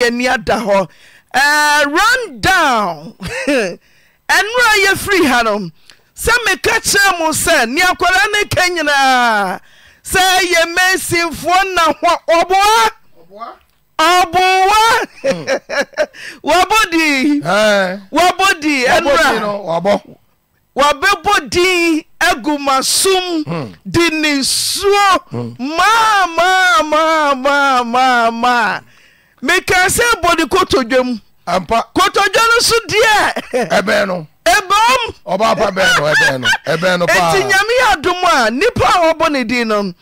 nida hɔ eh, rudown ɛnera yɛfiri ha no sɛ meka kyerɛɛ mo sɛ nneakwara ne kɛ nyinaa sɛ yɛ mansimfoɔ naha ɔboa ɔboa wbɔbɔdin agumasom de nisuo mamma mekaa sɛ bɔ ne kotodwa mu kotodwa no so deɛ ɛbam ɛnti nyame yɛ adom a nipa a wɔbɔ ne din no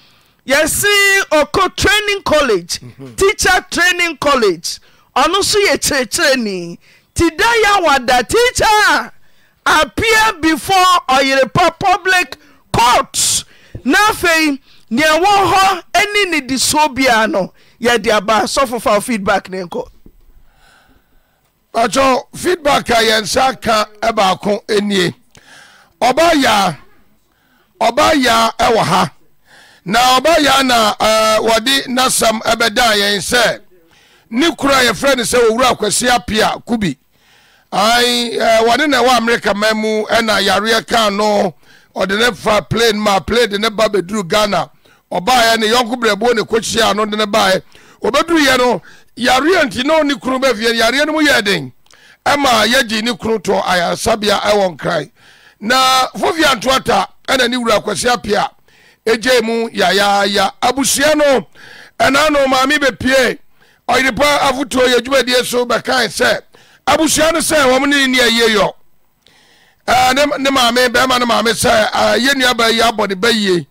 yɛse ɔkɔ training college mhm. teacher training college ɔno nso yɛ kyerɛkyerɛni nti da yɛ awada teacher appear before ɔyerepa public court na afei nea ɛwɔ hɔ ani ne de no yɛde aba sɔfo fa feedback ne nkɔ bàtò feedback a yɛn nsa ka baako nie ɔbaa yaa ɔbaa yaa wɔ ha na ɔbaa yaa na wɔde n'asɛm bɛda yɛn sɛ ne kura yɛfrɛ no sɛ owura akwasi apia kubi ayi wɔne na ɛwɔ amerika man mu na yareɛ kaa no ɔde ne fa plane ma plane de ne ba bɛduru ghana. ɔbaeɛ ne yɔnko brɛbuo ne kɔkyia ano de ne baeɛ obɛduruyɛ no yareɛ nti na ɔne kunu bɛfie yareɛ no mu yɛɛ den ɛma yɛgye ne kunu tɔ ayaresabea ɛwɔ nkran na fofia ntoata ɛna ne wura akwasi apia ɛgye mu yayaaya abusua no ɛna no maame bɛpie ɔyere pa afotuo yɛ adwumadie so bɛkae sɛ abusua no sɛ wɔm ne ne ayie yɔ ne maame bɛrima no maame sɛ yɛnnuaba yi abɔ ne ba yie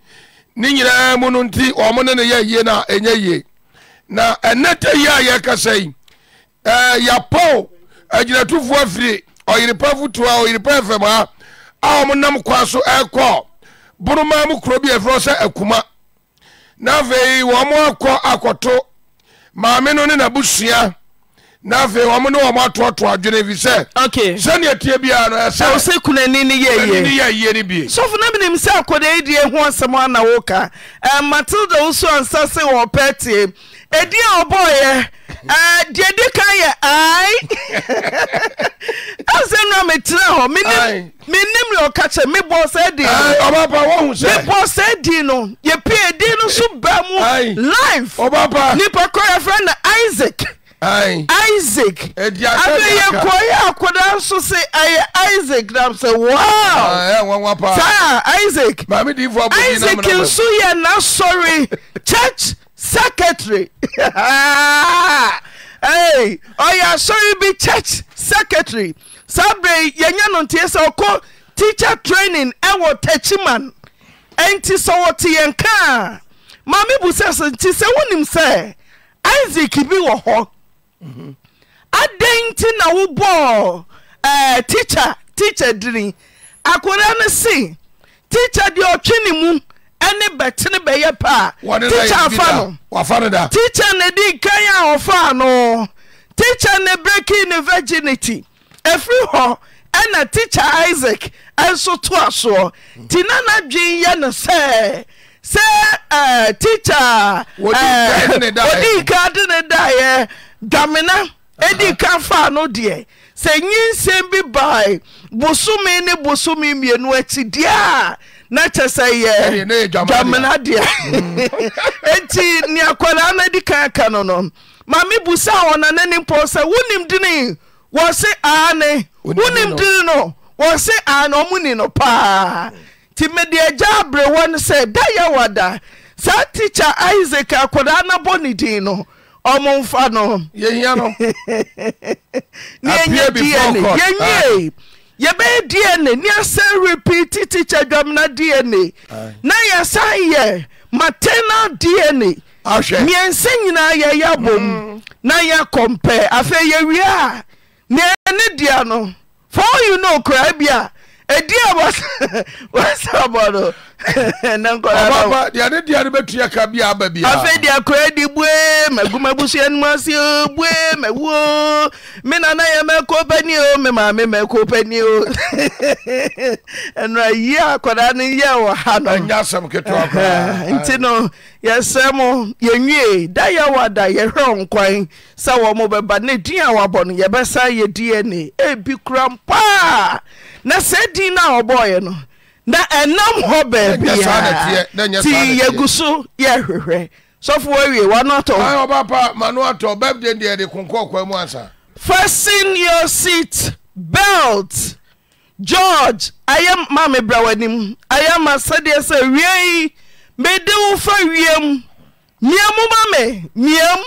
ne nyinaa mu no nti wɔ mo ne ne yɛ yie na ɛnya yie na ɛnɛ ta yie a yɛr kasɛi yapow agyinatufoɔ firi ɔyere pa fotu a oyeripa fɛma a ɔmonam kwa so ɛɛkɔ boroma mu kuro bi afrɛ ɔ sɛ akuma na afei wɔ mo akɔ akɔto maame no ne nabosua ɔtoatodwenewosɛ kunannyɛ sofo ne mnim sɛ akɔda yideɛ ho asɛm ana wokamatilda eh, wo su ansase wɔpɛtee adi a ɔbɔɔeɛ eh, deadi ka yɛ ai ase no a metena hɔ menim neɛɔka kye mebɔɔ saa dioebɔɔ saa di no yɛ pua di no so ba mu lifennipa koɛfrɛ na isaac isaac ayɛkɔyɛ akoda nso se ayɛ isaak nam sɛ isac ah, isaak nso yɛ nasɔre church secrɛtary ɔyɛ asɔre bi church secrɛtary saa bere yɛnya nonteɛ sɛ ɔkɔ teacher training wɔ tachi ma n ɛnti sɛ wɔte yɛnkaa ma mebu sɛ sɛ nti sɛ wonim sɛ isak bi wɔ hɔ adɛn nti na wobɔɔ tikha tikha dini akoda no se tikha deɛ ɔtwe ne mu ɛne bɛtene bɛyɛ paa. a tikha afa no tikha ne di kan a ɔfaa ano. tikha ne breaking ne virginity ɛfiri hɔ ɛna tikha isaac nso toa soɔ nti na n'adwen yɛ no sɛ sɛ eh, tikha odii ka de ne eh, daeɛ dwamena di ka faa no deɛ sɛ nyinsem bi bae bosome ne bosomemmienu akyi deɛa na kyɛɛ sɛ yɛdwamena deɛ mm. enti nea kɔdaa na di kaa ka no no ma mebusa a wɔnananimpɔw sɛ wonimdine wɔ se aa ne wonimdine no wɔ se aa ne ɔmo ni no paa nti medeɛ gya bere wɔ ne sɛ da yɛwɔda saa tikha isaak akɔdaa na bɔ ne din no ɔmomfa no ne yɛnyɛ nyɛnie yɛbɛyɛ dn ne asɛn ere pi tetikyɛ dwamena dn na ah. yɛsane yɛ maternal dnmiɛnsɛ nyinaa yɛyɛ bom mm. na yɛ akɔmpɛɛ afei yɛwie a neɛ ne dea no fo o yu no kuraa bi a ɛdia wsa bɔ no na deɛ no bɛtua ka bia aba bia afei deɛ akora di bue magu mabusua nom o bue mawuo me nana yɛ mɛkɔ pani o me maame mɛkɔ pani o ɛnora yi yɛ wɔ ha ketewa nti no mo da ada sɛ mo ne no yɛ dna ebi kura na sɛ na na ɛnam hɔ baabiati yɛgu so yɛ hwehwɛ sɔfo awie wanotɔ fasten your seat belt george ayɛ ma mebrɛ ịmụ ayɛ ma sɛdeɛ sɛ belt. George. wo fa wiem mmiamu ma me mmiam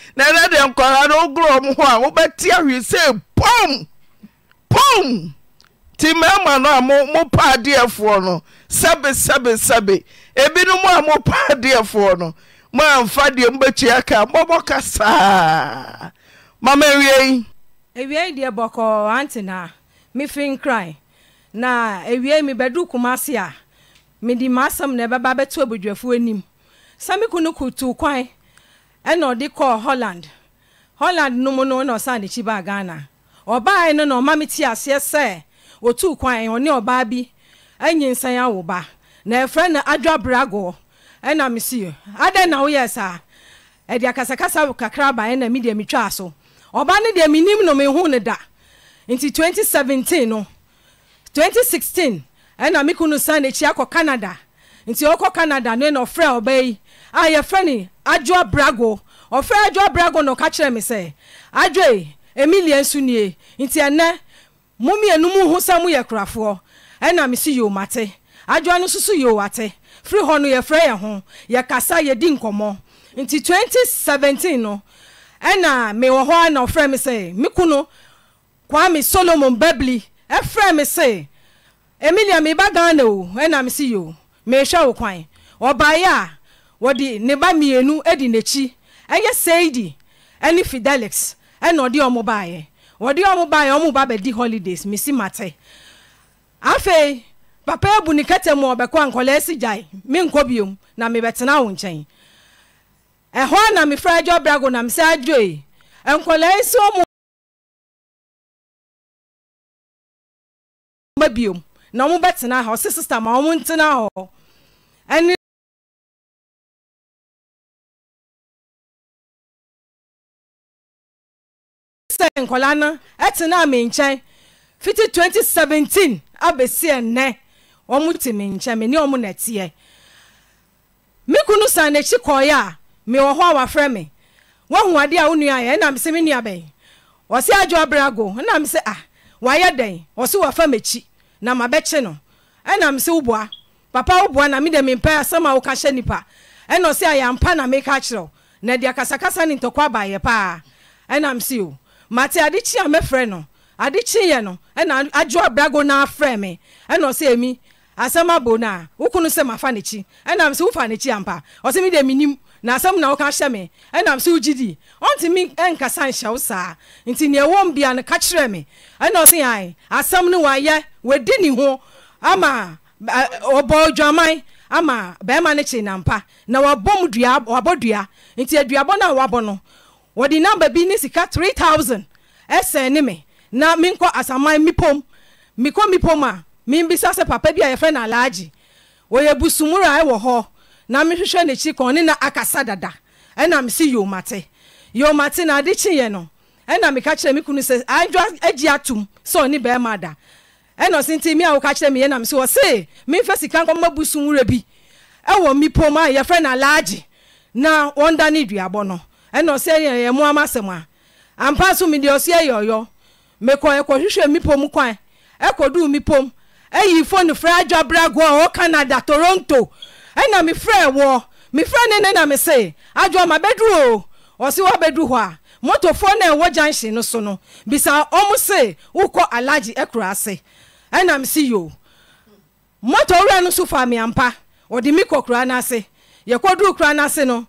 na ɛnɛ deɛ nkɔra no wogorɔ m hɔ a sɛ pom pom nti mmarima no a mo paadeɛfoɔ no sɛbesɛbesɛbe ebinom a mo paadeɛfoɔ no moamfa deɛ mobɛkyi aka mɔbɔ ka saa mama awiei yi. deɛ bɔkɔɔ antenaa mefiri nkran na awiei mebɛdu koma ase a mede m'asɛm na ɛbɛba bɛto abodwafoɔ anim sɛ meku no kutu kwan ɛna ɔde kɔɔ holland holland no mu no na ɔsa ne baa ghana ɔbae no na ɔma mete aseɛ sɛ otu kwan ɔne ɔbaa bi ɛnyi nsan awo ba na ɛfrɛ no adwabragɔɔ ɛna mesi adɛn na woyɛ saa ɛde akasakasa kakra ba ɛna me deɛ twa so ɔba no deɛ menim no mehu no da nti 2017 no 2016 ɛna me kunu san n'akyi akɔ canada nti ɔkɔ canada no ɛna ɔfrɛ ɔbaa yi a yɛfrɛ no adwa brago ɔfrɛ adwa brago na ɔka kyerɛ me sɛ adwa emilia nso nie nti ɛnɛ momienu mu ho sɛ moyɛ korafoɔ ɛna mesi yowmate adwoa no nsoso yowate firi hɔ no yɛfrɛ yɛ kasa yɛkasa di nkɔmmɔ nti twenty seventeen no ɛna mewɔ hɔ ana ɔfrɛ me sɛ me ku no kwaa me solomon babli ɛfrɛ me se emilia meba ghana o ɛna mesi yo mehwɛ wo kwan ɔbaeɛ a wɔde ne ba mmienu adi n'akyi ɛyɛ seidi ɛne fidelix ɛna ɔde ɔmo baeɛ wɔde ɔmo ba yɛ ɔmo ba di holidays mesi mate afei papa ebu ne kɛtɛ mu ɔbɛkɔ nkɔlɛɛ si gyae me nkɔ biom na mebɛtena wo nkyɛn ɛhɔ na mefrɛ adwo brago na mi mesɛ adwoe nkɔlɛɛ si ɔmo ba biom na ɔmo bɛtena hɔ ɔse sista ma ɔmo ntena hɔ ɛne nkɔla no ɛtena me nkyɛn fiti 2017 abɛsiɛ nnɛ ɔmo te me nkyɛn mene ɔmo nɛteɛ me ku no san n'akyi kɔeɛ a mewɔ hɔ a wafrɛ me woahu ade a wo nuaeɛ ɛna mese me nua bɛn ɔse adwo abrago ɛna mese a ah, wayɛ dɛn ɔse wafa m'akyi na ma mabɛkye no ɛna mese woboa papa woboa na medɛ mempɛ asɛm a woka hyɛ nipa ɛna ɔse ayɛ ampa na meka kyerɛw na ɛdi akasakasa ne ntɔkwa yɛ paa ɛna mese o ma mate adekye a mɛfrɛ no adekyeeɛ no ɛna adwo brago na afrɛ me ɛna ɔsɛ mi asɛm abo na a wokunu sɛ mafa n'akyi ɛnam sɛ wofa n'akyi ampa ɔsɛ mi deɛ menim na asɛm na woka hyɛ me ɛnam sɛ wogye di ɔntumi ɛnkasa nhyɛ wo saa nti neɛ ɛwɔ bia no ka kyerɛ me ɛna ɔse ae asɛm no wayɛ wadi ne ho ama ɔbɔ odwaman ama bɛrima no na mpa na wabɔ mu dua wabɔ dua nti aduabɔ e no a wabɔ no wɔde namba bi ne sika thousand ɛsɛn ne me na menkɔ asaman mepom mekɔ mepom a membisa sɛ papa bi a yɛfrɛ no alaagye wɔyɛ busumura ɛwɔ e hɔ na mehwehwɛ n'akyi kɔne na akasa dada ɛna mese yomate yomate na ade kyeeɛ no ɛna e meka kyerɛ me kunu sɛ adwa agye atom e sɛ ɔne bɛrima da ɛna ɔse nti me a woka kyerɛ meyɛ nam sɛ wɔ se memfa sika nkɔmma busumura bi ɛwɔ mepom a yɛfrɛ no alaagye na wɔnda ne duabɔ no ɛna ɔsɛ yɛ yɛ mu ama sɛm a ampa so mi deɛ ɔsɛ yɛ ɔyɔ mekɔ ɛkɔhwehwɛ e mi pom kwan ɛkɔdu e. e mi pom ɛyi fone frɛ adwabrɛ a ɔ canada toronto ɛna mi frɛ wɔ mi frɛ ne ne na mi se adwa ma bɛduru o ɔsi wɔ bɛduru hɔ a motofoɔ na ɛwɔ junction no so no bisa ɔmo se wokɔ alagye ɛkura ase ɛna mi si yo moto wura no so fa mi ampa ɔde mi kɔ kura n'ase yɛkɔduru kura n'ase no.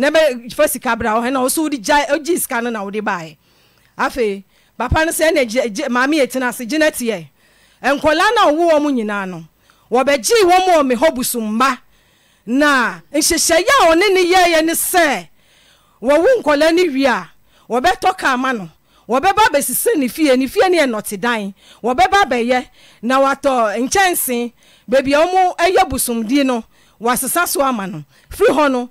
n'ebe ɛbɛ sika bra ɔhɛn na ɔso wogye sika no na wode baeɛ afei papa no sɛ ɛna maame yɛtena ase gyina teɛ nkɔla na ọwụwa ọmụ nyinaa no wɔbɛgyee wɔn hụ me hɔ busumma na nhyehyɛeɛ a ɔne ne yɛeɛ ne sɛ wɔwo nkɔla no wie a wɔbɛtɔ ka ama no wɔbɛba bɛsisɛ ne fie ne fie no yɛ nɔtedan wɔbɛba bɛyɛ na watɔ nkyɛnse baabi a wɔn yɛ busumdi no wɔasesa so ama no firi hɔ no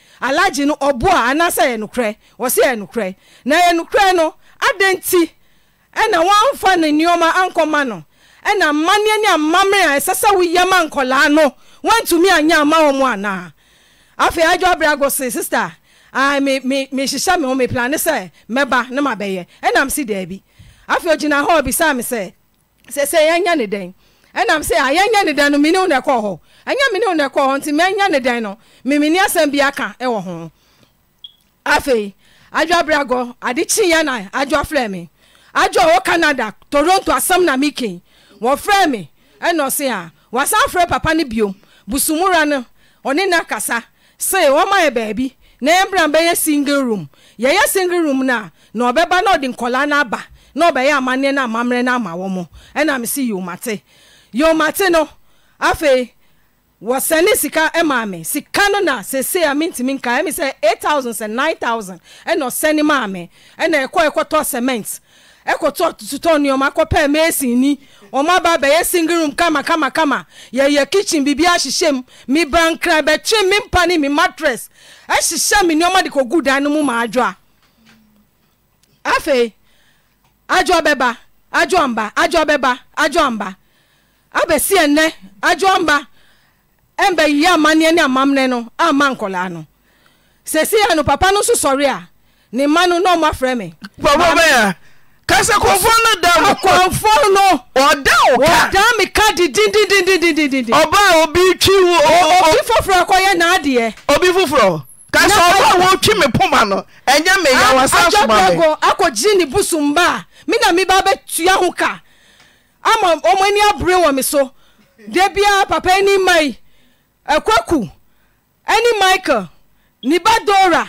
alagye no a anaasɛ yɛ nokorɛ wɔ yɛ nokorɛ na yɛ nokorɛ no nti ɛna woamfa no nneɔma ankɔma no ɛna mmanneɛ ne amammerɛ a ɛsɛ sɛ woyama nkɔlaa no woantumi anyɛ ama wɔ mu anaa afei adwo abrɛago se sister ah, mehyehyɛ me ho meplane sɛ mɛba ne mabɛyɛ si daabi afei ogyina hɔ me sɛ sɛ sɛ ne dɛn m sɛ a yɛnyɛ ne dɛn no mene wo na ɛkɔɔ hɔ ɛnyɛ mene wo na ɛkɔɔ hɔ nti mɛnyɛ ne dɛn no memeni asɛm bi aka ɛwɔ ho afei adwaberɛgɔ ade kyi yɛ na adwa frɛ me adwa wɔ canada toronto asɛm na meke wɔfrɛ me ɛnɔ se a wasan frɛ papa no biom busumura no ɔne na kasa se wɔma yɛ baabi na yɛmbra bɛyɛ single room yɛyɛ single room no a na ɔbɛba na ɔde nkɔla no aba na ɔbɛyɛ amanneɛ no amammerɛ no ama wɔ mo ɛnam se yomate yɛɔmate no afei wɔsɛne sika eh, maa me sika no na sesei a mentimi nka eh, mi sɛ 8000 sɛ 9000 ɛna ɔsɛne maa me ɛna ɛkɔ ɛkɔtɔ cement ɛkɔtɔ eh, tutɔ nneɔma kɔpɛ mesinni ɔma ba bɛyɛ single room kamakamakama yɛyɛ kitchen ahyehyɛ mpa ne ɛhyehyɛ de dan no mu ma afei bɛba mba bɛba mba ene, ajọ ɛnɛ adwoɔmba ɛmbɛyiyi amanneɛ ne amamne no ama nkɔlaa no Sesi ya no papa no nso sɔre a ne ma no na ɔmɔ afrɛ me bababɛa ka sɛ kɔnfoɔ no da kɔnfoɔ di-di-di-di-di-di. Ọba obi twi wo obi foforɔ kɔyɛ naadeɛ obi foforɔ ka sɛ ɔbaa wɔtwi me poma no ɛnyɛ meyawasasomago akɔgye ne busum ba a mena mebaa bɛtua ho ka ama ɔmɔ ani abere wɔ me so da biaa papa ani mai akwaku ani michael nibadora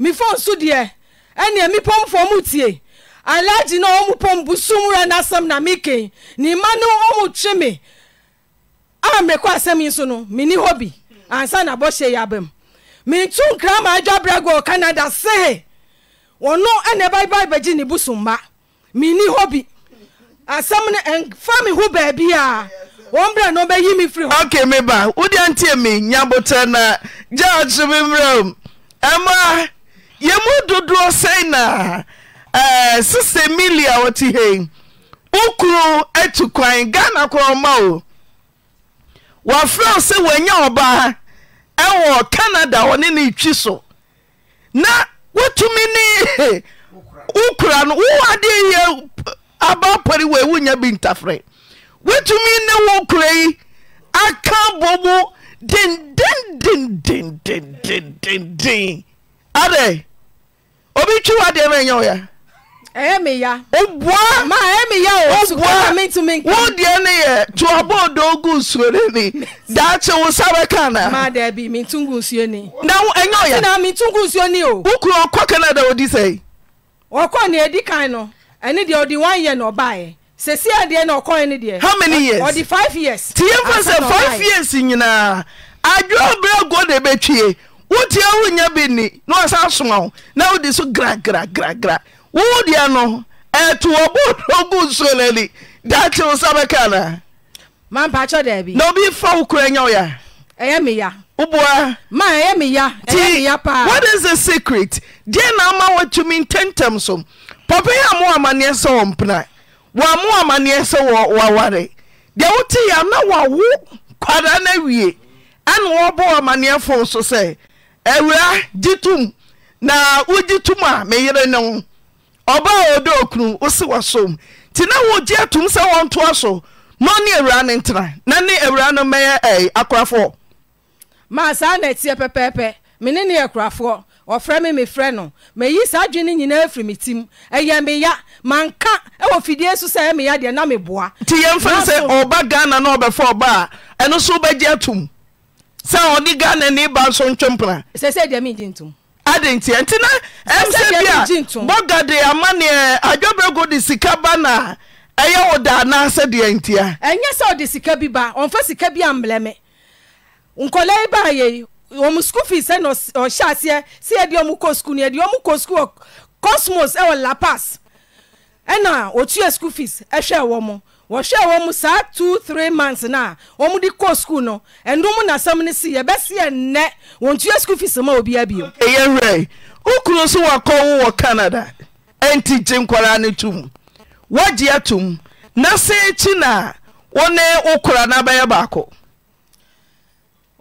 mefo nso deɛ ɛnea mepɔmfoɔ mu tie alage na ɔmu pɔm busom ra n'asɛm na meke ne mma no ɔmu twe me a mmerɛkɔ asɛm yi so no menni hɔ bi ansa na bɔhyɛ yɛ aba m mentu nkra ma adwaberɛ go canada sehe ɔno ɛna ɛbaebae bagye ne bosom mma menni hɔ bi asɛm no fa me ho baabi a wɔn berɛ na ɔbɛyi me firi hɔ. ok meba wodeɛ ntie mi nyabotɛ na george mi a ɛma yɛmu dodoɔ sɛn na eh, sista mili a wɔte hei wokuru atu kwan ghana ọma o wɔafrɛ sɛ wɔanya ọba ɛwɔ canada wɔne ne twi so na wotumi no aba pɔre wɔ wonya bi ntafrɛ wotumi ne wo kora yi aka bɔ mu dendendendendenden adɛ obi twi wo adeɛ ma ɛnyɛ wo ya ɛyɛ mi ya. o bua. ma ɛyɛ mi ya o. o bua mi tun mi kan. wọ́n diẹ ni ni daakye wo sábẹ kan na. ma dẹbi mi tungu kun ni. na ɛnyɛ o ya. sinna mi tungu kun ni o. o kuro kɔ kɛnɛ da o di sɛ. ɔkɔ ni edi kan no. nti yɛmf sɛ 5 years nyinaa adwoɛ berɛ go de bɛtwie wotia ho nnya bi nni na waasa asoma wo na wodi so gragragragra wou dua no ɛto wɔbɔ rogu soneni da ke wo sa bɛka noan obi fa wo kora nyɛ oyɛwoawais he sekret deɛ nama wokyɛmintɛntɛm so yi a mowa amanneɛ sɛ wɔ mpena wɔamowa amanneɛ sɛ wɔaware deɛ wote yɛ na wawo kwara no awie ɛne wɔbɔ wɔ fo so sɛ awura gye tom na wogye tom a meyere ne wo ɔba ɔdɛ okunu wo se wasom nti na wogye atom sɛ wɔntoa so ma ne awura no ntena na ne awura no mɛyɛ akorafoɔ ma saa na ɛtiɛ pɛpɛɛpɛ mene ne yɛ ɔfrɛ me mefrɛ no yi saa adwene nyinaa firi me tim ɛyɛ meya manka ɛwɔ fidie so sɛ ya deɛ na meboa nti yɛmfa sɛ ɔba ghana na ɔbɛfa ɔba a ɛno so wobɛgye atom sɛ ɔde ghana ne ba nso ntwempena sɛ sɛ deɛ megye ntom ade nti ɛnti na ɛmsɛ bi a bɔga de amanneɛ adwaberɛgo de sika ba na ɛyɛ wo da anaasɛ deɛ ntia ɛnyɛ sɛ ɔde sika bi ba ɔmfa sika bi amblɛ me nkɔlɛ yi baayɛ yi wɔn school fees ɛna ɔhyɛ aseɛ si ɛde wɔn kɔ school ni ɛde wɔn kɔ school wɔ cosmos ɛwɔ la pass ɛna otua school fees ɛhwɛ wɔn wɔhwɛ wɔn saa two three months na wɔn di kɔ school no ɛnum na asɛm ne si yɛbɛsi ɛnɛ wɔn tua school fees ma obi abiem. ɛyɛ rɛ okunu nso wakɔ wo wɔ canada ɛnti gye nkwaraa ne tum wɔgye atum na se ekyi na wɔne okura n'abɛyɛ baako.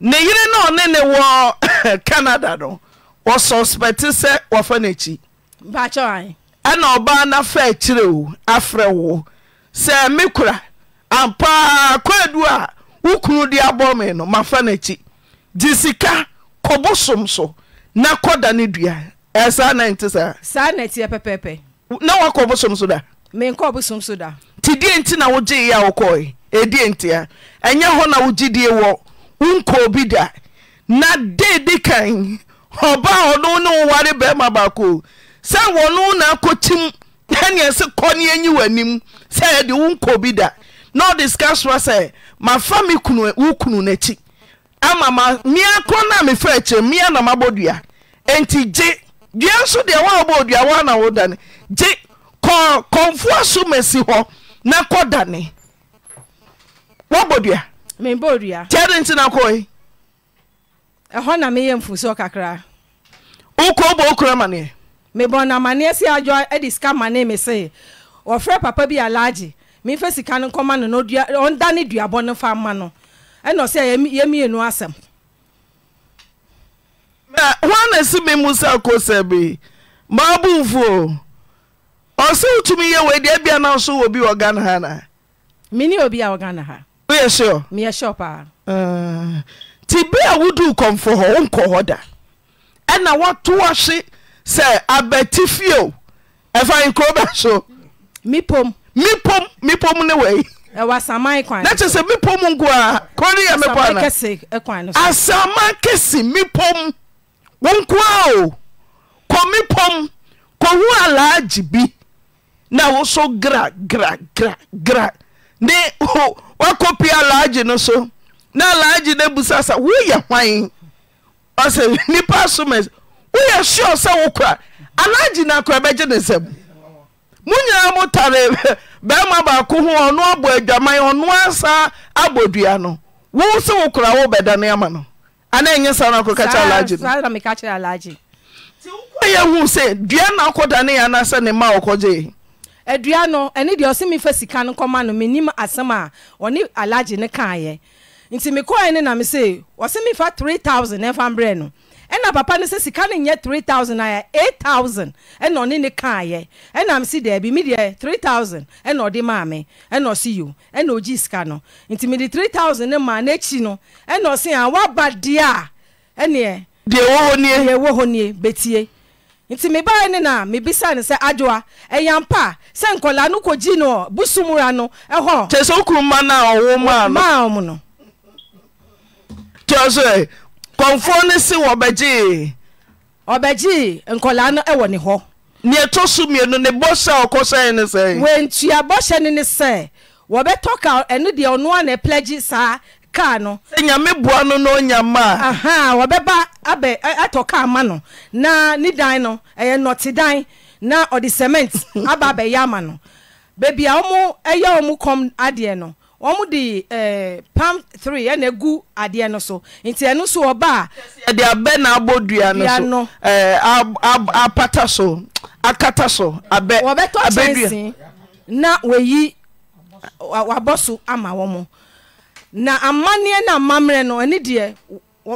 ne yere na ọ nene wɔ kanada no wɔsuspɛte sɛ wɔfa noakyi ɛna ɔbaa na fa akyirɛ o afrɛ wo sɛ me kora ampaa a wo kunu de abɔ me ma mafa noakyi gye sika kɔbosom so na kọda ne dua ɛsaa na nte saaa na woakɔ bosom so da nti die ntị na wogyeeɛ a wokɔe ɛdiɛ ntia ɛnyɛ hụ na die wɔ wonkɔɔ bi da na de di kan ɔba ɔno ne woware bɛrima baakoo sɛ wɔno na akɔkyim ɛneɛ se kɔne anyi w'anim sɛ ɛde wonkɔɔ bi da na ọ sika soa sɛ ma me wo kunu n'akyi ama mea korɔ no a mefrɛ kyerɛ mia na mabɔdua enti gye dua nso deɛ woabɔɔdua woanawodane gye kɔmfoɔ so ma si hɔ na kɔdane woabɔdua tiade nti na kɔe ɛhɔ na meyɛ mfuso kakra wokɔ bɔ wo kura amaneɛ na amanneɛ si adwo de sika mane me se wɔfrɛ papa bi alaagye memfa sika no nkɔma no naɔnda ne duabɔ no fa ma no ɛnɔ sɛ yɛmienu asɛm hɔ na esi me mu sa ko sɛ bi maabomfuo ɔsɛ wotumi yɛ wɔ adi abia na so wɔ bi wɔ ghana ha na mene obi a wɔ na ha woyɛ sure meyɛ sure paa nti bere a ah. uh, woduu kɔmfo hɔ wonkɔ hɔ da ɛna woto wɔhye sɛ abati fio ɛfa nkuroba so mepom mepom mepom ne wei ɛwɔ asaman kwan na kyerɛ sɛ mepom nko a kɔn ne yɛ mepɔ ana asaman kɛse eh, mepom wo nko a o kɔ mepom kɔhu alaagye bi na wo gra gra gra gra ne ho woakɔpie alaagye no so ne alaagye no abusa sa woyɛ hwan ɔsɛ nnipa asomɛ woyɛ suo sɛ wo kora alaagye na akora bɛgye ne nsɛm mo nyinaa mo tare bɛrima baako ho ɔno abɔ adwaman ɔno asaa abɔdua no wo sɛ wo kora wobɛdane ama no ana ɛnyɛ sa no akɔka kyɛ alaagye no yɛ hu sɛ dua na akɔdane yɛ anasɛ ne ma wɔkɔgyee adua no ɛne deɛ ɔse mefa sika no kɔma no mennim asɛm a ɔne alage ne kaeɛ nti mekɔɛ ne nam sɛ ɔse mefa 3000 ɛfa mberɛ no ɛna papa no sɛ sika no nyɛ 3000 ayɛ 8000 ɛna ɔne ne kaeɛ ɛnam se daabi medeɛ 3000 ɛna ɔde maa me ɛna ɔse yo ɛna ɔgye sika no nti mede 3000 ne maa n'akyi no ɛna ɔse a woaba deɛ a ɛneɛ deɛ ɛwɔ hɔ nie bɛtie nti mebaɛ ne na mebisa ne sɛ adwoa ɛyampa sɛ nkɔla no kɔgyi no bosomra no hɔ kyɛ sɛ wokuruma no ɔwomaam no tso kɔnfoɔ no se wɔbɛgyee ɔbɛgyee nkɔlaa no ɛwɔ ne hɔ neɛtɔ so mmienu ne bɔhyɛ ɔkɔ hyɛe ne sɛ wɔntua bɔhyɛ no ne na saa kaa no sɛ nyame boa no na ɔnya ma wɔbɛba abɛ na ne dan no ɛyɛ nɔte dan na ɔde cement aba abɛyɛ ama no a ɔmo ɛyɛ kɔm adeɛ no de palm 3 ɛna adeɛ no so nti ɛno a ɛde abɛ na abɔ dua no apata so akata so na wɔyi wabɔ so ama na amanneɛ no amammerɛ no ɛne deɛ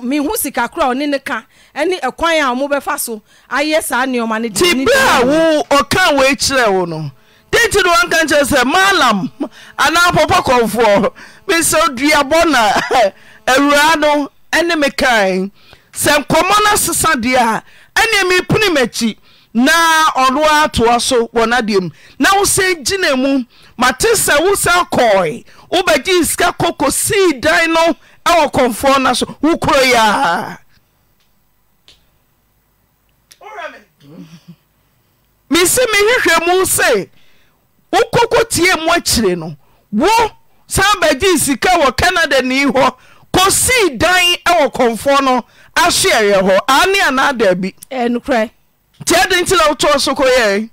meho sika a ɔne ne ka ɛne ɛkwan a ɔmobɛfa so ayɛ saa nneɔma no ti bi a wo ɔka woekyerɛ wo no denti no wanka nkyerɛ sɛ maalam anaa pɔpɔ kɔmfoɔ mesɛ duabɔ na awuraa no ɛne me sɛ nkɔmmɔ no sesa deɛ a ɛneɛ mepune makyi na ɔnoa atoa so wɔ n'adeɛ mu na wosɛ gyina mu mate sɛ wosa kɔe wobɛgye sika kɔkɔ sii dan no ɛwɔ kɔnfoɔ no so wo kuro yɛa mesi mehwehwɛ mu sɛ wokɔkɔ tie mu akyire no wo san bɛgye sika wɔ canada nii hɔ kɔsii dan ɛwɔ kɔnfoɔ no ahye ɛyɛ hɔ ane anaada bi nti ɛde nti na wotɔɔ so kɔyɛ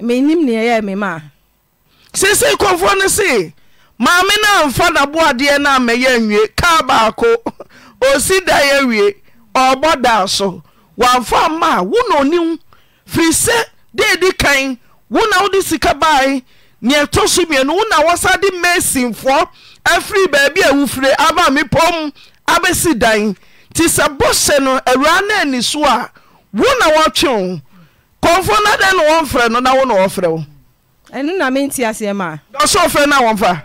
menim neɛyɛ me ma a seesei no se maame naa no amfa naboadeɛ no amɛyɛ nwie kaa baako osi da eɛ awie ɔɔbɔ daa so wamfa mma a wona onim firi sɛ de ɛdi kan wona wode sika bae neɛ ɛtɔ so mmienu na wɔsa de mesinfoɔ afiri baabi a wufire aba mepɔm abɛsi dan nti sɛ bɔhyɛ no awura na ani so a wo na wɔtwe wo kɔmfoɔ na dɛn na wɔmfrɛ no na wo na wɔfrɛ wo ɛno na menti aseɛ ma dɔ so ɔfrɛ no a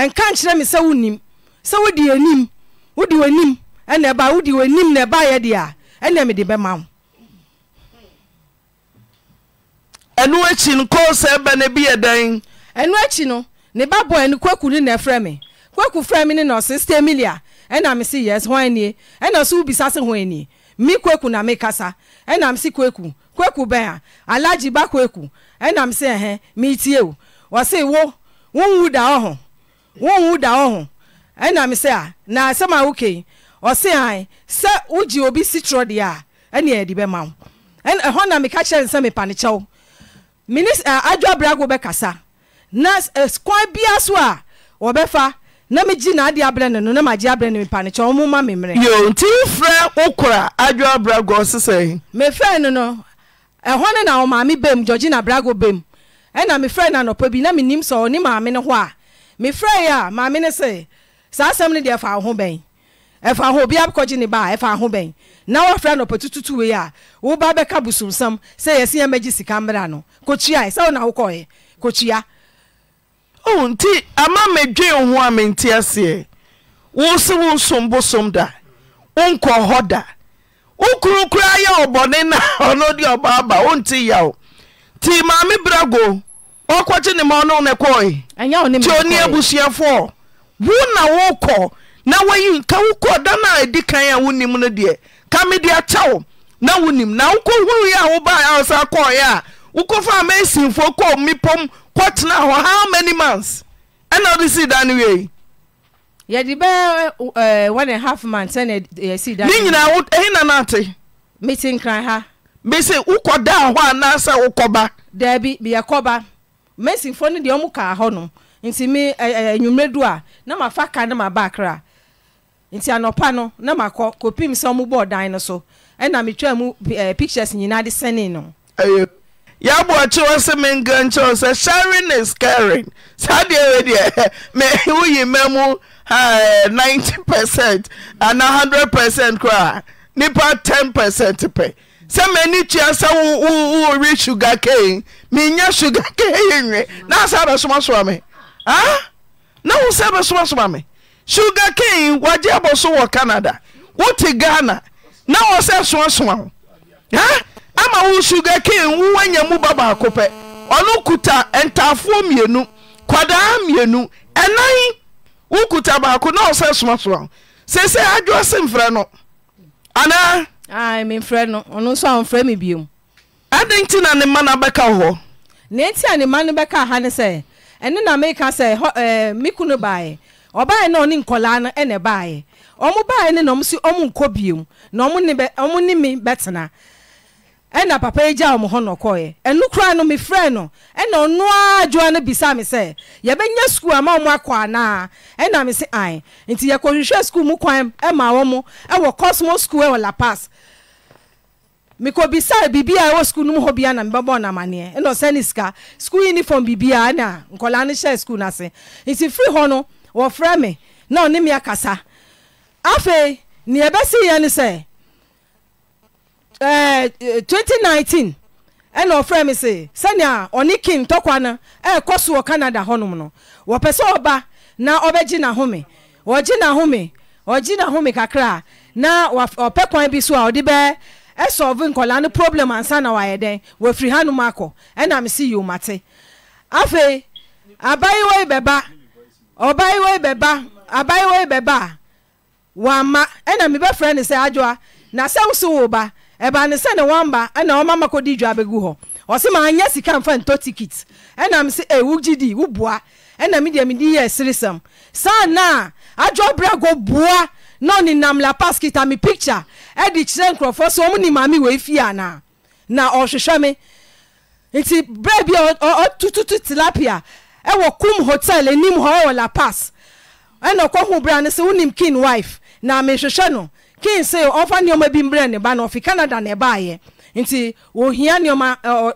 ɛnka nkyerɛ me sɛ wonim sɛ anim na deɛ a mede bɛma wo ɛno akyi no kɔɔ sɛ ɛbɛ ne bi yɛ dɛn ɛno akyi no ne ba kwaku na ɛfrɛ me kwaku frɛ me ne na ɔse stamilia ɛna me se ɛna so wobisa se kwaku na mekasa ɛna me se kwaku kwaku bɛn a alagye ba kwaku ɛna me se ɛhɛ o ɔse wo wowo da wo ho ɛnam a na asɛm a wokei ɔse a sɛ wogye obi sitorɔ deɛ a ɛne adi bɛma wo ɛhɔ na meka kyerɛ ne sɛ mepa ne kyɛw bɛkasa na kwan bia so a wɔbɛfa na megyi na aberɛ ne no na magye aberɛ ne mepa ne kyɛw moma memmerɛ nti frɛ wo kora adwabrago se sɛ mefrɛ no no ɛhɔ ne na ɔmaame bam gyɔgye na brago bam ɛna mefrɛ no anɔpa bi na menim sɛ ɔne maame hɔ a mefrɛ yɛ a maamene se saa asɛm no deɛ ɛfa wo ho bɛn ɛfa ho obia kɔgye ne ba a ɛfa ho bɛn na woafrɛ nɔpɛtututu wei a woba bɛka busumsam sɛ yɛseɛ magye sika mmra no kɔtua sɛ wona wokɔɛ kɔtua oh, nti ama medwe ho a mente aseɛ wo se wo nsom bosom da wonkɔ hɔ da wo kuru koraa yɛ ɔbɔne na ɔno deɛ ɔbaaba wonte yawo nti maame brago ɔkɔgye ne ma ɔne ne kɔe nti abusuafoɔ wo na wokɔ na woyi ka wokɔɔ da no a ɛdi kan a wonim no deɛ ka mede akyɛwo na wonim na wokɔhuruei a wobaa awɔsa kɔeɛ a wokɔfaa masimfoɔ kɔɔ mmepɔm kɔtena hɔ how many months ɛna e wode sii da no wiei yɛde bɛne nyinaa ɛhina ha hɔ a wokɔba daabi masinfɔ no deɛ omu kaa hɔ no nti me nwummerɛ du a ne mafa ka ne mabaakraa nti anɔpa no ne makɔ kɔpim sɛ omubɔɔdan no so ɛna metwaa mu pictures nyinaa de sɛne noyɛ aboakyewɔ se menka nkyɛɛwo sɛ sɛring ne scaring saa deɛ wei deɛ mewo yima mu 90 pecent ana 100 pecent koraa nipa 10 pecent pɛ sɛ mani tua sɛ woe suga ke menya suga kee na sada somasoma mena ah? wosɛmɛ somasomame suga ke wgye bɔso wɔ canada wote ghana na ɔsɛ soasoma hoama wo ah? suga ke wowanyamu ba baako pɛ ɔne kuta ntaafoɔ mkwdaamɛnn wo kta baako na ɔsɛ somasoma sese adwsemfrɛ no anaa memfrɛ no ɔno nso amfrɛ me biom adɛn nti na ne mma na bɛka wo hɔ ne nti a ne mma no bɛka ha ne sɛ ɛne na meka sɛ me kunu baeɛ ɔbaeɛ na ɔne nkɔlaa no ɛnɛ baeɛ ɔmo ne na ɔmo si ɔmo nkɔ na ɔmo ne me bɛtena ɛna papa yɛgya ɔmo hɔ nɔkɔɛ ɛno koraa no mefrɛ no ɛna ɔno ara no bisa me sɛ yɛbɛnya ama ɔmo akɔ anaa ɛna me se ae nti yɛkɔhwehwɛ skul mu kwan ma wɔ ɛwɔ ɛwɔ lapas mekɔbisaa biribia ɛwɔ skul nom hɔ bia na mebɛbɔ namaneɛ ɛna ɔsɛne sika skul uniform biribia na nkɔla no hyɛ skul no ase nti firi hɔ no wɔfrɛ me na ɔne meakasa afei neɛ ɛbɛsiiɛ no sɛ 2019 eh, ɛna ɔfrɛ me se sɛnea ɔne kin tɔkwa no ɛɛkɔ so wɔ canada hɔnom no wɔpɛ sɛ ɔba na ɔbɛgye nahome ɔgye nahome ɔgye nahome kakraa na ɔpɛ kwan bi so a ɔde bɛɛ ɛsɔve nkɔla no problem ansa na wayɛ dɛn wɔafiri ha nom akɔ ɛnam se yomate afei abayewa yi bɛba ɔbayiwa yi bɛba abayiwa yi bɛba a wamma ɛna mebɛfrɛ ne sɛ adwoa na sɛ wose wo ba ɛba ne sɛ ne wamba ɛna ɔma ma kɔdi dwa bɛgu hɔ ɔse maanyɛ sika mfa ntɔ ticket ɛnam se e wogye di woboa ɛna medeɛ mede yɛ ɛseresɛm saa na adwa adwoa berɛ agɔ nonnam lapas ketame picture ade kerekrofosmunimamiwefina oseseme nt brab t tlapia wo kom hotel nmho lapass enkhebras onimkin wife namehwesen ken s a bibrenafi canada nbae nti ohia nneɛma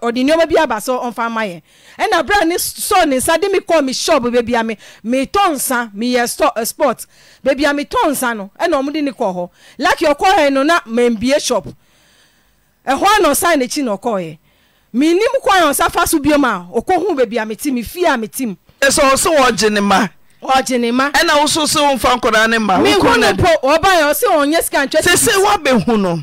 ɔde nneɛma bi aba so ɔmfa ma yɛn ɛna abira ne sɔɔ ne nsa de mi kɔɔ mi shop beebi a mi mi tɔ nsa mi yɛ sport beebi a mi tɔ nsa no ɛna ɔmo de ne kɔɔ hɔ laki ɔkɔɔ yɛ no na mɛmbie shop ɛhɔ na ɔsan n'akyi na ɔkɔɔ yɛ mi nim kɔɔ yɛ ɔsa fa so biom a ɔkɔ hu beebi a mi ti mi fie a mi ti mu. ɛsɛ ɔsɛ wɔgye ne ma ɔgye ne ma. ɛna wososo nfa nkɔdaa ne ma. mi hu ne po ɔba yɛ ɔsɛ ɔnyɛ sika ntwɛ. sese wa bɛ hu no.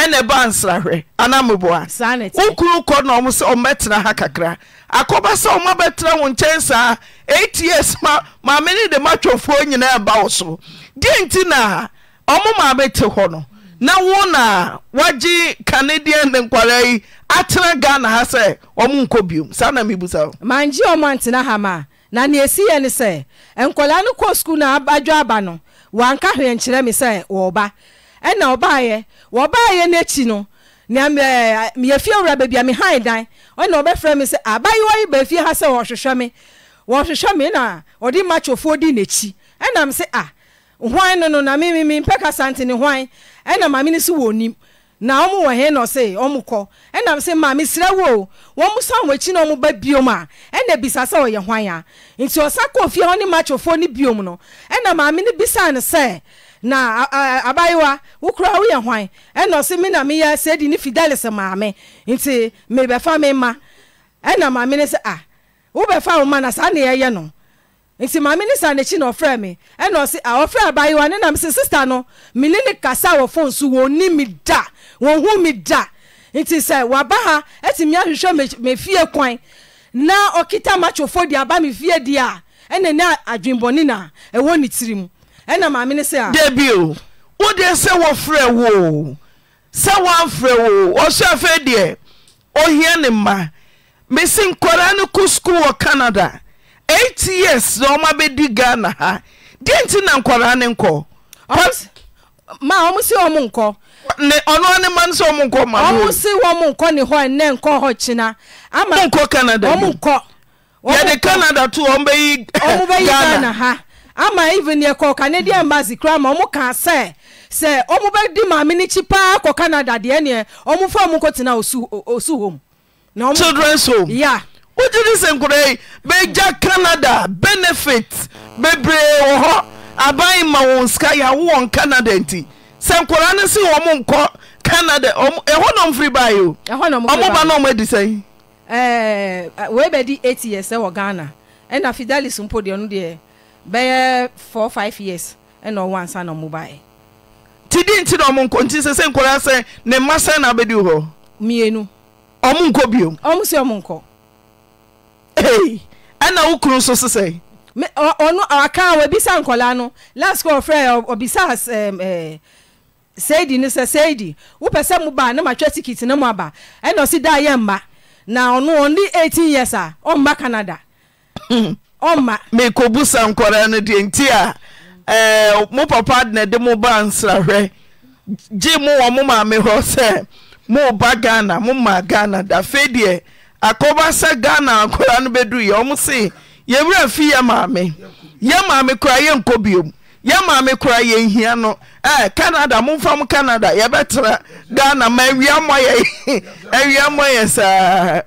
ɛne ɛba nsrahwɛ anameboa wo kuru kɔ na ɔm sɛ ɔmbɛtena ha kakra akɔba sɛ ɔma bɛtena wo nkyɛn saa years ma maamene de matwɔfoɔ nyinaa ɛba wo so deɛ nti na ɔmo maamete hɔ no na wo na wagye kanadiɛn ne nkwara yi atena ghana ha sɛ ɔmo nkɔ biom saa na mebusa wo mangye ɔma ntena ha ma na neɛ esi yɛ ne sɛ nkwara no kɔ skuul na adwa aba no wanka hweɛ nkyerɛ me sɛ wɔɔba ɛna ɔbaeɛ no wura baabi a me dan ɔna ɔbɛfrɛ ha sɛ wɔhwehwɛ na ɔde machofoɔ di n'akyi a ah, hwan no no na mempɛ kasa nte ne hwan ɛna maame no na wɔ na kɔ sɛ wo wɔn na biom a ɛna ebisa sɛ ɔyɛ hwan a nti ɔsa fie hɔ ne machofoɔ no biom no ɛna maame no na abayewa wokura woyɛ hwan ɛna ɔse me na meyɛ sɛdi ne fidelis maame nti mebɛfa me ma ɛna maame ne sɛ a ah, wobɛfa wo ma na saa ne yɛyɛ no nti maame ne saa n'akyi na ɔfrɛ me ɛna ɔse a ah, ɔfrɛ abayewa ne nam sɛ sista no mene ne kasa wɔ fon so wɔnni me da wɔnhu me da nti sɛ waba ha ɛtumi ahwehwɛ me fie kwan na ɔkita machofo de aba me fie deɛ a ɛna ne adwenbɔne na ɛwɔ ne tiri mu a da bio wodeɛ sɛ wɔfrɛ woo sɛ woamfrɛ woo ɔsɛ afei deɛ ohia ne mma mesi nkwaraa no kɔ skuul wɔ canada eight years na ɔma bɛdi ghana ha deɛ nti na nkwaraa ne nkɔ ma ɔmo se ɔmo nkɔ ɔnoa ne ma no sɛ ɔmo nkɔ ma ɔmo se wɔmo nkɔ ne hɔ ɛnɛ nkɔ hɔ kyena ama nkɔ canada yɛde canada to ɔmo bɛyi ghana ha ama even yɛ kɔ canadian embassy kora ma ɔmo kaa sɛ sɛ ɔmo bɛ di maame ne kyi paa kɔ canada deɛ neɛ ɔmo osu osu home. na children's home. ya. wogye ne sɛ nkura yi canada benefit bebree wɔ hɔ aban ma wɔn sika yɛawo wɔn canada nti sɛ nkura si wɔn nkɔ canada o. na eh, fidelis mpọ bɛyɛ 45 years ɛna ɔwɔ ansa na ɔmobaɛ nti di nti na ɔmo nkɔ nti sɛ sɛ nkɔraa sɛ ne mma sɛn na abɛdi hɔ mmienu ɔmo nkɔ biom ɔmo sɛ ɔmo nkɔ ee ɛna wo kunu nso sesɛ ɔno aka wabisa nkɔlaa no last call frɛ ɔbisa seidi no sɛ seidi wopɛ sɛ mo baa na matwa tikit na mo aba ɛna ɔsi daa yɛ mma na ɔno ɔne 18 years a ɔmma canada hmm. mekɔbusa nkɔraa no deɛ nti a eh, mo papa na de mo ba nsrahwɛ gye mowɔ mo maame hɔ mụ moba ghana mụ moma ghana da afei deɛ akɔba sɛ ghana akɔraa no bɛduruyɛ ɔm se yɛwura fi yɛ maame yɛ maame koraa yɛnkɔ biom yɛ maame koraa yɛnhia no eh, canada momfam canada tụrụ ghana ma awiamɔyɛ ewia mmɔ yɛ saa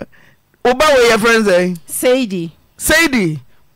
Ụba wɔ yɛ frɛ sɛ sɛidi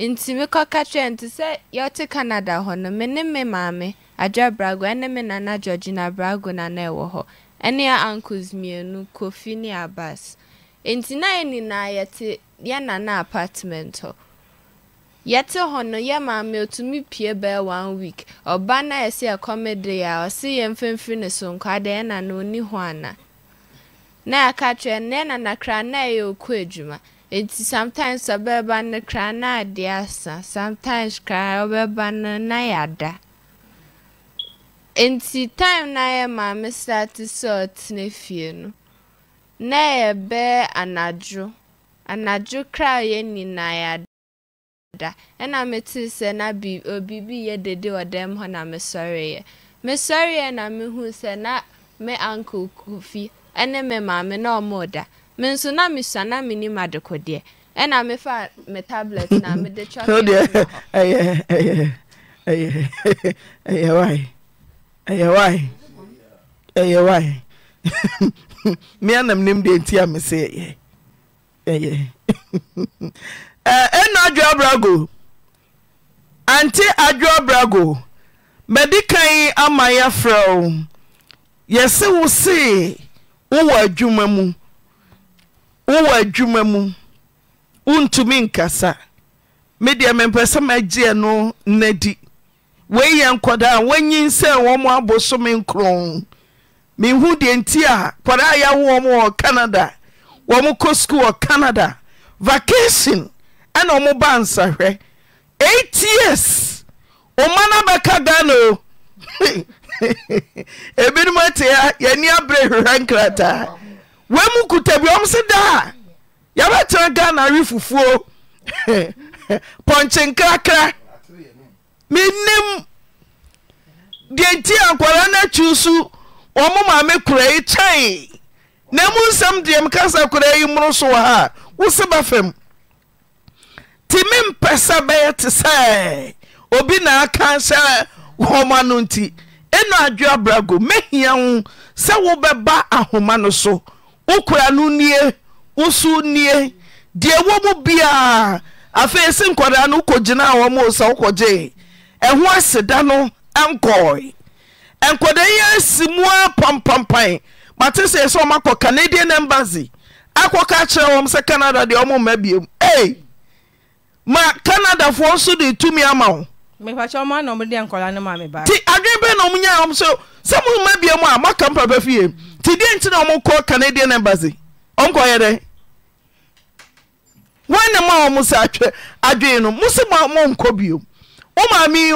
nti mekɔka kyerɛ nti sɛ yɛte canada hɔ no me ne me maame adwa brago ɛne me nana georgina brago nana ɛwɔ hɔ ɛne yɛ uncles mmienu kofi ne abas nti na yɛ nyinaa yɛte yɛ nana apartment hɔ yɛte hɔ no yɛ maame otumi pie bɛɛ one week ɔba na yɛsɛ ɛkɔmede a ɔse yɛ mfimfini ne so nkwa de yɛ nana ɔni hɔ ana na yɛaka kyerɛ ne yɛ nana na ɛyɛ ɔkɔ adwuma nti sometimes ɔbɛɛba no kra na ade asa sometimes kra ɔbɛɛba no na yɛada nti time na yɛ maame starte sɛ ɔtena fie no na yɛbɛɛ anadwo anadwo kra yɛ nyinaa yɛada ɛna metee sɛ na bi obibi yɛ dede wɔ dɛm hɔ na mesɔreeɛ mesɔreeɛ na mehu sɛ na me uncle kofi ɛne me maame na ɔmo menn menmenmdde w me anamnm deɛ nti a me se yɛnɔ adwoabrago anti adwoabrago mɛde kan amayɛfrɛwo yɛse wo see wowɔ adwuma mu wowɔ adwuma mu wontumi nkasa medeɛ mempɛ sɛ magyeɛ no nna di wei yɛ nkɔdaa a woanyin sɛ wɔm abosome nkron menhu deɛ nti a kɔdaa a yɛawoɔ m wɔ canada wɔ mo kɔ skuu wɔ canada vacation ɛna ɔmo ba nsahwɛ eights ɔma no bɛka ghana o ebinom ate a yɛani aberɛ hwehwɛ nkrataa wei mu kutabiom se daa yɛbɛtera ghanare fufuo nkrakra mennim deɛ nti ankwara no atwiw so ɔmoma me korai kyɛe na mu nsɛm deɛ mekasa koraa yi mmoro so wɔ haa wo se bɛ fam nti mempɛ sɛ bɛyɛ te sɛ obi naaka hyɛ homa no nti ɛnu adwoabrago mɛhia wo sɛ wobɛba ahoma no so wo no nnie woso nnie deɛ wɔ mu biaa afei se nkɔdaa no wokɔgyinaa wɔ mo sɛ wokɔgyee ɛho aseda no ɛnkɔe ɛnkɔda yɛ asi mu a pampapan mate sɛe sɛ ɔmakɔ canadian akɔka kyerɛ wɔm sɛ canada deɛ biom ma canadafoɔ nso de tumi ama wo nti adwene bɛ na ɔmunyaa wɔm so sɛ momma biom a moaka mpapa fie nti deɛ nti na kanadian canadian embasy ɔnkɔyɛ dɛ wane ma wɔ mo sɛ atwɛ adwene no mo se monkɔ bio womaame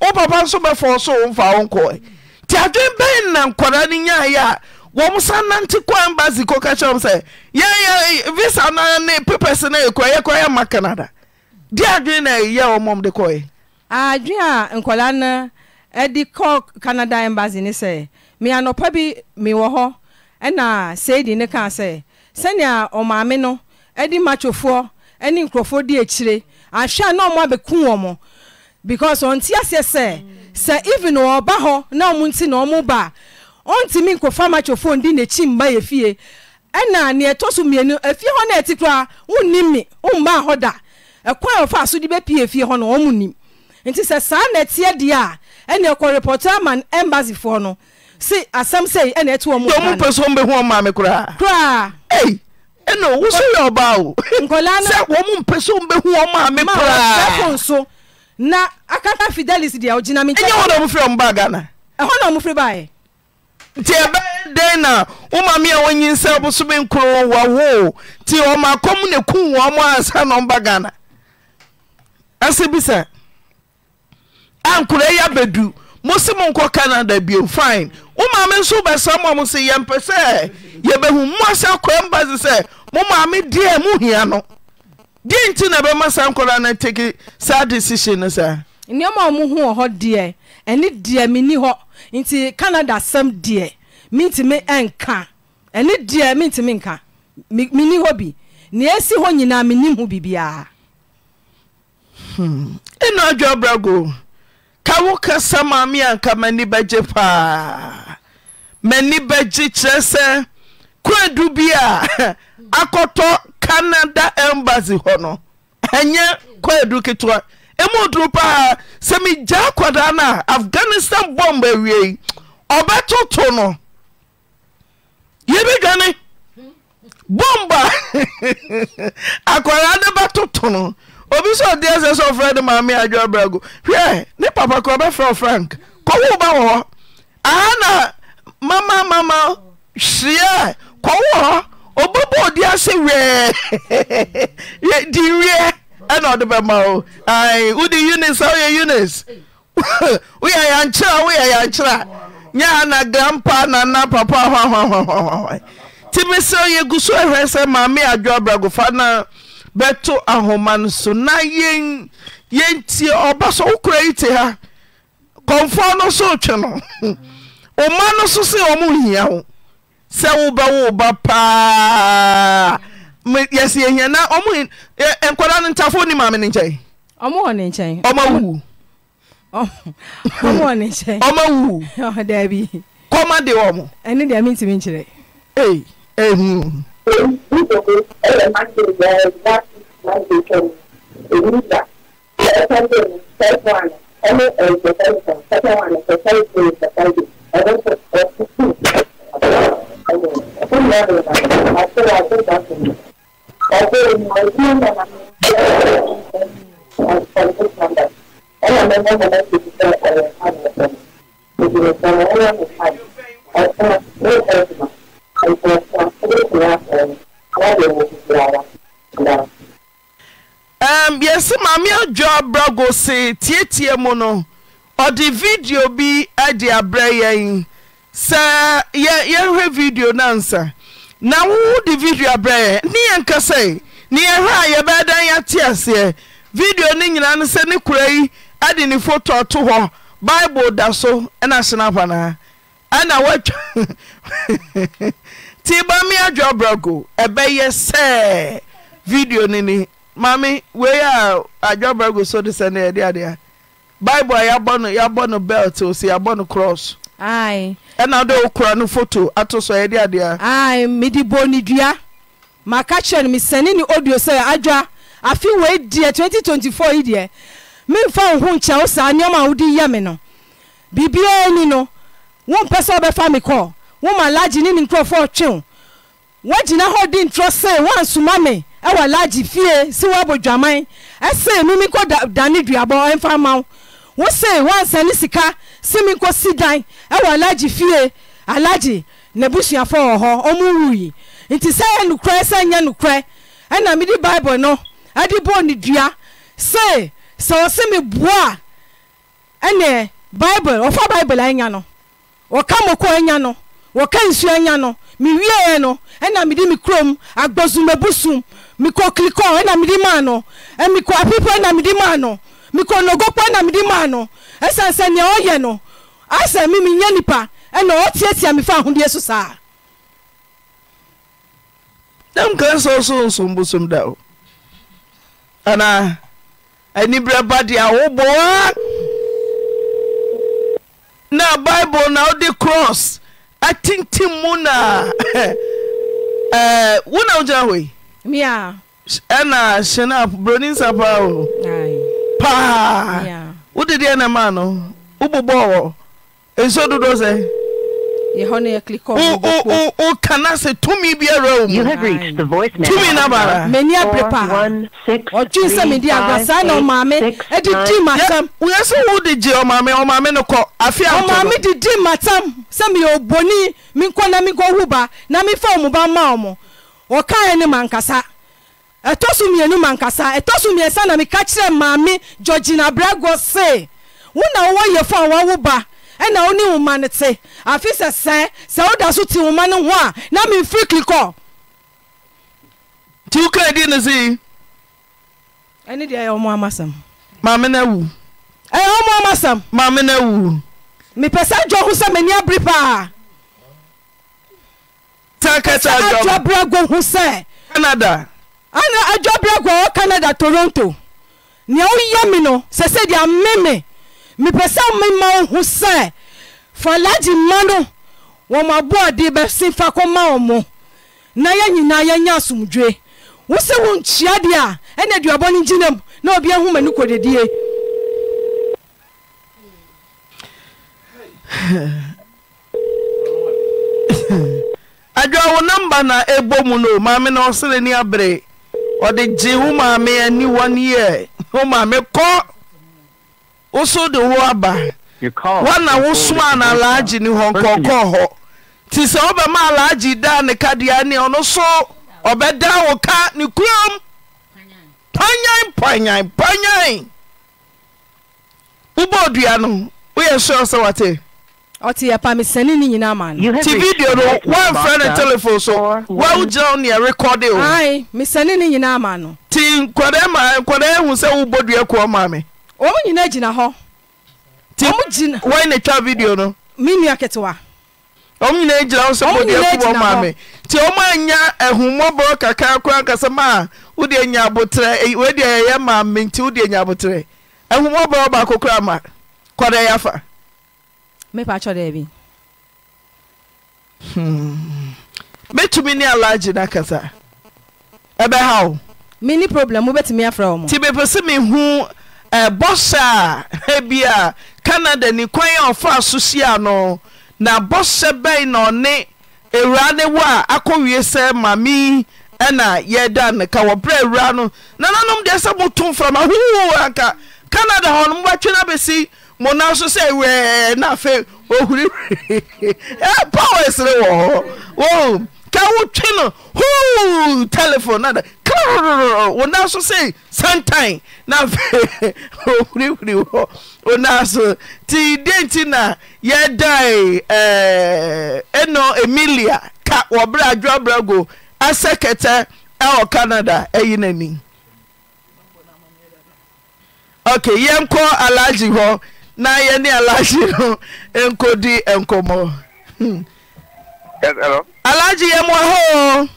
papa nso so adwene na a sa nante kɔ kyerɛ sɛ visa na ne papers ma canada di adwene na de adwene a no kɔ canada me anɔpa bi mewɔ hɔ ɛna seedi ne kaa sɛ sɛnea ɔmaame no de matwofoɔ ne nkurɔfoɔ di akyire ahwɛ a na ɔmo abɛku wɔ mɔ because ɔnte aseɛ sɛ sɛ even ɔba hɔ na ɔmo nti na ɔmo ba a ɔntumi nkɔfa matwofoɔ ndi n'akyi mma yɛ fie ɛna neɛ ɛtɔ so mmienu efie hɔ na ɛte koraa wonni mi wommaa hɔ da ɛkwan a ɔfa so de bɛpie efie hɔ na ɔmo nim nti sɛ saa na ɛteɛ deɛ a ɛna ɛkɔ repɔtɔ ama embassy foɔ no se asɛm sɛi ɛne ɛte wɔ mupɛ so mbɛhu ɔmaa me koraa koraa ɛno wo so yɛ ɔbaa o sɛ wɔ mu mpɛ so mbɛhu ɔmaa me koraa so na akaka fidelis deɛ ɔgyina me ɛnyɛ na ɔmofiri ɔmbaa ghana ɛhɔ na ɔmofiri baeɛ nti ɛbɛyɛ dɛn na woma me a wɔnyinsɛ bosome nkoro wawoo nti ɔma kɔm ne ku wɔ mo ansa na ɔmba ghana asɛ bisa ankora yi abɛdu mo se mo nkɔ canada bio fine womaame nso wobɛsa mɔm sɛ yɛmpɛ sɛ yɛbɛhu mmoasa koa mba se sɛ momaame deɛ mohia no deɛ nti na ɛbɛma saa nkɔda na teki saa decision no saa nnoɔma ɔmohu wɔ hɔ deɛ ɛne deɛ hɔ nti canada sɛm deɛ mentimi nka ɛne deɛ mentimi nka hɔ bi nea ɛsi hɔ nyinaa ho hmm. ɛna adwa brago ka wo kasa maame anka m'ani bɛgye paa m'ani bɛgye kyerɛ sɛ kwadu bi a akɔtɔ canada embassy hɔ no ɛnyɛ kwadu ketewa ɛmu duru paa sɛ megyaa akwadaa no a afghanistan bɔmb awiei ɔbɛtoto no yɛbɛdwane bɔmba akwadaa no bɛtoto no obi sɛ ɔdeɛ sɛ sɛ ɔfrɛ de maame adwoabrago hwɛ pɛfɛfrankobawhɔna mamaama heɛ kwoɔ obobɔde ase ie nd ɛmawodeoɛoyɛkeɛwoyɛynkerɛ yɛna granpanana papa ntimisɛ yɛ kus ɛ sɛ mame adw brao fa no bɛto ahoma n so nay yɛntie ɔba sɛ wo kora yi te ha kɔmfoɔ no so retwe no oma no so se ɔmo hia wo sɛ wobɛwo ba paa yɛsɛ yɛhiana ɔmo e, nkɔda no ntafo ni maame ne nkyɛn ɔmowɔ ne nkyɛn ɔma wuwu ɔma wuwu daabi kɔma de wɔ mo ɛne deɛ mentimi nkyerɛ ei ehu Thank you. second day, third one, only a the first one, second one, the third day, the third day. I don't know what to do. I don't know what to do. I feel I think that's me. Although in my dream, I'm on this number. I don't know what to do. I don't know what to do. I don't know what to do. I don't know what to do. I don't know what to do. I don't know what to do. I don't know what to do. I don't know what to do. yɛse mame adwoa brago se tietie mu no ɔde video bi ade aberɛ yɛn sɛ yɛhwɛ video nansa ansa na wowo de video aberɛ yɛn ne yɛnka sɛe ne yɛhwɛ a yɛbɛyɛ dan yɛate aseɛ video no nyinaa no sɛ ne kora yi ade ne foto ɔto hɔ bible da so na hyena panaa ɛna woatwa nti ba me adwoa brago ɛbɛyɛ sɛ video no ni maame wei a adwabra gu so de sɛ ne yɛde adeɛ bible a yɛabɔ no yɛabɔ no belt o si yɛabɔ no cross ɛna wode wo kora no foto ato so yɛde adeɛ mede bo ne dua maka kyerɛ no mesɛne ni audio sɛ adwa afe wei deɛ 2024 yi deɛ memfa wo ho nkyɛ wo saa nneɔma a wode yɛ me no biribiaa ni no wompɛ sɛ wobɛfa me kɔ woma lagye ne ne nkurɔfoɔ twe wo woagyina hɔ di ntorɔ see woansoma me ɛwɔ lagye fie si woabɔ dwaman ɛsee me menkɔ dane duabɔ ɛmfa ma wo wo see woansane sika si menkɔ si dan ɛwɔ lagye fie alagye nabusuafo wɔ hɔ ɔmo wui nti sɛ yɛ nokorɛ sɛ nyɛ nokorɛ ɛna mede bible no ɛde bɔɔ ne dua se sɛ ɔ se meboa a ɛne bible ɔfa bible anya no wɔka mɔkɔ anya no wɔka nsuo anya no mewieɛ no ɛna mede me kurom agbɔzumabu sum mekɔ kilikɔ ɛna mede ma no mekɔ apepɔ ɛna mede ma no mekɔ nogopɔ ɛna mede ma no ɛsiane sɛ nea ɔyɛ no asɛ me menya nipa ɛna ɔtiatia mi fa ahodeɛ so saa na mka sɛ so nsom bosom da o anaa aniberɛ ba deɛ awoboa na bible na wode cross atintem mu na eh, wo na wogya hɔiɛna hyɛnea buroni nsapaa o paa wo dedeɛ na maa no wo bobɔwɔ nso dodo sɛ yɛhɔ no yɛklikɔ woka na sɛ tumi biara wɔ mu tumi nabara m'ani abere paa ɔdwen sɛ mede agua saa na ɔmaame de di matam woyɛ sɛ wode gye ɔmaame ɔmaame no kɔ afe ɔmaame de di matam sɛ meyɛ oboni menkɔ na menkɔhu ba na mefa ɔmo ba ma ɔmo ɔkaeɛ ne mankasa ɛtɔ so mmienu mankasa ɛtɔ so mmiɛnsa na meka kyerɛ maame gyɔgyina berɛ gɔ se wo na wowɔ yɛfo a wɔwo ba ɛna wo ne nwoma no te afe sɛ sɛ sɛ woda so te nwoma no ho a na memfiri klikɔ nti wokaa di no sei ɛne deɛ ɛyɛ ɔmo amasɛm maame no awu ɛyɛ ɔmo amasɛm maame no awu mepɛ sɛ adwo ho sɛ m'ani abere paa adwabragwo ho sɛ canada ana adwabragwo ɔ canada toronto nea woyɛ me no sɛ sɛ deɛ ameme mepɛ sɛ mema ohu sɛ fa lagye mma no wɔm aboɔde bɛse fa kɔma wɔ na yɛ nyinaa yɛanya asomdwe wo sɛ deɛ a ɛne aduabɔno gyinam na obi ho no kɔdedie adwa na ɛbɔ mu no maame na ɔsere ni abere ɔde gye wo maame yɛ wo maame kɔ woso de wo aba woana wo somaa na alaagye ne hɔ nkɔkɔɔ hɔ nti sɛ wobɛma alaagye daa ne kadea nea ɔno so ɔbɛdaa wo ka ne kurom panyan panyan panyan wobɔɔ dua no woyɛ sɛ sɛ wate ti video no woamfrɛ ne telefone so woawogyina wo nea rekɔde o nti nkɔda hu sɛ wobɔ dua koɔ maa me ɔm nyina gyina hɔ ne twa video no menua ketewa ɔm nyina gyina ho sɛ mode kubɔ maame nti ọmụ anya ahumɔborɔ kakra akasa kasɛma a wode nya aboterɛ wede yɛyɛ maa nti baako ma kɔdɛ yɛ mepa kyɔ dɛ ne alagye no akasa problem sɛ Eh, bɔsa a bia canada ni kwan a ɔfa so sia no na bɔsɛ bɛn na ɔne ewura ne wo a akɔwie sɛ mame ɛna yɛda neka wɔberɛ ewura no nananom deɛ sɛ moto mframa hoo anka canada hɔ eh, oh, no mobɛtwe no bɛsi mo na so sɛ wɛɛ na afe ohuri power sere wɔ hɔ ka wotwe no hoo telephone nada wona so sɛ santan na afei ɔhwirihwiri eh, hɔ wona so nti nti na yɛdae ịnọ emilia ka wɔberɛ adwoabrago asɛ kɛtɛ wọ e canada ayi e n'ani ok yɛnkɔ alagye hɔ na nkọ di nkọmọ. nkɔdi nkɔmmɔ alagye ha hɔo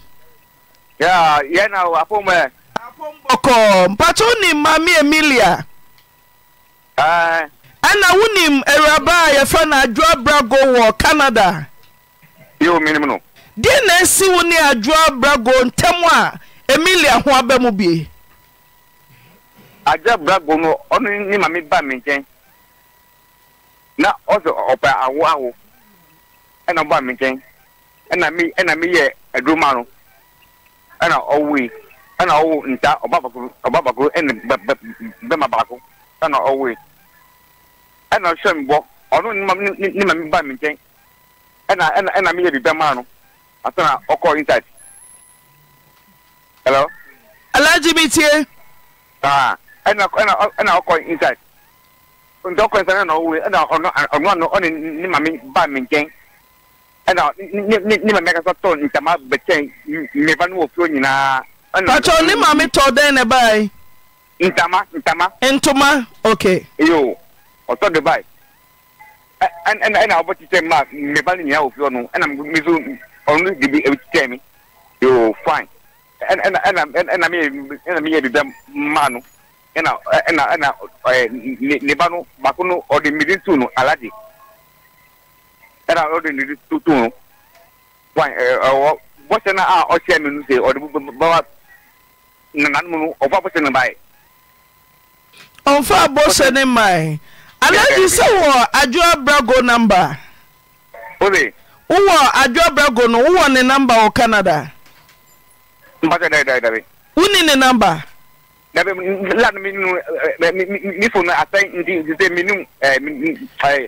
Yeah, yeah, now Apomwe. Apomboko. Mpacho ni Emilia. Eh. wunim a na adwo brago wɔ Canada. Yo minim no. Di na esi wo ni adwo brago ntɛm a Emilia ho aba mu bi. no ni mami ba mi nkyɛn. Na ɔsɛ ɔpɛ awo awo. Ɛna ɔba mi nkyɛn. Ɛna mi ɛna mi ɛna na ɛna ɔwo nta ɔba bakoro ɔba bakoro ɛna bɛma baako ɛna ɔwoe ɛna ɔhyɛ mi bɔ ɔno ne ma ma mi ba mi nkyɛn ɛna ɛna ɛna mi yɛ no asana ɔkɔ inside hello. alaji mi tie. aa ah, ɛna ɛna ɛna ɔkɔ inside nta ɔkɔ inside ɛna ɛna ɔno ɔno ɔne ne ma mi ba mi nkyɛn. ɛna ne ne ne maame akasa tɔ ntama bɛkyɛn mmeba no wɔ furo nyinaa. patro ne maame tɔ dɛn na ɛbaa ntama ntama. ntoma ok. eyo ɔtɔ de baa yi ɛna ɛna ɔbɔ titɛ mu a mmeba no nyinaa wɔ furo no ɛna mi nso ɔno de bi ebi titɛ mi yo fine ɛna ɛna ɛna mi yɛ ɛna mi yɛ bibɛ mmaa no ɛna ɛna e, ɛna ɛɛ e, ne ba no baako no ɔde mmiri nsu no alaji ɛna ɔde ne tutu wan ɛwɔ bɔsɛ na a ɔhyɛ mi nu se ɔde bɛba nananom no ɔfa bɔsɛ ne ba yɛ. ɔnfa bɔsɛ ne ma yɛ alaji sɛ wɔ adwoa brago namba. ose. wowɔ adwoa brago no wowɔ ne namba wɔ canada. mpasɛ dɛ dɛ dɛ. wuni ne namba. dabe lanu mi nu mi mi mi funu asɛn nti nti se mi nu ɛɛ mi ɛɛ.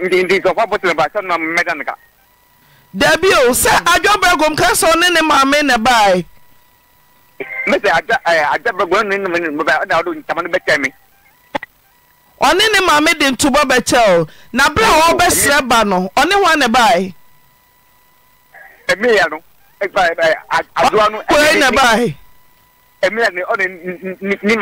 ndị ndị nzọkwa bụtara basa na o sɛ adwabragom ka sɛ ɔne ne maame ne na bae ɔne ne maame de ntoma bɛkyɛ o na bere a ɔbɛsrɛ ba no ɔne ho ne bae ɛmeya no adoa no kɔe na bae ɛmeya no ne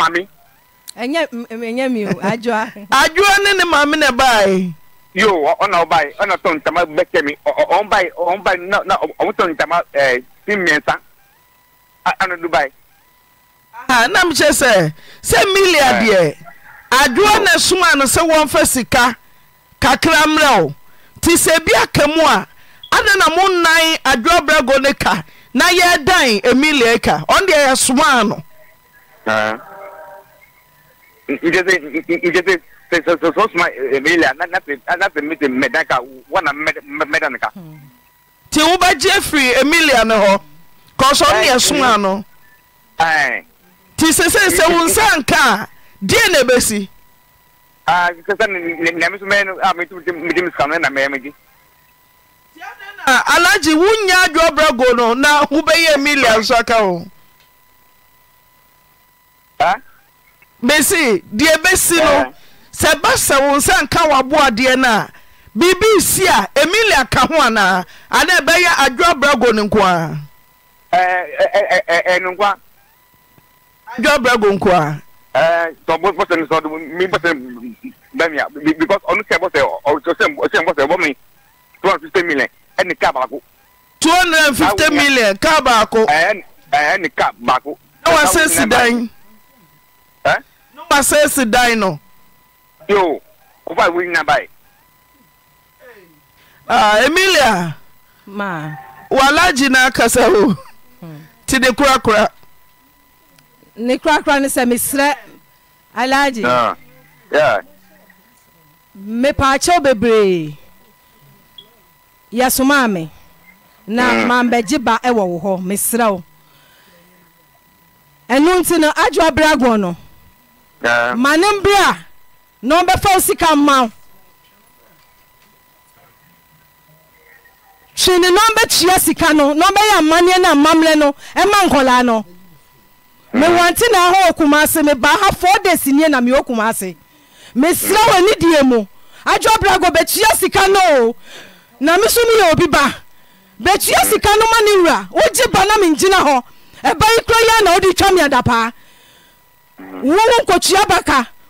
maame ne ne bae yo ọna ọba yi ọna tọ ntama bẹkẹ mi ọmba yi ọmba yi na ọmọ tọ ntama ẹ ti mmiɛnsa ano dubai. aha nam kyerɛ sɛ sɛ milia deɛ adwoa na suma no sɛ wɔmfa sika kakra mmerɛ o te sɛ bi aka mu a ada na mo nan adwoa brɛgo ne ka na yɛdan emilia ka ɔn deɛ yɛsomaa no. nkyɛ sɛ nkyɛ sɛ sɛ sɔsuma emilia n'a tɛ miti mɛdan ka wana mɛdan nin kan. tí wọ́n bá jẹ́ firi emilia ni hɔ kɔsɔ ni ɛsun ano tí sese sewu nsa nka díẹ̀ na ebe si. Ah, sisan nyami sun bɛ a ah, mi tu mi di misikan na mɛ mi di. Ah, alaji wunya adwobra go no na wobɛyɛ emilia nso aka wo. besi deɛ besi no. Yeah. sɛ ɛbɛ wo sɛ nka w'aboadeɛ no a biribi si a emilia ka ho anaa ana ɛbɛyɛ adwoabrago no nko a ɛno nko a adwoabrago nko a bọ́sẹ̀ sọ mi bọ́sẹ̀ bẹ́ẹ̀ni à two hundred and fifty million ká baako. ẹni ká baako. ní wàá sẹ́ẹ̀sì dan Ah, emilia wɔ alage na akasa ho hmm. te ne kora kora ne korakora no sɛ mesrɛ alage mepaakyɛw bebree yɛsomaa me na hmm. mambɛgye ba ɛwɔ wo hɔ meserɛ wo ɛno nti no aoa berɛgɔ noa na ɔbɛfa wo sika mma twene na ɔbɛkyia sika no na ɔbɛyɛ amanneɛ na amammerɛ no ɔma nkɔlaa no mewante na aha wɔkuma ase mebaa ha fo da sinnie na mewɔ kuma ase mesira wɔ ani die mu adwo brago bɛkyia sika no o na me so meyɛ obi ba bɛkyia sika no ma ne wura wogye ba na mengyina hɔ ɛba e yi koro yɛ na wode twa meada paa wowo nkɔtua baka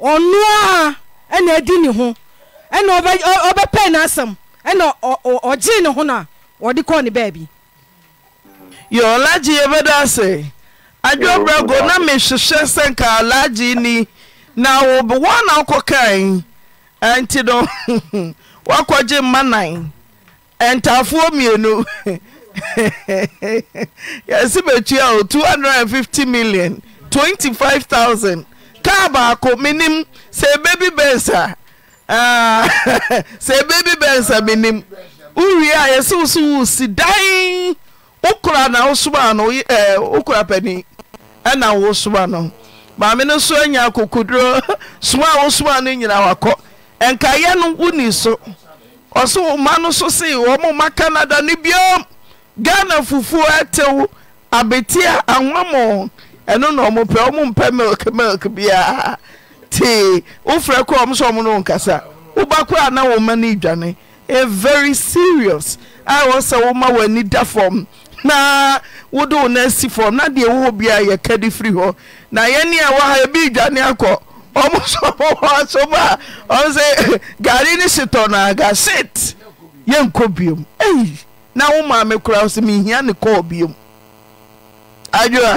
ɔno a ɛna adi ne ho ɛna ɔbɛpɛ n'asɛm ɛna ɔgye ne ho no a wɔde kɔɔ ne baabi yɛ ɔlagye yɛbɛda ase adwobrɛgo na mehwehwɛ sɛ nka ɔlagye ni na wɔn na ɔkɔkae nti no wakɔgye mma nan ntaafoɔ mmienu yɛsi bɛtua o two hundred and fifty million twenty five thousand. kaa baako m'inim sɛ ɛbɛbi bɛnsa ah, sɛ ɛbɛbi bɛnsa menim wowie a yɛsɛ wo so si dan wo na wo soma no wo ị na eh, ɛna wo no maame no anya akokoduro soma a wo no nyina wakɔ ɛnkayɛ no woni so ɔso ma no so se wɔmo ma canada no biom ghana fufuo ɛtew abetia ahwamɔ ɛno na ɔmo pɛ ɔmo mpɛ milk milk biara tee ụfọdụ kɔ ɔm sɛ ɔmo no nkasa na woma no dwane very serious a wɔ sɛ woma w'ani da fam na asi na deɛ wɔhɔ biara yɛka de firi hɔ na ha ebi dwane akɔ ɔmo so ba sɛ ne aga biom na maame kura ne kɔɔ ajụa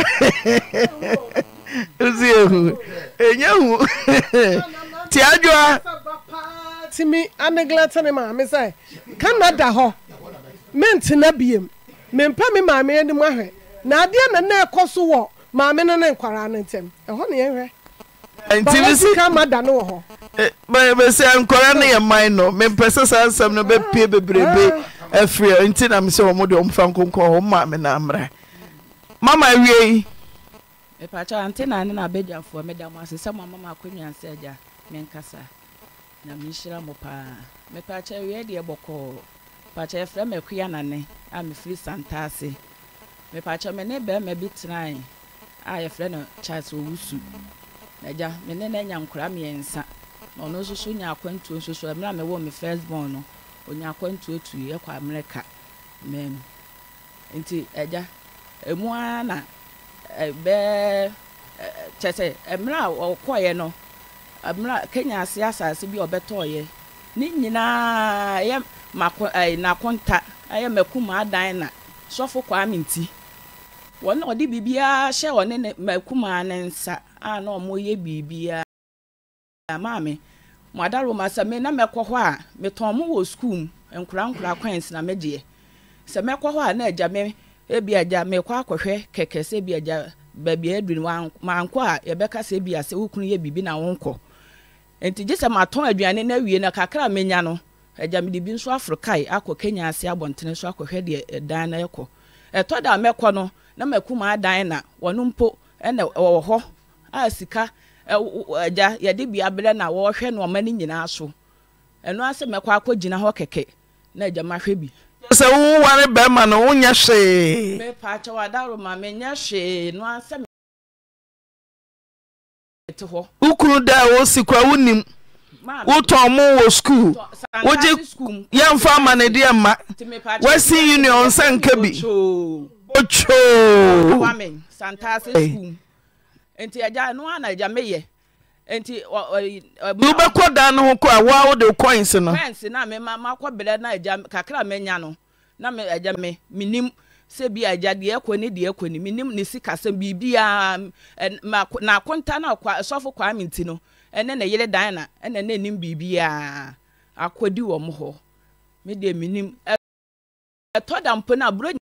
ozi ehu enyehu ti ajụa timi aneglete ne maame canada me maame na adeɛ na na ɛkɔ so maame no ne nkwaraa no ntɛm ɛhɔ ne yɛhwɛ ntinisi canada no wɔ hɔ eh, mɛsɛ nkwaraa no yɛ man no mempɛ sɛ saa nsɛm bebrebe ah, ah. na na amra mama wiei mepakyɛ ante na ne na abɛgyafoɔ meda mo ase sɛ mo ama ma akɔnwa sɛ agya menkasa na menhyira mo paa mepakyɛ wie deɛ bɔkɔɔ mepakyɛ yɛfrɛ me akoya nane a mefiri santa ase mepakyɛ me ne bɛrima bi tenae a yɛfrɛ no charles owusu n'agya me ne n'anya nkora mmiɛnsa na ɔno nso so nya akwantuo nso so mmerɛ a mewɔ me first born no ɔnya akwantuo yi, ɛkɔ amerika mmɛm nti agya emu ara na ɛbɛɛ eh, eh, kyɛ sɛ mmerɛ a ɔkɔɛ no mmerɛ kenya ase asase bi a ɔbɛtɔɔyɛ ne nyinaa ɛyɛ mako ɛɛ eh, n'akonta ɛyɛ mɛkuma adan na sɔfo kwame nti wɔn a ɔde biribiara hyɛ ɔne ne mɛkuma ne nsa a na wɔyɛ biribiara maame mo adaro ma sɛ me na mɛkɔ hɔ a metɔn mo wɔ sukuu mu nkura nkura coins na mɛ deɛ sɛ mɛkɔ hɔ a na agya mɛ. ebi agya mekɔ akɔhwɛ kɛkɛ sɛ ebi agya baabi adwini mankɔ a yɛbɛka sɛ ebi asɛ wokunu yɛ biribi na wonkɔ nti gye sɛ matɔn aduane na awie na kakra menya no agya mede bi nso aforo kae akɔ kenya ase abɔntene so akɔhwɛ deɛ dan na ɛkɔ ɛtɔ da mɛkɔ no na makuma adan na wɔno mpo ɛna wɔwɔ hɔ a sika agya yɛde bi abrɛ na wɔrehwɛ nneɛma no nyinaa so ɛno asɛ mɛkɔ akɔgyina hɔ kɛkɛ na agya mahwɛ bi sɛ wowoware bɛrima no wonyɛ hwee wo kunu da a wɔsi koraa wonim wotɔn mo wɔ skuul wogye yɛmfa amanedeɛ mma woasin union sɛ nka bi otwoo nti wobɛkɔ dan no ho kɔ a woa wode coins no coins na me ma makɔ berɛ na agya kakra manya no na me agya me menim sɛ bi agya deɛ ɛkɔ ne deɛ ɛkɔ ne menim ne sika na biribiaa na no sɔfo kwaa me nti no ɛne ne yere dan na ɛne ne nim biribiaa akɔdi wɔ m hɔ medeɛ menim ɛtɔ da mpo no aborɔ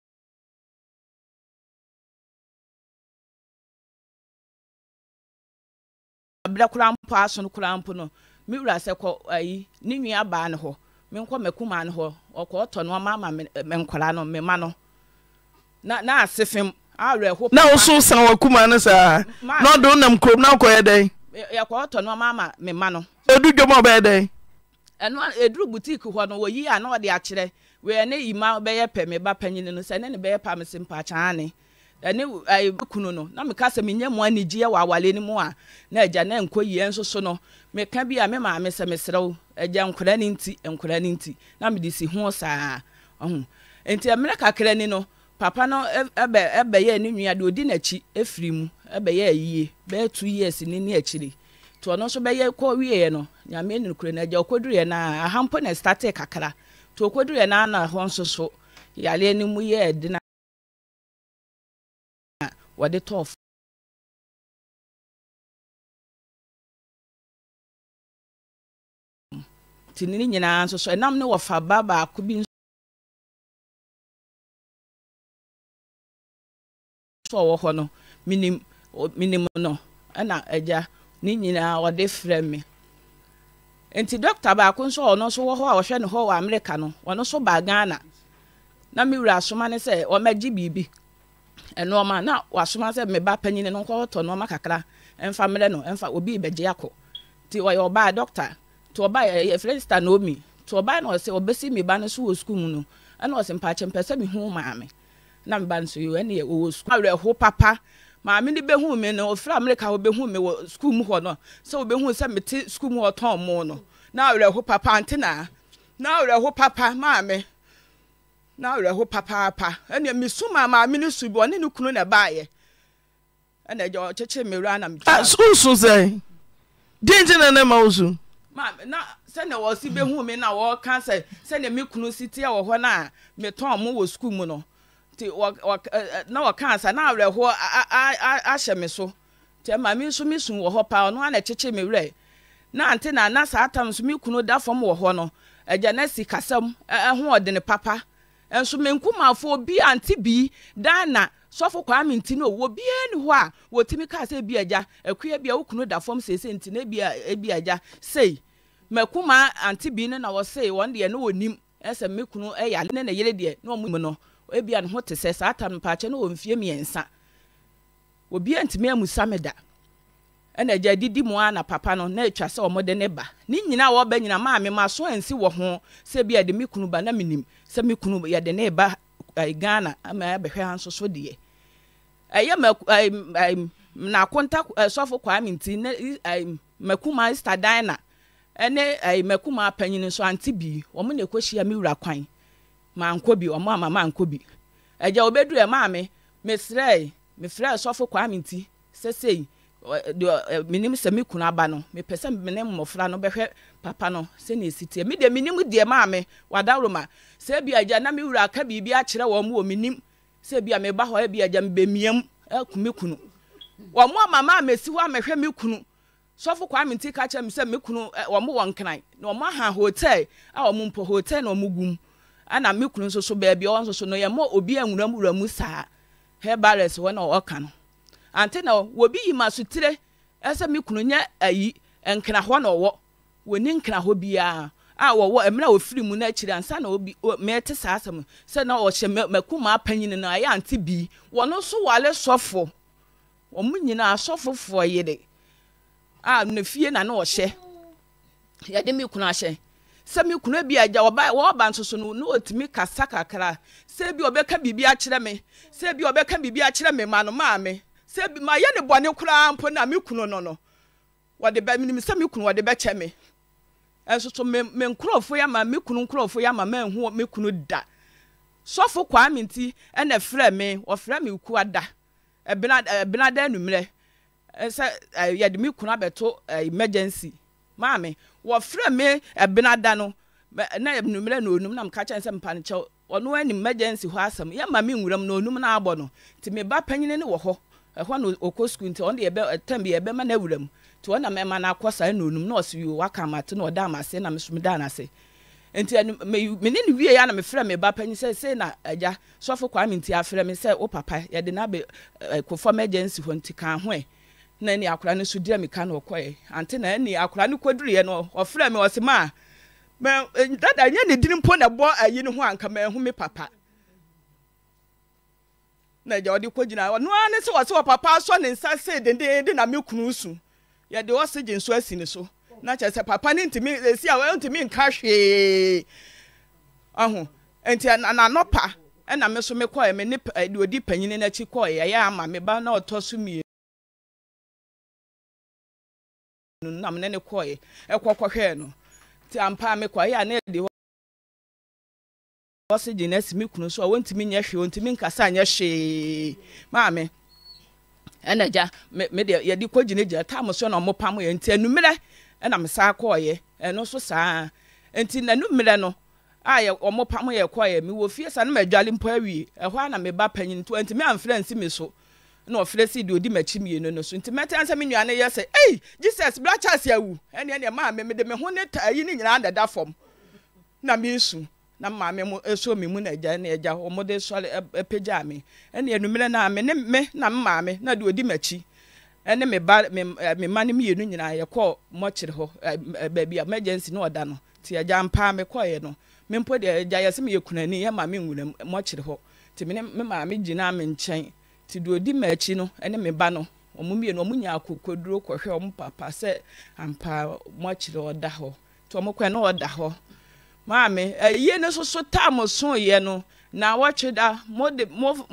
berɛ kora mpo aso no kora mpo no me wura sɛ kɔ ayi ne nua baa ne hɔ menkɔ hɔ ɔkɔ ɔtɔ no ɔma ama eh, me nkɔla no no na na ase na woso san no saa na ɔde wonam kurom na dɛn yɛkɔ ɔtɔ ama no dwom ɔbɛyɛ dɛn hɔ no wɔyi a na ɔde akyerɛ ne pɛ ne ne bɛyɛ pa ɛne ɛɛ kunu no na meka sɛ menyɛ mu anigyeɛ wɔ awale no mu a na agya na nkɔ yie nso so no meka bi a me maame sɛ meserɛw agya nkora ne nti nkora ne nti na mede si ho saa ɔho nti mmerɛ kakra ni no papa no ɛbɛ ɛbɛyɛ ne nua de odi n'akyi efiri mu ɛbɛyɛ ayie bɛyɛ two years ne ne akyiri to ɔno nso bɛyɛ kɔ wieɛ no nyame ne kura na agya okɔduruɛ na ahampo na ɛstate kakra to okɔduruɛ na ana hɔ nso so yare ne mu yɛ ɛdina. wɔde tɔɔ nti nyinaa nso so ɛnam ne wɔfa ba baako bi nso ɔwɔ hɔ no minim minim no ɛna agya ne nyinaa ɔde frɛ me nti dɔkta baako nso ɔno nso wɔ hɔ a ɔhwɛ ne hɔ wɔ amerika no ɔno nso ɛnoɔma na wasoma sɛ meba panyin no nkɔtɔ nɔɔma kakra ɛmfa mmerɛ no ɛmfa obi bɛgye akɔ nti ɔyɛ ɔbaa dɔkta nti ɔbaa yɛfrɛ sista naomi nti ɔbaa na ɔsɛ ɔbɛsi meba no so wɔ sukuu mu no ɛna ɔsɛ mpakyɛ mpɛ sɛ mehu maame na meba no so yɛ ɛne yɛ ɔwɔ sukuu awerɛho papa maame no bɛhu me no ɔfiri amerika hɔ bɛhu me wɔ sukuu mu hɔ no sɛ ɔbɛhu sɛ mete sukuu mu hɔ tɔn mo no na awerɛho papa antena na awerɛho papa maame na awerɛho papaapa ɛnea mesu maa maame no su bi ɔne ne kunu na baayɛ ɛna gya ɔkyekyere mewura na mesoso ah, sɛ deɛ nti na ne ma wo su na sɛnea wɔsi bɛhu me na wɔka sɛ sɛnea me kunu si teɛ wɔ hɔ no a metɔn mo wɔ sukuu mu no nti na wɔkaa sa na awerɛho ahyɛ me so nti ɛma me nso mesu wɔ hɔ paa ɔno ana kyekye me werɛ na ante na na saa atam so me kunu da fam wɔ hɔ no agya na si kasam ɛho ɔdene papa nso menkumafoɔ bi ante bi ghana sɔfo kwame nti no wɔ bia ni hɔ a wɔtumi kaa sɛ ebi agya akuya bi a wokunu da fam sese nti na ebi ebi agya sei mɛkuma ante bi no na wɔsei wɔn deɛ no wɔnim ɛsɛ me kunu ɛyɛ ale ne ne yere deɛ na wɔn mu no ebi a ne ho te sɛ saa tam mpaakyɛ no wɔ mfie mmiɛnsa obia ntumi amusa me da ɛna agya didi mu a na papa no na atwa sɛ wɔn de ne ba ne nyinaa wɔbɛ nyinaa maame ma so ansi wɔ ho sɛ ebi a de me kunu ba na me nim sɛ me kunu yɛde ne ba ghana ama abɛhwɛ ha nso so deɛ ɛyɛ nakonta sɔfo kwame nti ne makuma easter dina ɛne makuma panyin nso ante bi wɔn na ɛkɔhyia me wura kwan mankɔ bi wɔn ama mankɔ bi ɛgya obɛduru maame mesrɛ mesrɛ sɔfo kwame nti sɛsɛyi menim sɛ me kunu aba no mepɛ sɛ mene mmɔfra no bɛhwɛ papa no sɛne ɛsitiɛ medeɛ menim deɛ maa me wadaroma sɛ bi agya na me wura aka biribi akyerɛ wɔ m wɔ menim sɛ bi a meba hɔ abi agya mbɛmiam aku me kunu wɔ ama maa hɔ a me kunu sɔfo kwa me nti ka kyerɛ me sɛ me kunu wɔ nkran na aha hotel a hotel na gum ana me kunu baabi nso no obi saa hair ante na wɔbi yi ma asotire ɛsɛ me kunu nyɛ ayi nkena hɔ na ɔwɔ wɔni nkena hɔ biara a wɔwɔ mmerɛ a wɔfiri mu no akyiri ansa na obi mɛte saa asɛm sɛ na ɔhyɛ mako ma apanyin na ayɛ ante bi wɔno nso wale sɔfo wɔn nyinaa sɔfofoɔ yere a ne fie na ne ɔhyɛ yɛde me kunu ahyɛ sɛ me kunu bi agya ɔba wɔba nsoso no na ɔtumi kasa kakra sɛ bi ɔbɛka biribi akyerɛ me sɛ bi ɔbɛka biribi akyerɛ me ma no maa me sɛ bi ma yɛ ne bɔne koraa mpo na me kunu no no wɔde bɛ menim sɛ me kunu wɔde bɛkyɛ me ɛnso so me me nkurɔfo yɛ ama me kunu nkurɔfo yɛ ama mɛnhu me kunu da sɔfo kwame nti ɛna frɛ me wɔfrɛ me kua da ɛbena ɛbena dɛ numerɛ ɛsɛ ɛɛ yɛde me kunu abɛto ɛɛ emergency maame wɔfrɛ me ɛbena da no na numerɛ na onum na mka kyɛn sɛ mpa ne kyɛw ɔno anim emergency hɔ asɛm yɛ ma me nwuram na onum na abɔ no nti me ba panyin ne wɔ hɔ ɛhɔ no ɔkɔ sukuu nti ɔno deɛ ɛbɛ tɛm bi ɛbɛma no awura mu nti ɔna mɛma no akɔ saa na onum na ɔsi yio waka ama te na ɔda ama ase na mesom da n'ase nti ɛnu mɛ mene ne wie ya na mefrɛ me ba panyin sɛ sɛ na agya sɔfo kwame nti afrɛ me sɛ wo papa yɛde na abɛ ɛ kofɔm agency hɔ nti kan ho ɛ na ɛne akora no so dira mi ka na ɔkɔ ɛ ante na ɛne akora no kɔduru yɛ no ɔfrɛ me ɔsi maa mɛ eh, dada nye ne dini mpo na ɛbɔ ayi ne ho anka mɛ ɛho me papa na ɛgya ɔde kɔ gyina ɔno ara ne sɛ wɔsɛ wɔ papa asɔ ne nsa se dendeende na me kunu su yɛde ɔsigye nso asi ne so na kyerɛ sɛ papa ne ntumi esi a ɔntumi nka hwee ɔho nti nanɔpa ɛna me so me kɔɛ me ne ɛde odi panyin n'akyi kɔɛ ɛyɛ ama me ba na ɔtɔ so mmienu. nam ne ne kɔɛ ɛkɔ no nti ampa me kɔɛ a ne ɛde hɔ wɔsi di nɛɛsi mi kunu so a wɔntumi nyɛ hwee wɔntumi nkasa nyɛ hwee maame ɛna gya me me deɛ yɛde kɔ gyinagyina taamu so na ɔmo pam yɛ nti enumerɛ ɛna me saa kɔɔyɛ ɛno so saa nti n'enumerɛ no a yɛ ɔmo pam yɛ kɔɔyɛ mi wɔ fie sa ne ma adwale mpɔ awie ɛhɔ a na me ba panyin to nti me anfrɛ nsi mi so na ɔfrɛ si di odi m'akyi mmienu no so nti mɛtɛn sɛ me nua ne yɛ sɛ ei jesus blachas awu ɛnneɛ neɛ maame me de me ho ne ta ayi ne nyinaa dada fam na me esu na maame mu eso mi mu na agya na agya wɔn de sɔre apagya mi ɛna enumere na ame ne me na me maame na de odi m'akyi ɛne me ba me me ma ne mmienu nyinaa yɛkɔ mɔkyere hɔ ɛɛ baabi a emergency na ɔda no te agya mpaa me kɔɛ no me mpo deɛ agya yɛsɛ me yɛ kunani yɛ maame nwura mɔkyere hɔ te me ne me maame gyina me nkyɛn te de odi m'akyi no ɛne me ba no wɔn mmienu wɔn nyinaa kɔ kɔduro kɔhwɛ wɔn papa sɛ ampaa mɔkyere ɔda hɔ te wɔn kɔɛ na maame eh, yie no soso taam soeɛ no na wɔtwe da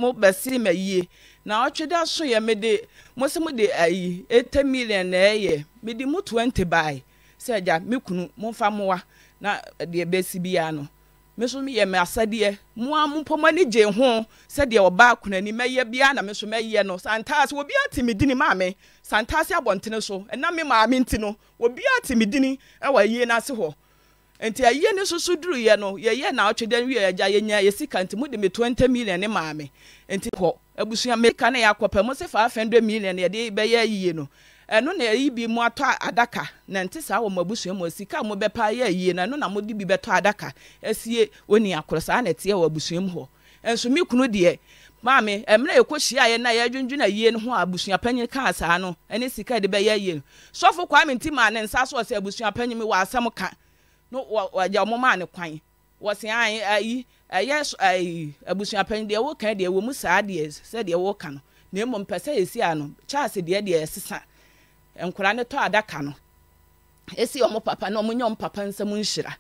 mobɛsere ma yie na ɔtwe da soeɛ mede mo sɛ mode ayi 8 million na ɛyɛ mede mu 20 bae sɛ agya me kunu momfa mowa na eh, deɛ bɛsi biara no me so yɛ me asadeɛ mo a mo mpɔmɔ ani gye ho sɛdeɛ ɔbaa kunani mɛyɛ biara na me so mɛyɛ no santaase obi ate me dini maame santaase abɔntene so ɛna me maame nti no obi ate me dini ɛwɔ ayie no ase hɔ nti ɛyɛ ne soso duruyɛ no yɛyɛ na ɔtwe dɛ wiɛ ɛgya yɛnya yɛsika nti mu de mi twenty million ne maame nti kɔ abusua mmirika na yɛakɔ pɛ mo se five hundred million yɛde bɛyɛ yie no ɛno na ɛyi bi mu atɔ adaka na nti saa wɔ mo abusua mu sika mo bɛpa yɛ yie na ɛno na mo de bi bɛtɔ adaka ɛsie oni akorɔ saa na ɛteɛ wɔ abusua mu hɔ nso mi kunu deɛ maame mmerɛ yɛkɔ hyia yɛ na yɛdwendwen a yie no ho a abusuapanyin kaa saa no ɛne sika de bɛyɛ yie sɔfo kwame nti maa ne nsa so ɔsɛ no wɔgya wɔn maa ne kwan wɔsi ayi ayi ɛyɛ ayi abusuapɛn deɛ wɔka deɛ wɔn mu saa deɛ sɛ deɛ wɔka no na emu mpɛ sɛ esi ano charles deɛ deɛ ɛsesa nkwadaa ne tɔ adaka no esi wɔn papa na wɔn nyɛ wɔn papa nsam nhyira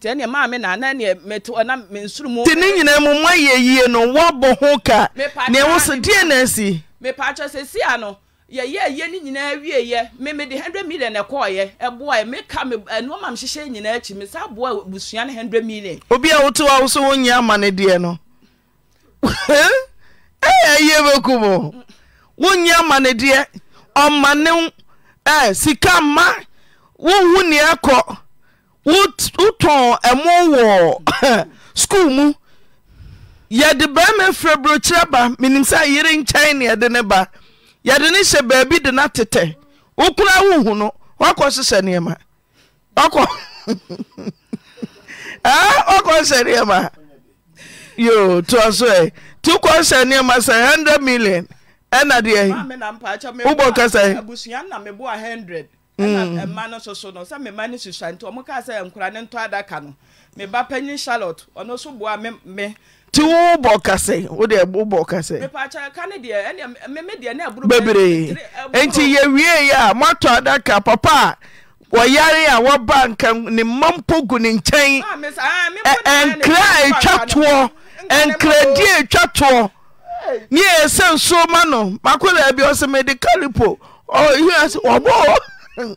tẹ ní maame na anan ní mẹtọ ọ̀nà mẹnsurumu. tí ni nyina mu mu ayẹ yie no wa bọ̀ ho ka ní ẹ̀wọ̀n sọ díẹ̀ náà sí. mẹpàtọ́ sẹ́sí àná yɛyɛ ɛyɛ ne nyinaa wie yɛ meme de hundred million ɛkɔɔ yɛ ɛboa yɛ meka me ɛnoɔma eh, me hyehyɛ nyinaa akyi me saa boa busua ne hundred million. obi a wotu a woso wɔn nyinaa ama ne deɛ no ɛyɛ ɛyɛ bɛku mu wɔn nyinaa ama ne deɛ ɔma ne ɛɛ eh, sika ma wohu ne akɔ wotɔn ɛmo wɔ sukuu mu yɛde bɛrima fira burokyerɛ ba menim sɛ yere nkyɛn ne yɛde ne ba. yɛde ne hyɛ baabi de na tetɛ wo kora wohu no woakɔ hyehyɛ nneɛma wakɔ hyɛ nneɛma yo toa so ɛ nti wokɔ hyɛ nneɛma sɛ 100 million ɛna deɛwobɔ ka sɛ ma no soso no sɛ mema no susua nti ɔmo ka sɛ nkora ne ntɔ adaka no meba panyin charlotte ɔno so boa me ti wo bɔ kasɛ wo de wo bɔ kasɛ. mipakyɛ ka ne deɛ ɛni mɛmɛ deɛ ne aburo. bebree eh, nti yɛ wie yɛ a mɔtɔ adaka papa a wɔyare a wɔba nka ne mampo gu ne nkyɛn ah, ah, nkira a etwa toɔ nkiradi a etwa toɔ ne yɛ sɛ nsuo ma no mako laabi ɔsɛ mɛ de kalipo ɔyɛ ɔbɔ ante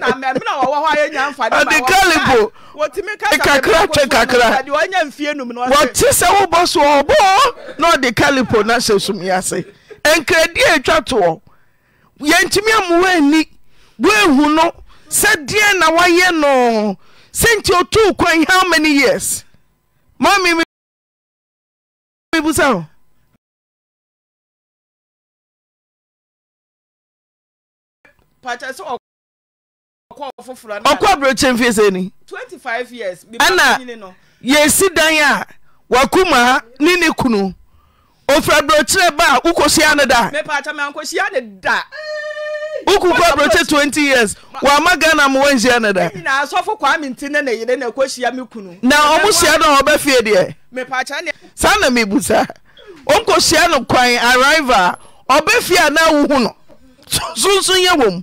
na mɛ mina wɔwɔ hɔ a yɛ nya nfa de ma wɔn kakra wɔtumi kasa kakra twɛ kakra de wɔn nya nfie num na wɔn se. wɔte sɛ wobɔ so ɔbɔ na ɔde kalipo na hyɛ sumi ase nkredi atwa toɔ yɛntumi amu wɔn ani wɔn ehu no sɛ deɛ na wɔayɛ no sɛ nti otu kwan how many years maami mi mi busa o. ɔkɔ aberɛkyɛ mfie sɛni ana yɛsi dan a wakuma ne ne kunu ɔfiri aberɛkyerɛ ba a wokɔhyia ne da woku kɔ aberɛkyɛ 20 years ma ghana ma wanhyia ne da na ɔmo hyia no a ɔbɛfie deɛ saa na mebu saa ɔnkɔhyia no kwan arrive a fie a na no sonso yɛ wọ m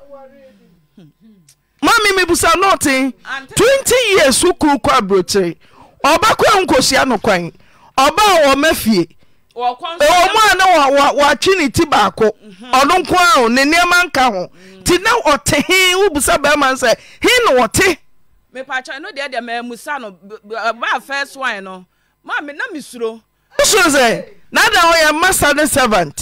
me mebusa e, mhm. mm. no ɔte 20 years kuru kɔ aborɔkyere ọba kwan ɔba a wɔma fie ɔmu a na ne ti baako ɔno nko ahụ ne nka ho na ɔte he wobusa baima na wɔte wosuro sɛ na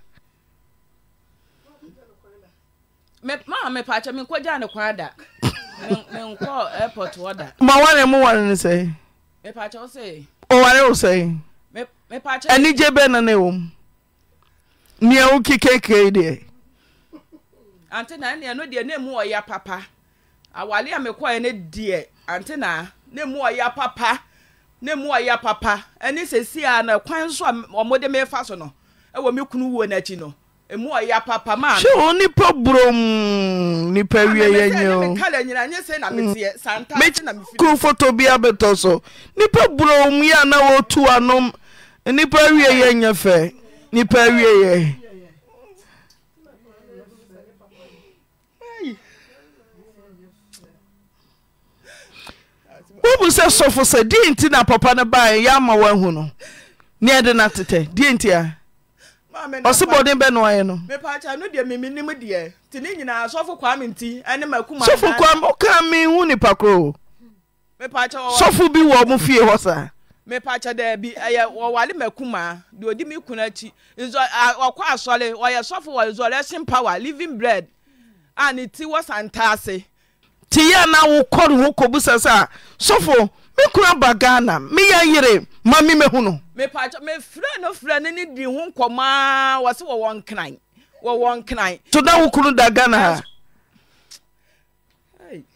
maa da airport da ma ware mo ware ne sɛe mepa akyɛ wo sɛ ɔware wo sɛe mepa akyɛ na ne wɔm nea wo kekekei deɛ na nea no deɛ na mu ɔya papa awale na papa na papa a na kwan so so no kunu n'akyi no mu ɔyɛ papa maa ah, mi. ṣé wọn nípa burom nípa wíyẹ yẹn yẹn o. àmì kálẹ̀ nyina nyẹ sẹ́ na mi tiẹ̀ mm. santa ti na fi. kú foto bi abẹ́tọ̀ so nípa burom yìí àná wọ́n tu ànum nípa wíyẹ yẹn yẹn fẹ́ nípa wíyẹ yẹn. wobu sɛ sɔfo sɛ deɛ nti na papa no baeɛ yɛ ama woahu no ne ɛde no tetɛ deɛ nti a ɔsi bɔden bɛ nɔ ayɛ no. mipaakya no deɛ mimi nim deɛ te ne nyinaa sɔfo kwame nti ɛne ma kuma. sɔfo kwame ɔka mi hu nipa koro. mipaakya wɔwɔ sɔfo bi wɔ ɔmo fie hɔ saa. mipaakya dɛ bi ɛyɛ wɔwale ma kuma deɛ odi mi kun akyi nzɔ ɔkɔ asɔle ɔyɛ sɔfo wɔ nzɔlɛsin power living bread a ne ti wɔ santaase. tiyɛ na wokɔ ne ho kɔ busa sa sɔfo. me ba ghana miya yere ma me mɛhu no mefrɛ no frɛ no ne di ho nkɔmaa wɔ se wɔwɔ nknan wɔwɔ nknan to na wo da ghana ha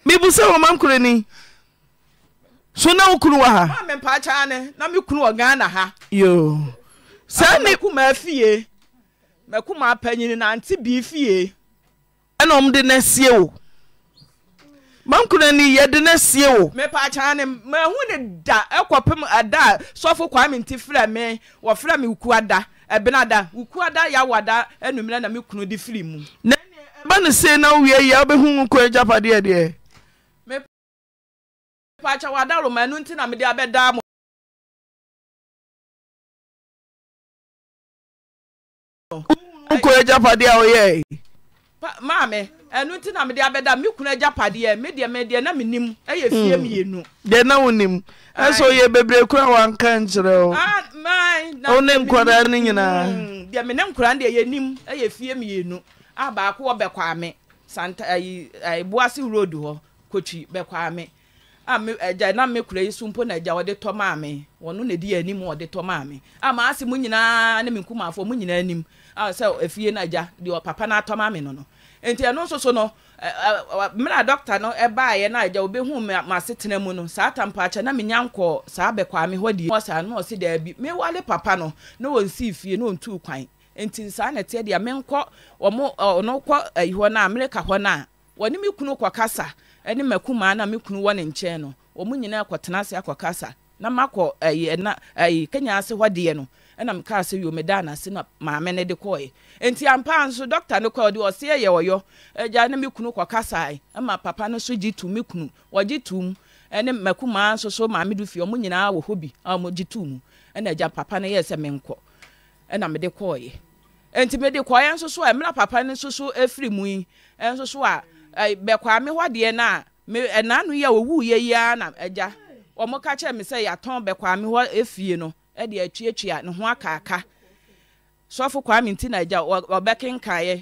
mebu sɛ wɔma nkora ni so na wo kunu wɔ ha mempaakyɛa ne na me kunu wɔ ghana ha yo saa ne kuma afie makuma apanyini nante bii fie ɛna ɔmde na sie wo mankona ni yɛde no sie wo mepɛakyɛa ne mahu ne da ɛkɔpem ada a sɔfo kwaa menti frɛ me wɔfrɛ me wokuada ɛbena da wokuada anumerɛ na me de firi mu ne na wowie yia wobɛhu ko agyapadeɛ deɛ mepɛakyɛ wada roma ɛno nti na mede agyapadeɛ a woyɛe maame ɛnu ti na mi de abɛda mi kun ɛgya padeɛ mi deɛ mi na mi nim hmm. ah, hmm, ɛyɛ fie mienu. deɛ na wo nim ɛsɛ oyɛ bebree kura o. ne ne nyinaa. fie a baako wɔ santa ayi ayi road hɔ kotwi a mi ɛgya na mi kura yi so mpo na ɛgya wɔde tɔ maame wɔn na di wɔde tɔ maame a ah, maa si mu nyinaa ne mi mu nyinaa nti ɛno nso so no mmerɛ dɔkta no ɛbaeɛ no agya wobɛhu masetena mu no saa tampaakyɛ na menya nkɔɔ saa bɛkwame hɔ deɛ saa no ɔse daabi mewale papa no na wɔnsii fie na ɔntuu kwan nti saa na ɛteɛ deɛ menkɔ ɔmo ɔno kɔ ayi no a mereka hɔ no a wɔne me kunu kɔkasa ɛne makumaa na me kunu wɔ ne nkyɛn no wɔn nyinaa kɔtena ase akɔkasa na makɔ ɛyi ɛna ɛyi kenya ase hɔ deɛ no ɛna mekaa sɛ yomeda anase na maame ne de kɔɛ nti ampa nso dɔkta no kɔ ɔde ɔseɛ yɛ ɔyɔ agya ne me kunu kɔkasae ma papa no so gye tu me kunu wɔgye tu mu ɛne mmakumaa nso so maame do fie ɔmo nyinaa wɔ hɔ bi a ɔmo gye tu mu ɛna agya papa no yɛ sɛ menkɔ ɛna mede kɔɔyɛ nti mede kɔɔyɛ nso so a mmerɛ papa no nso so efiri mu yi e nso so a e, bɛkɔ ame hɔ deɛ na me ɛnaanu yi a owu yɛ yi ara na agya wɔn ka kyerɛ me sɛ yɛatɔn bɛkɔ ame hɔ efie no ɛde e atuatua ne ho akaaka sɔfo kwame nti na agya ɔbɛkenkaeɛ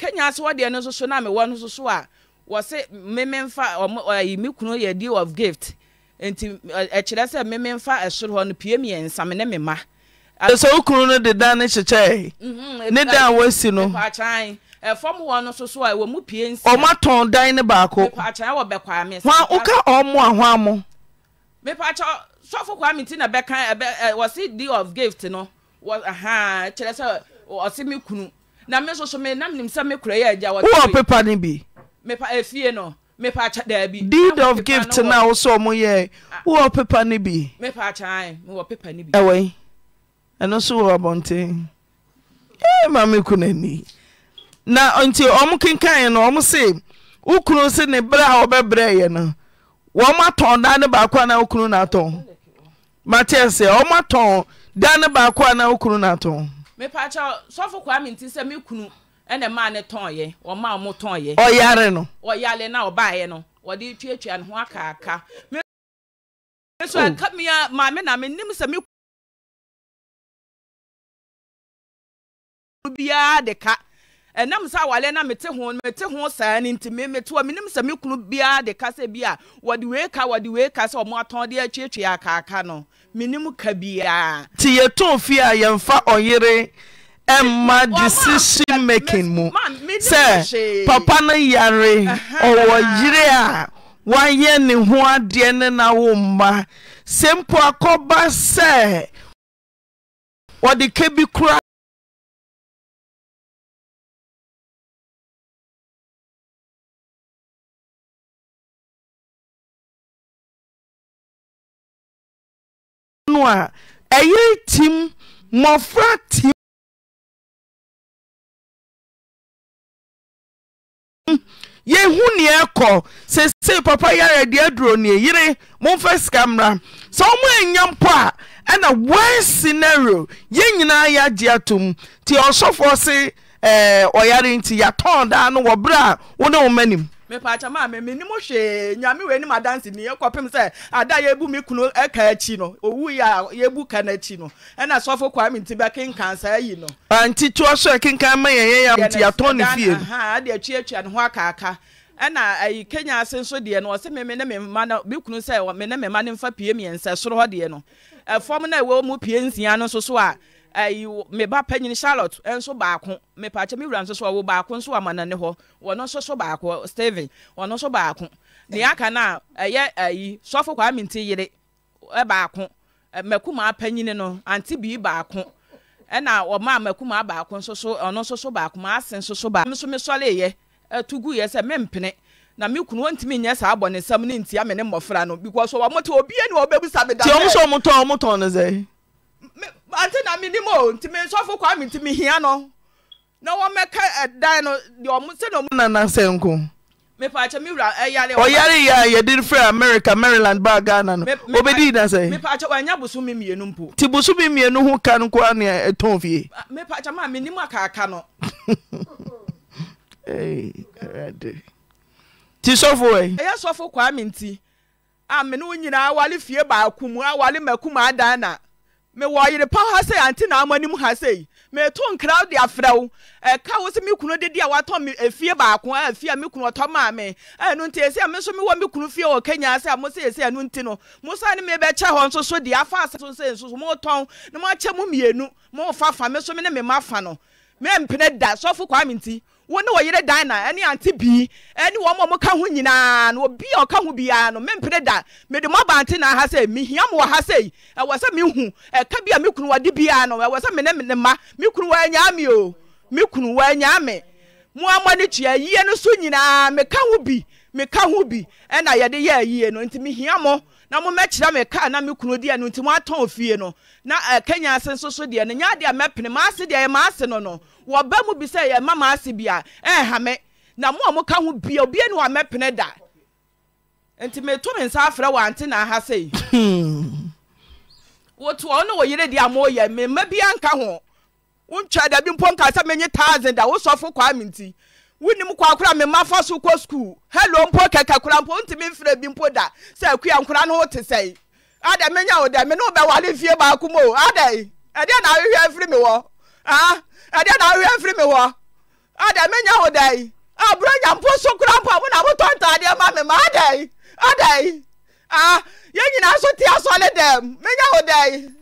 kenya ase wɔ deɛ no nso so na mewɔ no nso so a wɔse mmemmemfa ɔmo ɔyi me kunu yɛ deal of gift nti ɛkyerɛ sɛ mmemmemfa ɛsoro hɔ no pie mmiɛnsa me ne me ma. sɛ wo kunu no de dan ne kyekyɛe mhm, ne dan a wasi no ɛfɔm wɔ no soso a ɛwɔ mu pie nsia ɔmo atɔn dan ne baako mepaakyɛn wɔ bɛkwaa me hwan woka ɔmo a hwan mo mepaakyɛ sɔfo kwame ti na bɛka ɛbɛ ɛwɔ si deal of gift no kyerɛ sɛ ɔse me kunu na me soso menam nim sɛ me kora yɛ agya wowɔ pepa no bi eh, fie no mepɛ daabi deed of gift na wo sɛ ɔmo yɛ wowɔ pepa no bi mepɛ akyɛn mewɔ pepa no bi ɛwɔ ɛno so wɔ abɔnten ee eh, ma me kunu ani na nti ɔmo kenkan no ɔmo se wo kunu se ne berɛ a wɔbɛbrɛ yɛ no wɔmo atɔn daa ne baako a na wo kunu no atɔn matiɛ sɛ ɔmo atɔn da ne baako a na wo kunu no atɔn mepaakyɛ sɔfo kwa me nti sɛ me kunu ɛna maa ne tɔnyɛ ɔmaa ɔmo tɔnyɛ ɔyare no ɔyare na ɔbaayɛ no wɔde tuatua ne ho akaaka me nso oh. aka mia maame na menim sɛ me biara de ka ɛnam sɛ awale na mete ho mete ho saa ne nti mete hɔ menim sɛ me kunu biara de ka sɛ bi a wɔde wei ka wɔde wei ka sɛ ɔmo atɔn de atuatua akaaka no nti yɛtɔn fie a yɛmfa ɔyere mma decision making mu sɛ papa no yare ɔwɔ yere a woayɛ ne ho adeɛ ne na womma sɛ mpo akɔba sɛ ɔde kɛ bi kora a ɛyɛ tim mmɔfra tim yɛhu neɛ ɛkɔ sesei papa yɛarɛdeɛ aduro ne yere momfa sika mmara sɛ ɔma anya mpo a ɛna wan scenario yɛn nyinaa yɛagye atom nti ɔsɔfoɔ se ɔyare nti yɛatɔn daa no wɔberɛ a wo ne wo ma mepaakyɛ maa mi menim hwee nyame wei ma adansi ni ekɔpem sɛ ada a yebu mi kunu ɛka e akyi e no owu yi a yebu ka n'akyi e no ɛna sɔfo kwame nti bɛkenkan saa yi no. anti tí ɔsɔ ɛkenkan ma yɛn yɛn yam ti yàtɔ ne fie no. adi etuatua ne ho akaaka ɛna ayi kenya ase nso deɛ no ɔsɛ mɛmɛ ne mɛ mma no bi kunu sɛ mɛ ne mɛ mma ne nfa pie mmiɛnsa soro hɔ deɛ no ɛfɔm na ɛwɔ mu pie nsia no nso a. ɛyi me ba panyin charlotte nso baako mepakyɛ me wura nso so baako nso wɔ amanane hɔ wɔn nso so baako steven wɔn nso baako nea aka na ɛyɛ ayi sɔfo kwa minti ɛ baako mɛkuma panyin no anti bii baako ɛna ɔma mɛkuma baako nso so ɔno nso so baako maa ase nso so baako nso mi sɔle yɛ ɛtugu yɛ sɛ mempene na mi kunu wọn ntumi nyɛ saa abɔ ne nsam ne ntia mi ne mmɔfra no because wɔn mo te obiɛ ni wɔn bɛ busa mi da. tí ɔmo sɔ ɔmo tɔn ɔmo tɔn ne sɛ. ante na menim o nti me nsɔfo kwa me nti mehia no na wɔmɛka ɛdan no deɛ ɔmo sɛ na ɔmo nana sɛ nko mepa kyɛ me wura ɛyare ɔyare yɛ a yɛde firi america maryland baa ghana no obɛdii na sɛ mepa kyɛ ɔanya boso me mmienu mpo nti boso me mmienu ho ka no koa ne ɛtɔn fie mepa kyɛ ma menim akaaka no nti sɔfo ɛ ɛyɛ sɔfo kwa me nti a me ne wo nyinaa wale fie baako mu awale makum adan na mewɔ yere pa ha sɛ ante na ama anim ha sɛ meto nkra de afrɛ ɛka wo sɛ me kunu dede a watɔ me efie eh, baako a efie a me kunu ɔtɔ maa me ɛno nti esi a me nso mewɔ me kunu fie wɔ kenya sɛ a mo sɛ esi ɛno nti no mo sɛ ne mebɛkyɛ hɔ nso so de afa asa so sɛ nso so mo tɔn na mo akyɛ mo mmienu mo fa fa me so me ne me ma fa no me mpene da sɔfo kwa nti wo ne wɔyere dan na ɛne ante bii ɛne wɔn a wɔka ho nyinaa no obi a ɔka ho biara no mempere da mede mo abante na ha sɛ mehia mo wɔ ha sɛ ɛwɔ sɛ mehu ɛka bi a me kunu wɔde biara no ɛwɔ sɛ me ne me ma me kunu wɔanyaa me o me kunu wɔanyaa me mo amɔ ne kyia yie no so nyinaa meka ho bi meka ho bi ɛna yɛde yɛ ayie no nti mehia mo na mo mɛkyerɛ me kaa na me kunu deɛ no nti mo atɔn ofie no na ɛ eh, kenya ase nso so deɛ no nya deɛ mɛpene maa se deɛ yɛ maa se no no wɔba mu bi sɛ yɛ ma maa se bia ɛɛha me na mo a mo ka ho bia obie ne wa mɛpene da nti meto me nsa afrɛ wɔ ante na aha sɛ yi wotu ɔno wɔ yere deɛ a mo yɛ me mma bia nka ho wontwa dabi mpo nka sɛ menye taazin da wosɔfo kwame nti wonim kwakora mema fa so kɔ skul hello mpo kɛkɛ kora mpo wontumi mfrɛ bi mpo da sɛ akua nkora no wote sɛe adɛ menya wo dɛ me ne wobɛwale fie baako mu adɛ ɛdeɛ na ahwehwɛ afiri me wɔ ɛdeɛ na ahwehwɛ afiri me wɔ adɛ menya wo dɛ aburo nya mpo so kora mpo a mo na motɔ ntaadeɛ ma me ma adɛ adɛ yɛn nyinaa so te asɔre dɛm menya wo dɛ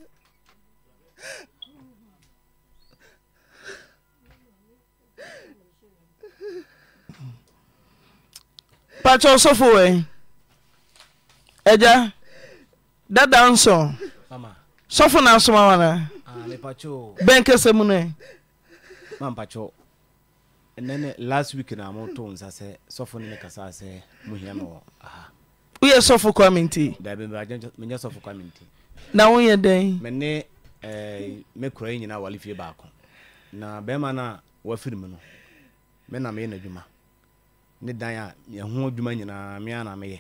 pacha ọsọfọ wee eh. ẹja dada nsọ sọfọ na asọm awana ah, bẹẹ nkesa mu nẹ. nene last week na mo to nsa sɛ ah. ne kasa na woyɛ dɛn kura yi fie baako na bɛrima no wafiri mu no ne dan a ɛho adwuma nyinaa mea na meyɛ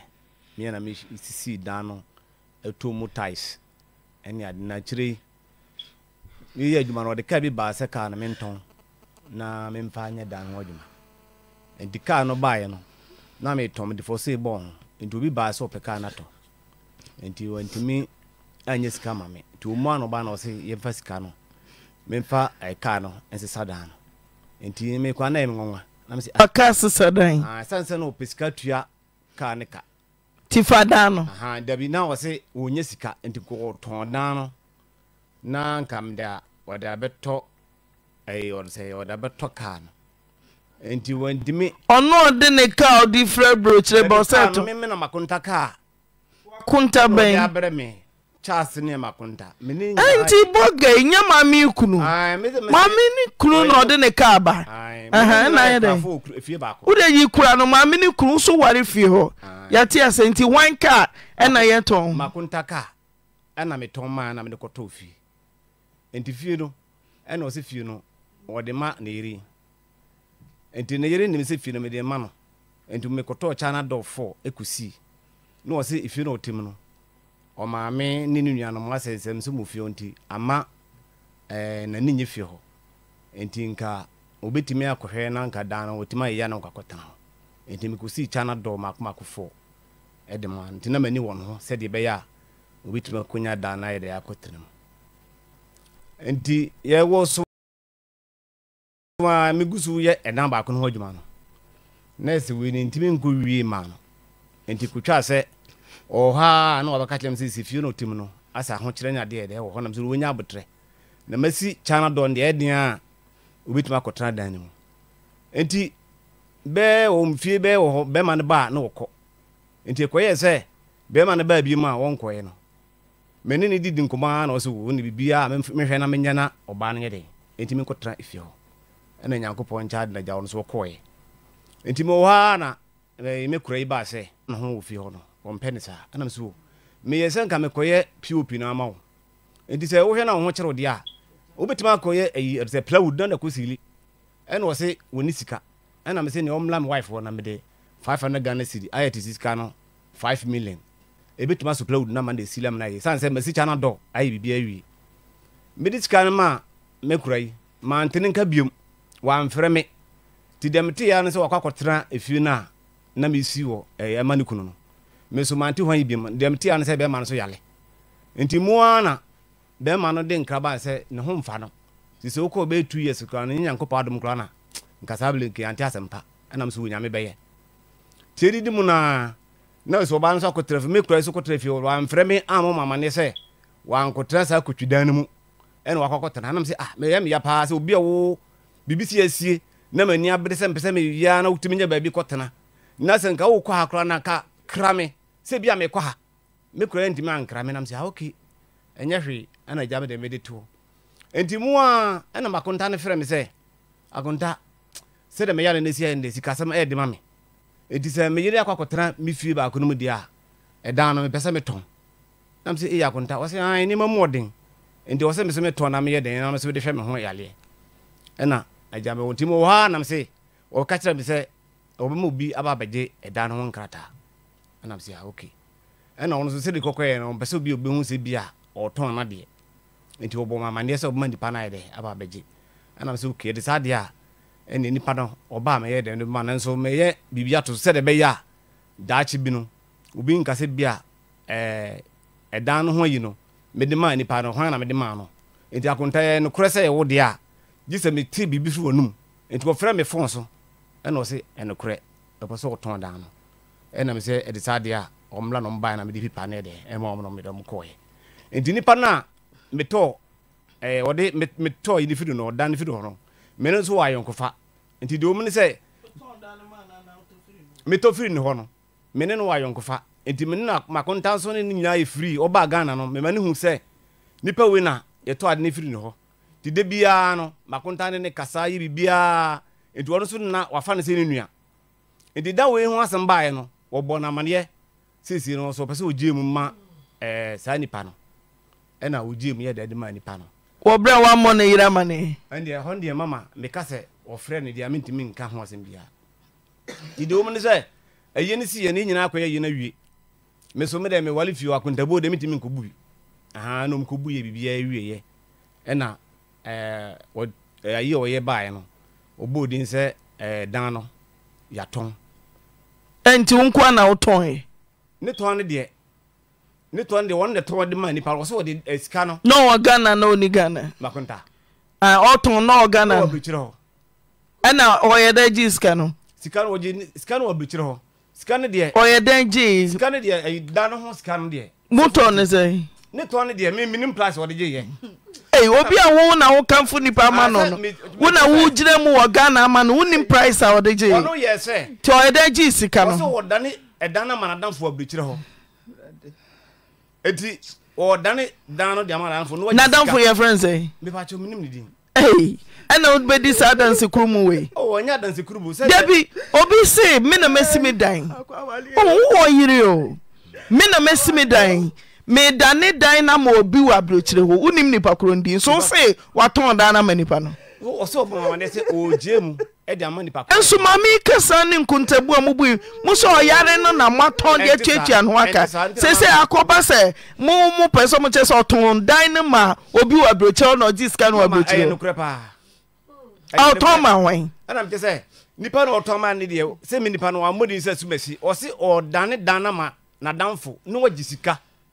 mea na mesisii dan no ato mu ties ɛne ade na akyire meyɛ adwuma no ɔde kaa bi baa sɛ kaa no mentɔn na memfa nyɛ dan ho adwuma nti kaa no baeɛ no na metɔn mede fɔsee bɔɔ ho nti obi baa sɛ ɔpɛ kaa no atɔ nti wantumi anyɛ sika ma me nti ɔmu ano ba na ɔse yɛmfa sika no memfa kaa no ɛnsesa dan no nti mekwa na ɛme nwanwa aka sesa dan ɛsiane ah, ɔpɛ sika tua kaa ne ka ti fa dan no dabi na wɔse wɔnya sika nti kɔtɔn dan no na nkam da wɔde eh, abɛtɔ sɛ wɔde abɛtɔ kaa no nti wɔntumi ɔno ɔde ne kaa ɔde fira burokyerɛ bɔ sɛ to kaa konta bɛn charles ne makonta. Eh, nti bɔgɛ nye maame kunu maame ne kunu na ɔde ne kaa ba ɛna yɛ dɛ wode yi kura no maame ne kunu nso ware fie hɔ yɛte asɛ nti wan kaa ɛna yɛ tɔn. makonta kaa ɛna me tɔn maa na me de kɔtɔ fie nti fie no ɛna ɔsi fie no wɔde ma ne yere nti ne yere nim sɛ no me de ma no nti me kɔtɔ kyaa na dɔ fɔ ekusi na ɔsi fie no ɔtem no ɔmaame ne ne nuanom asɛnsɛm so mu fie nti ama ɛɛ eh, n'ani nye fie hɔ nti nka obetumi akɔhwɛ na nka dan no otumi ayɛyɛ na nkakɔtena ho nti mi kò si kya na dɔɔ mako mako fo nti na m'ani wɔn ho sɛdeɛ ɛbɛyɛ a obetumi akonya dan na ayɛ de akɔtena mu nti yɛwɔ so a mi gu so yɛ ɛdan baako no ho adwuma no nɛɛsi wei ni ntumi nkɔ wie maa no nti kò sɛ ɔhɔ a na wɔbɛka kyerɛ m sɛ sifie no tim no asɛ ahokyerɛ nyadeɛ deɛ wɔ hɔ nam sɛ wɔnya abotrɛ na masi kyana dɔn deɛ ɛdeɛ a wobɛtumi akɔtena dan no mu enti bɛɛ e, wɔ mfie bɛɛ wɔ hɔ bɛrima no baa na wɔkɔ nti ɛkɔyɛɛ sɛ bɛrima no baa biom a wɔnkɔɛ no mene ne didi nkɔmmɔ na ɔsɛ wɔ ne biribiaa mehwɛ na menyɛ na ɔbaa no nyɛ den enti menkɔtena ɛfie hɔ ɛna nyankopɔn nkyɛ adenagya wɔ no so wɔkɔɔɛ enti mewɔ hɔ a na e, mekura yi baa sɛ ne ho wɔ fie hɔ no wɔmpɛ ne saa ɛnam sɛ o meyɛ sɛ nka mekɔyɛ pop no ama wo nti sɛ wohwɛ no wo ho kyerɛ wo deɛ a wobɛtumi akɔyɛ ayi sɛ plawood na nakɔ sigili ɛna wɔse wɔne sika ɛna me sɛ neɛ ɔmmla me wife wɔ na mede 500 ghana cedi ayɛ te sika no 5 million ɛbɛtumi aso plawood no ama na ɛsi lam no ayɛ sane sɛ masikya no dɔ ayɛ biribi awie mede sika no ma mɛkura yi mantene nka biom wɔamfrɛ me nti dɛm teɛ no sɛ wakɔ akɔtena efie no a na mesi wɔ ɛma ne kunu no mesomante hɔ yi bi mu deɛ mte ano sɛ bɛrima no so yale nti mu ara na bɛrima no de nkraba sɛ ne ho mfa no sɛ sɛ wokɔ bɛyɛ two years kora no ne nyankopɔn kora na nkasaa bele nke ante asɛm pa ɛnam sɛ wonyame bɛyɛ tie didi mu naa na sɛ ɔbaa no so akɔtera fie mekura so kɔtera fie wamfrɛ me ama mamane sɛ wankɔtera saa kotwidan no mu ɛna wakɔ akɔtena anam sɛ ah meyɛ meya paa sɛ obi a wo biribi si asie na m'ani abere sɛ mpɛ sɛ meyia na wotumi nya baabi kɔtena na sɛ nka wokɔ ha na ka kra me sɛ bia mekɔ ha mekora ntimi ankra menam sɛ ok ɛnyɛ hwee ɛna gya mede mede toɔ enti mu a ɛnam akonta no frɛ me sɛ akonta sɛdɛ meyɛ no nɛsi ɛndɛ sikasɛm ɛyɛ de ma me enti sɛ meyere akɔ akɔtena me fie baako no mu deɛ a ɛdan no mepɛ sɛ metɔn nam sɛ ɛyɛ akonta wɔ sɛ nneɛma mu ɔden nti wɔ sɛ me sɛ metɔn na meyɛ den na me sɛ mede hwɛ me ho yaleɛ ɛna agya me wɔ nti wɔ ha nam sɛ wɔka kyerɛ me sɛ wɔbɛma obi aba abɛgye ɛdan no ho nkrataa ɛna m sɛ a okay ɛna ɔno nso sɛde kɔkɔɛ no ɔmpɛ sɛ obi ɔbɛhu sɛ bi a ɔtɔn eh, no deɛ nti wɔbɔ ma amanneɛ sɛ ɔbɛma nnipa no dɛ aba abɛgye ɛna m sɛ okay ɛde saa deɛ a ɛne nnipa no ɔba a mɛyɛ dɛn no bɛma no nso mɛyɛ biribi ato so sɛde ɛbɛyɛ a daakye bi no obi nka sɛ bi a ɛdan no ho ayi no mede maa nnipa no hwan na mede maa no nti akontayɛ nokorɛ sɛ yɛwo deɛ a gye sɛ metee biribi so wɔ num nti wɔfrɛ me fon so ɛna ɔse ɛnokorɛ ɛpɛ sɛ wɔtɔn dan no ɛnam sɛ ɛde saa deɛ a ɔmla no mbaɛ na mede pipa ne deɛ ɛma ɔm no mede ɔm kɔɛ nti nipa na a metɔ ɛɛ ɔde metɔ yi ne firi no ɔda ne firi hɔ no mene nso wɔ ayɔnkofa nti deɛ ɔmu ne sɛ metɔ firi ne hɔ no mene no wɔ fa, nti mene no makonta nso ne ne nyinaa yɛ firi ɔba ghana no mema ne hu sɛ nipa wei na yɛtɔ ade ne firi ne hɔ nti de biara no makonta ne ne kasa yi biribiara nti ɔno nso na wafa ne sɛ ne nua nti da wei ho asɛm baeɛ no wɔbɔ no amaneɛ seesie no nso ɔpɛ sɛ ɔgyee mu ma ɛɛ saa nipa no ɛna ɔgyee mu yɛ dade ma nipa no. wɔbrɛ wammɔ ne yera ma ne. ɛndeɛ ɛhɔ ndeɛ mama meka sɛ wɔfrɛ no deɛ mentumi nka ho asɛm biara didi wɔn ne sɛ ɛyɛ ne si yɛ ne nyinaa akɔyɛ yɛ na wie meso me dɛ me wale fie akontabo de mentumi nkɔ bui ahan na ɔmkɔ bui yɛ biribiara wie yɛ ɛna ɛɛ wɔ ɛyɛ a ɔyɛ baeɛ no ɔbɔ odin sɛ ɛɛ nti wnkɔana wotɔnɛna ghana na ɔni hanaɔtɔ ah, na hanaɛna ɔyɛ dan gyee sika noyɛ da emotɔne sɛ ne tɔn ne deɛ mi mi ni place wɔde gye yɛn. ee obi a wo na wo kanfo nipa ama no no wo na wo gyina mu wɔ ghana ama no wo ni price a wɔde gye yɛn. ɔno yɛ sɛ. tí ɔyɛ dɛ gye sika no. ɔsɛ wɔdane ɛdan na mana danfo abirikyiri hɔ eti wɔdane dan no deɛ ama danfo. na danfo yɛ fɛn sɛ. mipa kyɛw mi ni mi di. ee ɛna o bɛ di saa dansi kuru mu wei. ɔwɔ n y'a dansi kuru mu. debi obi se mi na mɛ si mi dan o oh, wɔ yiri o mi na mɛ si mi dan. medane dan na ma obi wɔ abrɛkyerɛ hɔ wonim koro se watɔn na ma nnipa no nso ma mekasa ne nkontabu a mubui mo sɛ ɔyare no na moatɔn atuatua ho aka akɔba sɛ mo mo pɛ sɛ mokyɛ sɛ ɔtɔn dan no ma obi wɔ na ɔgye sika no ɔtɔn ma nipa na ɔtɔn ma ne deɛ sɛ nipa no wammɔden sɛ asum asi ɔse ɔdane dan na ma na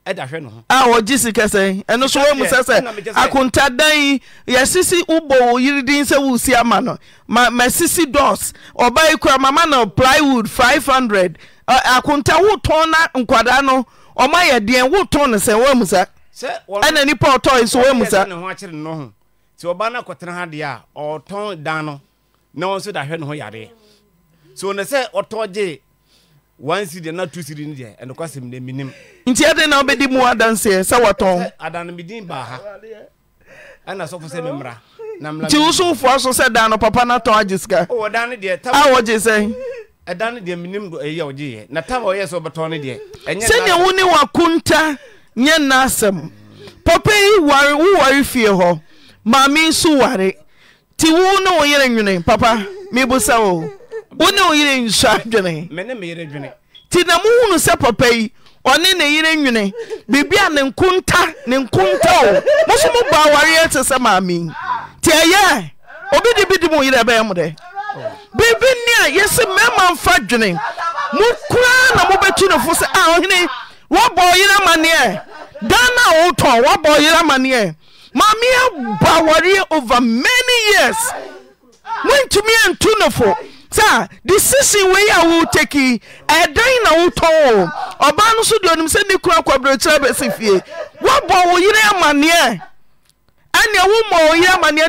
ɛda no ho. a wɔgye si kɛsɛ ɛno so wɔn mu sɛsɛ akuntadan yi yɛsisi ubɔ wɔ sɛ wusi ama no ma ma sisi dɔs ɔbaa yi kura mama na plywood five hundred akunta wotɔn na nkwadaa no ɔmo ayɛ deɛ wotɔn no sɛ wɔn mu sɛ ɛna nipa ɔtɔ yi so wɔn mu sɛ. ɔmo akyerɛ ne ho sɛ ɔbaa no akɔtena ha deɛ a ɔtɔn dan no na wɔn nso da ne ho yareɛ so ne sɛ ɔtɔn gye one cd na two cd ni deɛ ɛnokɔ asɛm dɛ minim nti ɛde na wobɛdi mu adanseɛ sɛ wɔtɔn eh, adanomedin baa ha ɛna sɔfo sɛ memmra nti wo so wofoa so sɛ daa no papa no atɔn agye sika a wɔgye sɛn ɛda no deɛ menim ɛyi a wɔgyeeɛ na tam a ɔyɛ eh, sɛ wɔbɛtɔn no deɛ eh, sɛnea wo ne wakonta nyɛ nna asɛm papa yi ware woware fie hɔ maame nso wari nti wo ne wo yere nwene papa mi mebusa o. wo ne woyere adwene dwene nti na mohunu sɛ papa yi ɔne ne yere nwene biribi a ne nkonta ne nkonta o moso mobɔ awareɛ te sɛ maame nti ɛyɛ obi de bi de mo yerɛ bɛyɛ mo dɛ biribi nni a yɛsɛ mmarima mfa dwene mo koraa na mobɛtu ne fo sɛ ah, a ɔhene wɔbɔ ɔyere amanneɛ dan na wotɔn wɔbɔ ɔyere amanneɛ maame abɔ awareɛ over many years montumi antu ne fo sa decison wei a wo tki anna wotɔo ɔa no o den sɛn akyrɛs ew o yer aaneɛne oer anɛ i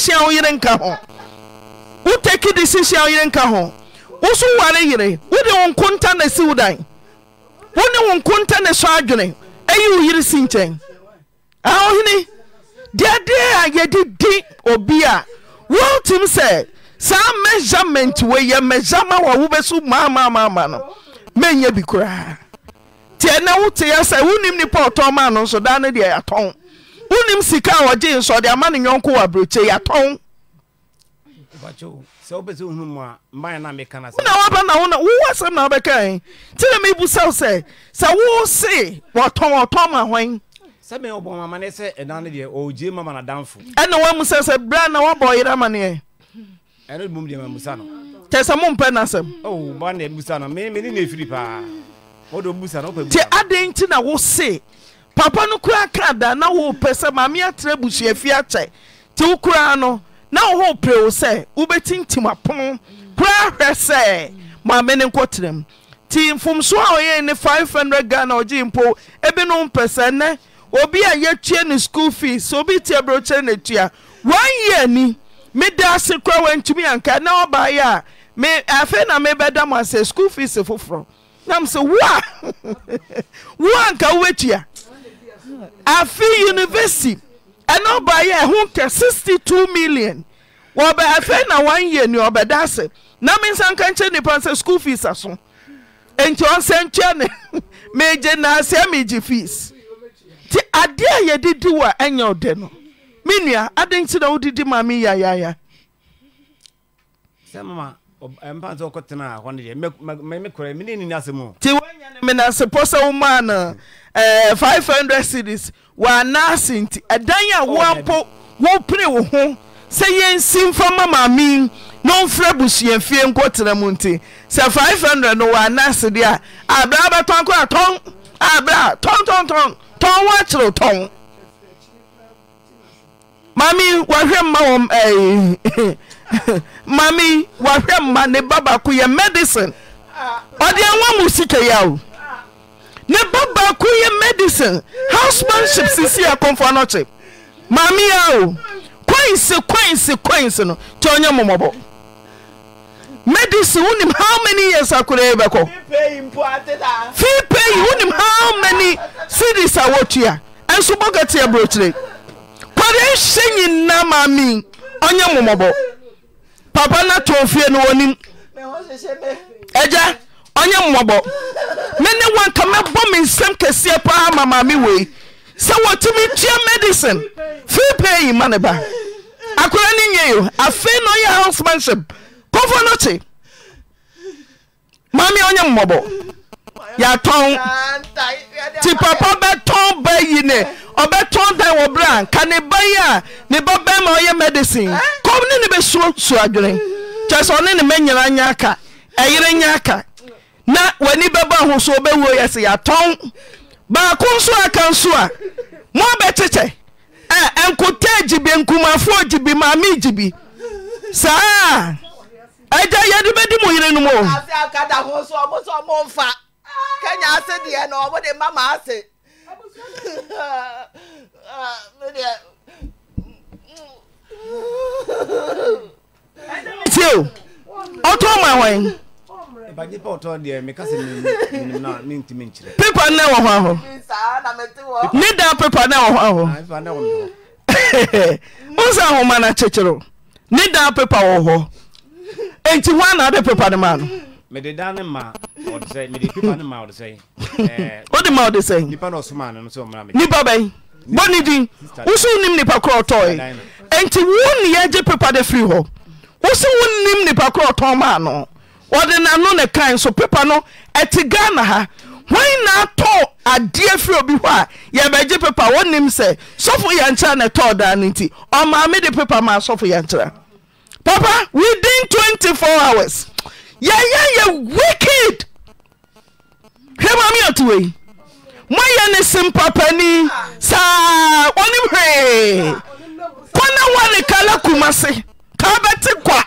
naenea r woer woteki decision yere nka ho woso ware yere wode wo nkonta na si wodan wone wo nkonta na so adwene ɛyi wo yere si nkyɛn ahohene deadeɛ a yɛde di obi a wotim sɛ saa measurement wɔyɛ measurement wa wobɛso maamaamaama no mɛnyɛ bi koraa nti ɛnɛ woteɛ sɛ wonim nipa ɔtɔn maa no nso daa no deɛ yɛatɔn wonim sika a ɔgye nsɔde ama ne nyɔnko wɔ aberɛkyɛ yɛatɔn wonawaba na wona wowɔ asɛm na wobɛkae nti na mebu sɛw sɛ sɛ wo se wɔtɔn ɔtɔn ma hwan ɛna woamu sɛ sɛ berɛ na woabɔ yerɛ amaneɛ kyɛ sɛ mompɛ oh, no asɛmnti adɛn nti na wo se papa no koraa ka da na wopɛ sɛ maame atrɛ abusuafi akyɛ nti wo koraa no na wɔwɔ pere wo sɛ wobɛtintim apono koraa hwɛ sɛ maame ne nkɔtena mu nti mfomso a ɔyɛ ne 500 ghana ɔgye mpo ebinom pɛ sɛ nnɛ obi a yɛtua ne school fees obi te aburokyerɛ na tua wɔn yɛ ani mede ase koraa wɔntumi anka na ɔbaa yɛ a me afei na mebɛda mo ase school fees foforɔ nam sɛ wo a anka anka wobɛtua afe university ɛna ɔba yɛ ɛho nkɛ sixty two million wɔbɛ afei na wɔn yɛ ni ɔbɛda ase na mi nsa nka nkyɛn nipa sɛ school fees aso nti ɔnsɛ nkyɛn ne meegye na aseɛ meegye fees ti adeɛ a yɛde di wɔ ɛnyɛ ɔdɛ no mi nua adeɛ nti na ɔde di maame yayaya. sɛ mama mpa sɛ ɔkɔ tena hɔ no deɛ mɛ mɛ kɔrɛ mi ne ni n'asɛm o. ti wɔn nyɛ ne mi na se pɔsɛ maa na. Mm. Eh, five hundred series wɔ anaase nti ɛdan a wɔampo wɔpere wo ho sɛ yɛnsi mfama maame yi na ɔmfrɛ busua fie nkɔtena mu nti sɛ five hundred no wɔ anaase deɛ a abira bɛtɔn kora tɔn abira tɔn tɔn tɔn tɔn wɔakyerɛ tɔn maame wahwɛ mma wɔn ɛɛ maame wahwɛ mma ne ba baako yɛ medicine ɔde ɛnwa mu sika yɛ awo. ne ba baako yɛ medicine housemanship sisi akɔmfoa no kye maameyɛ o koinse koinse koinse no nti ɔnyɛ mmɔmmɔbɔ medicine wonim how many years akoraa bɛkɔ fee pay wonim how many cities a wɔtua ɛnso bɔkɛte aburokyire kɔde hyɛ nyinaa maame ɔnyɛ mmɔmmɔbɔ papa no atɔn fie no wɔnim agya ɔnyɛ mmɔbɔ mene wanka mɛbɔ me nsɛm kɛseɛ paa mamaame wei sɛ wɔtumi tua medicine fii pɛ yi ma ne ba akora ne nyɛo afei na ɔyɛ housemanship kɔfɔ no kye maame ɔnyɛ mmɔbɔ yɛatɔn nti papa bɛtɔn ba yi ne ɔbɛtɔn dan wɔ berɛ a ka ne ba yi a ne ba bɛrima ɔyɛ medicine kɔm ne ne bɛsuo suo adwene kyɛ sɛ ɔne ne ma nyina nya aka ɛyere nya aka na w'ani bɛbɔ ahoso wobɛwuo yɛ si yɛatɔn baako nso aka nso a moabɛkyekyɛ ɛnkotaa gyibi nkumafoɔ gyibi maame gyibi saa agya yɛde bɛdi mo yere no mu o tio ɔtɔn ma wɔn. pepa nnɛ wɔ hɔ aho ne pepa nnɛ wɔ hɔ aho ah, ahoma no akyekyerew ne pepa wɔ hɔ enti ho ana pepa no maa no mede da ne ma ɔde sɛ mede pepa ne ma ɔde sɛ eh, wode ma ɔde na ɔsoma no me nipa bɛn bɔne din nipa korɔ ɔtɔe enti wo ɔde nano ne kan so pepa no ɛtegha na ha hai naa tɔɔ adeɛ fiɛ obi hɔ a yɛbɛgye pepa wɔnim sɛ sɔfo yankyerɛ na ɛtɔɔ daa no nti ɔmaamede pepa maa sɔfo yankyerɛ papa within 24 hours yɛyɛ yɛ wicked hwe mamiɛ ɔtewei mayɛ ne sempapani saa ɔn hwɛ kɔna waneka la kuma se ka bɛte kwa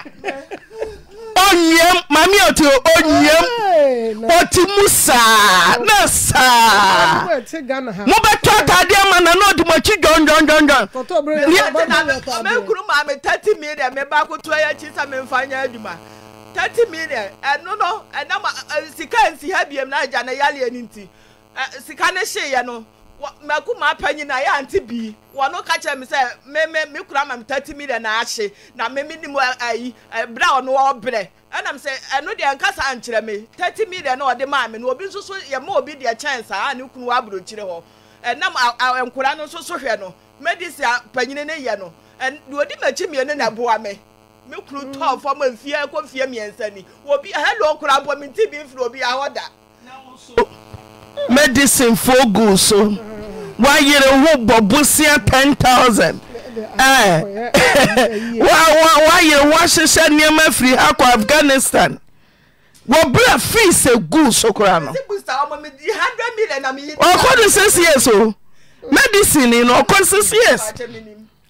onyiem maame otu onyiem otu mu saa na saa mo bɛ tɔ ataade ama na na odi mo akyi jɔn jɔn jɔn jɔn. mɛ nkuru maame thirty million mɛ baako tó ɛyɛ kyi sɛ mɛ nfa nyɛ adwuma thirty million ɛnu no ɛnam sika nsi ha biem na agya na yali ɛni nti sika ne hyɛ yɛ no mako ma apɛ nyina yɛ ante bi wɔno ka kyerɛ me sɛ me me me kura ma me thirty million na ahye na me me nim ayi eh, ɛbrɛ eh, eh, a ɔno ɔbrɛ ɛnam sɛ ɛno deɛ nkasa ankyerɛ me thirty million na ɔde maa me no obi nso so yɛ ma obi deɛ kyɛn saa a ne kunu aburokyire hɔ ɛnam a nkura no nso so hwɛ no medicine a panyin ne yɛ no ɛn deɛ odi m'akyi mmienu na boa me me kunu mm. tɔɔ fam mfie kɔ mfie mmiɛnsa ni obi hello nkura bɔ me ti bi nfiri obi ahɔ da medicine fo gu so wayere ho bɔ ten thousand wayere ho ahyehyɛ nneɛma firi ha kɔ afghanistan wɔbrɛ fees egu so kora no ɔkɔ no six years o oh. medicine no ɔkɔ six years.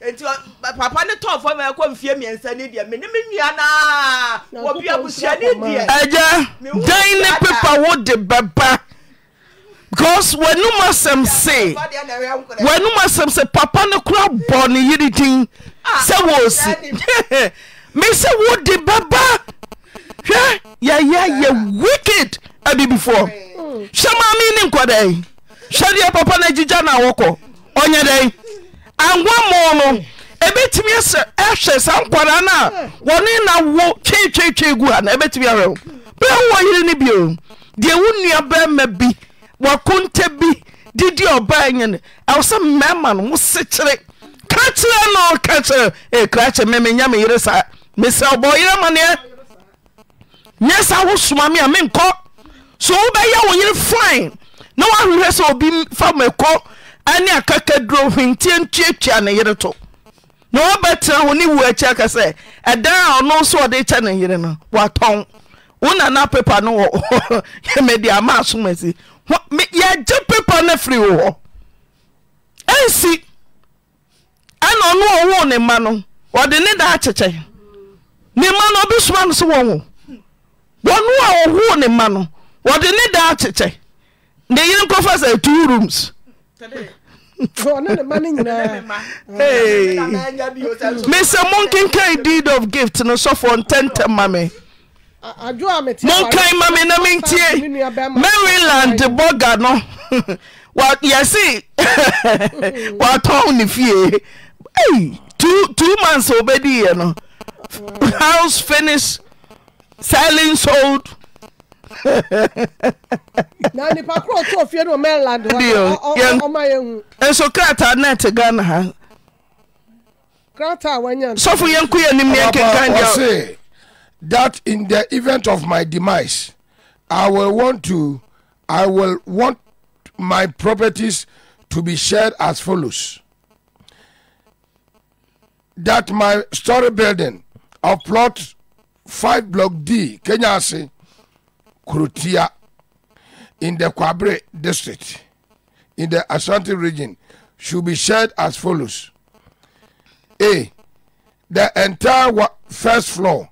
nti papa ne tɔn fɔ mi ɛkɔ nfiɛ mmiɛnsa ni deɛ mi ni mi nua naa wɔ bi abusua ni deɛ. ɛgya dan ne pepa wo de bɛba because wɔnum asɛm se wɔnum asɛm se papa ne kura bɔ ne yiri din ah, sɛ wɔɔsi mi sɛ wo de bɛba hwɛ yɛyɛ yɛ wicked ɛbi before mm. hwɛ maame ne nkɔda yi hwɛ deɛ papa ne gyigya na awɔkɔ ɔnyɛ dɛ yi. angwa mụnụ ebetumi ɛhwɛ saa nkwara no a wɔne na wo twetwetwe gu ha na ɛbɛtumi ahwɛ berɛ wowɔ yere no bio deɛ wo nnua bɛrima bi wakonta bi didi ɔbaa nyɛ no ɛwɔ sɛ mmarima no wo sekyere ka kyerɛ no ka kyerɛ e krakyɛ me menya me yere saa mesɛ ɔbɔ yere amaneɛ nyɛ saa wo nkọ so ọ bụ so wobɛyɛ wo yere fine na woahwehwɛ sɛ obi fa mɛkɔ ane akakaduro hwentie ntuatua ne yere to na wɔbɛtera ho ne wu akyi aka sɛ ɛdan a ɔno nso ɔde kyɛ ne yere no watɔn wona na pepa no wɔ mede ama asomasi yɛagye pepa no firi wo hɔ ansi ɛna ɔno ɔwoo ne mma no ɔde ne da akyekyɛ ne mma no ɔbɛsoma no so wɔwo wɔno a ɔwoo ne mma no ɔde ne da akyekyɛ ne yere nkɔfa sɛ two rooms mesɛ monkenkan deed of gift no sɔfoɔ ntɛntɛm ma me monkan ma me na mentie maryland bɔga no yɛse watɔn ne fie two months a wobɛdiiɛ no house finish selling sold na nipa koro tó fie no maryland hɔ ɔma yɛ hu. nso krataa náà ti ha. krataa wanya. sɔfo yɛn ko yɛn nim yɛn kankan deɛ. ɔse that in the event of my demise i will want to i will want my properties to be shared as follows that my story building of plot five block d Kenya kenyasi. Kurutia in the Kwabre district in the Ashanti region should be shared as follows. A. The entire first floor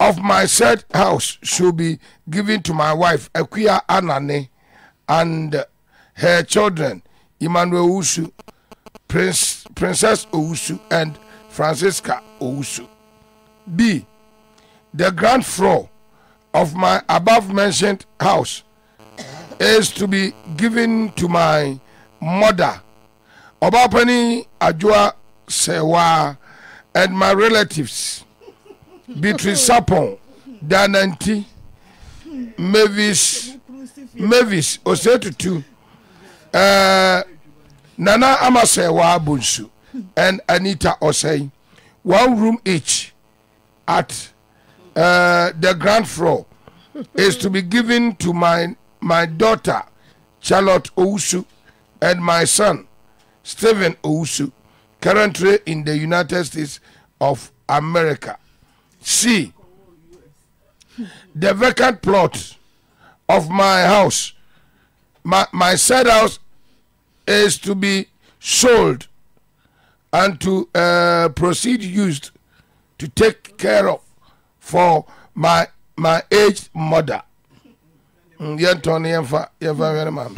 of my said house should be given to my wife, Akuya Anane, and her children, Emmanuel Usu, Prince, Princess Ousu, and Francisca Ousu. B. The ground floor of my above mentioned house is to be given to my mother, Obapani Ajua Sewa, and my relatives, Beatrice Sapon, Dananti, Mavis, Mavis Osetutu, uh, Nana Amasewa Bunsu, and Anita Osei, one room each at uh, the ground floor is to be given to my my daughter Charlotte Ousu and my son Stephen Ousu, currently in the United States of America. C. The vacant plot of my house, my, my side house, is to be sold and to uh, proceed used to take care of for my my aged mother I mm, no yɛmfa yɛmfa hwɛ no maame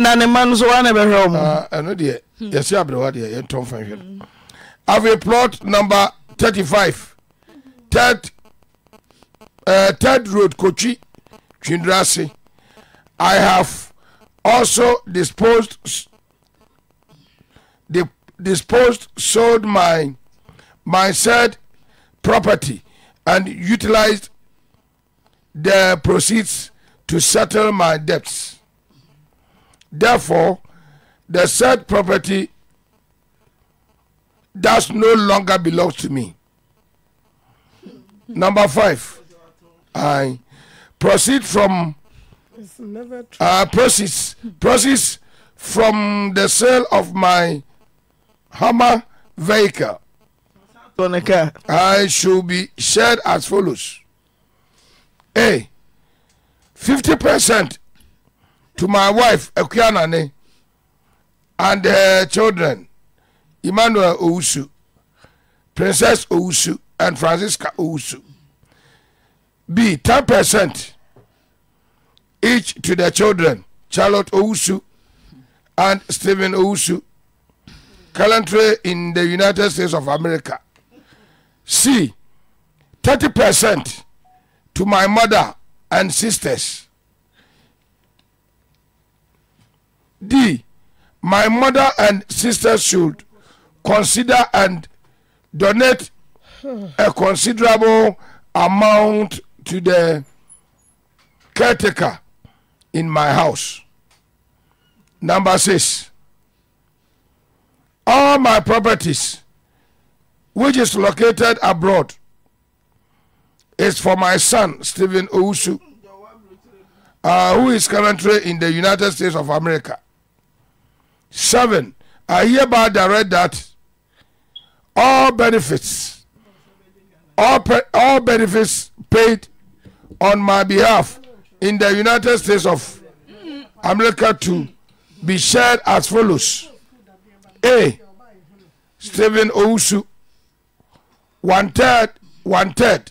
na ah, a plot number thirty five third uh, third road Kochi, Chindrasi. i have also disposed disposed sold my my said property and utilized the proceeds to settle my debts. Therefore, the said property does no longer belong to me. Number five, I proceed from uh, proceeds proceeds from the sale of my hammer vehicle. I should be shared as follows hey, 50% to my wife, Ekyanane, and her children, Emmanuel Ousu, Princess Ousu, and Francisca Ousu. B, 10% each to their children, Charlotte Ousu and Stephen Ousu, currently in the United States of America. C, 30% to my mother and sisters. D. My mother and sisters should consider and donate a considerable amount to the caretaker in my house. Number six, all my properties, which is located abroad, is for my son, Stephen Ousu, uh, who is currently in the United States of America. Seven, I hereby direct that all benefits, all, all benefits paid on my behalf in the United States of America to be shared as follows. A. Stephen Ousu, one third, one third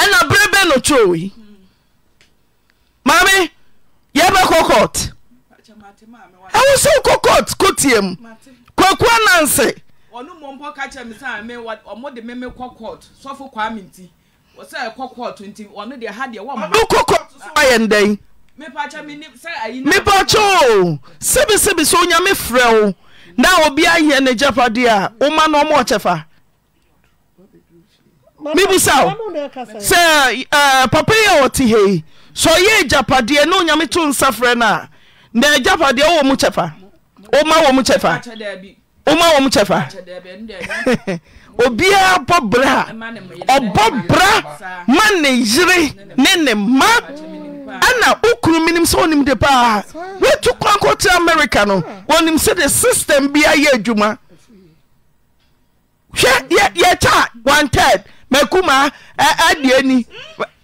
ɛna berɛ bɛ no twɛi maame yɛbɛ kɔkɔt ɛwoso kɔkɔt kotiamu kakoa nanseokɔkto ayɛndɛn mepa akyɛ o sɛbisɛbi sɛ wonya me frɛ wo na obia yɛ no gyapadeɛ a woma no ɔmɔ ɔkyɛ fa mebu sɛwo eh, sɛ papayiɛ wɔte hei sɛ ɔyɛi agyapa deɛ ne onyametoo nsafrɛ no a nɛ gyapa deɛ ɔwɔmkɛfa mmɛ obiara bɔbraa ɔbɔbra ma ne yere ne ne ma ana wo kunumenim sɛ ɔnim de baa wetu kwan kɔ terɛ amerika no ɔnim sɛ the system bia yɛ adwuma hwɛ yɛkya antad makuma adeɛ ni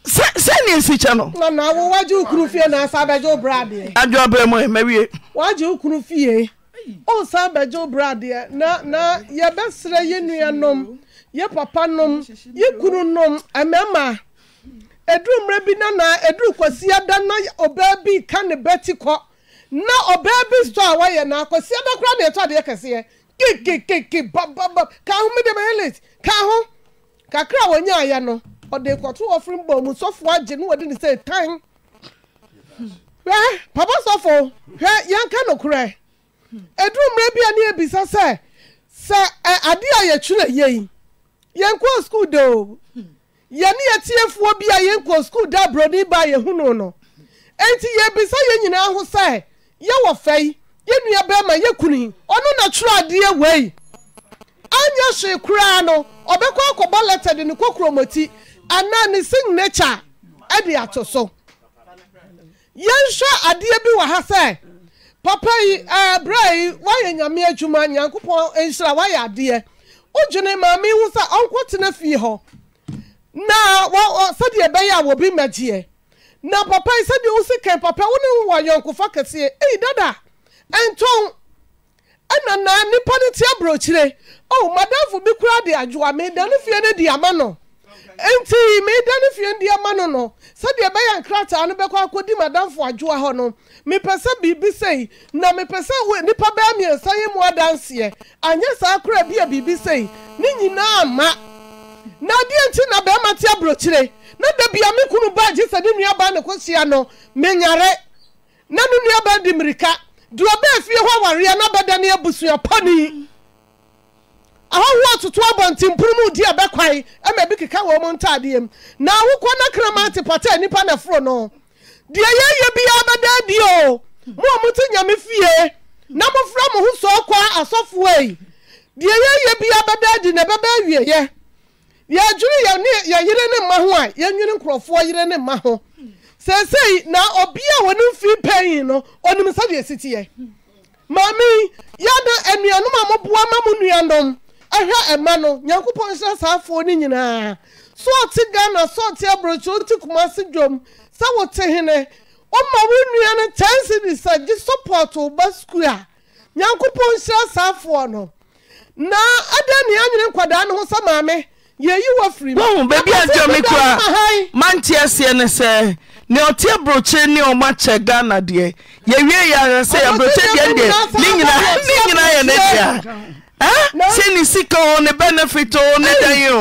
sɛne nsikyɛ no wogye wokunu fie naasa bɛgye wobrɛdeɛ adwo berɛ mu fie na yɛbɛserɛ yɛ nnuanom yɛ papa nom yɛ nom ɛmama ɛduru mmerɛ bi na na ɛduru kwasiɛ na ɔbaa bi ka ne kɔ na ɔbaa bi sɔ a wɔyɛ na kwasiɛ da koraa ɛtɔ kɛseɛ bababa ka kakra wɔnyɛ ayɛ no ɔde kɔto ɔfiri mbɔ mu sɔfo agye no wɔde ne sɛ tan hwɛ papa sɔfo hwɛ yɛnka nokorɛ ɛduru mmerɛ bi a ne yɛbisa sɛ sɛ ade a yɛtwerɛ yɛi yɛnkɔ skuul de o yɛne bi a ba no yɛn nyinaa ho sɛ yɛwɔ fɛ yi na twerɛ adeɛ anya hwee koraa no ɔbɛkɔ akɔbɔ lɛtɛ de ne kɔkuromɔti anaa ne signature de ato so yɛnhwɛ adeɛ bi wɔ ha sɛ papa yi ɛɛ eh, brɛ yi wayɛ nyame adwuma nyankopɔn nhyira wayɛ adeɛ wodwene maame yi ho sɛ ɔnkɔ tena fie hɔ na wɔ sɛdeɛ ɛbɛyɛ a wɔbi mɛgyeɛ na papa yi sɛdeɛ wosi kɛn papa wo ne wɔ yɔnkofa kɛseɛ eyi dada ɛntɔn ɛna na nipa ne ti aburokyire ɔwɔ madamfo bi kura de adwoa mi dani ne fie ne di ama no nti mi da ne fie ne di ama no no sɛdeɛ bɛyɛ nkrataa no bɛkɔ akɔdi madamfo adwoa hɔ no mipɛ sɛ biribi sɛyi na mipɛ sɛ nipa bɛyɛ mmiɛnsa yi mu adanseɛ anyɛ saa kura bi a biribi sɛyi ne nyinaa ma na adeɛ nti na bɛrima ti aburokyire na dabi a mi kunu baagi sɛ ne nua ba ne ko hyia no menyare na ne nua ba di mirika deɛ ɔbɛɛ fie hɔ awareɛ na ɔbɛda ne abusua pɔne ahɔhoɔ atoto abɔntenpono mu di ɛbɛkwae ɛma ebi keka wɔn mu ntaadeɛ mu na ahokɔ na kraman te pata na foro no deɛ yɛyɛ biara bɛda adie o mo a mo te nyame fie na mo fura mo ho sɔɔ kɔ asɔfoɔ yi deɛ yɛyɛ biara bɛda adi na ɛbɛbɛ awieɛ yɛadwiri yɛn ne yɛyere ne mma ho a yɛnwiri nkurɔfoɔ yere ne mma sesei na obia wɔne mfi pɛyin no ɔnim sɛdeɛ sitiɛ maame yɛda anuanom a moboa ma mo nuanom ɛhwɛ ɛma no nyankopɔn hyɛ saafoɔ no nyinaa so ɔte ghana so ɔte aburokyi ɔte kumase dwom sɛ wɔte hene ɔma wo nua no ten cities a gye support wo ba sukuu a nyankopɔn hyɛ saafoɔ no na ɛdɛ nea anwene nkwadaa ne ho sɛ maame wohu baabi a dwome koraa manteɛ seɛ na sɛ ne ɔteɛ borɔkyere ne ɔma kyɛ ghana deɛ yɛwie yɛ ara sɛ yɛborɔkyere deɛ deɛ ne nyinaa yɛ ne dea sɛne sika o ne benefit o ne dan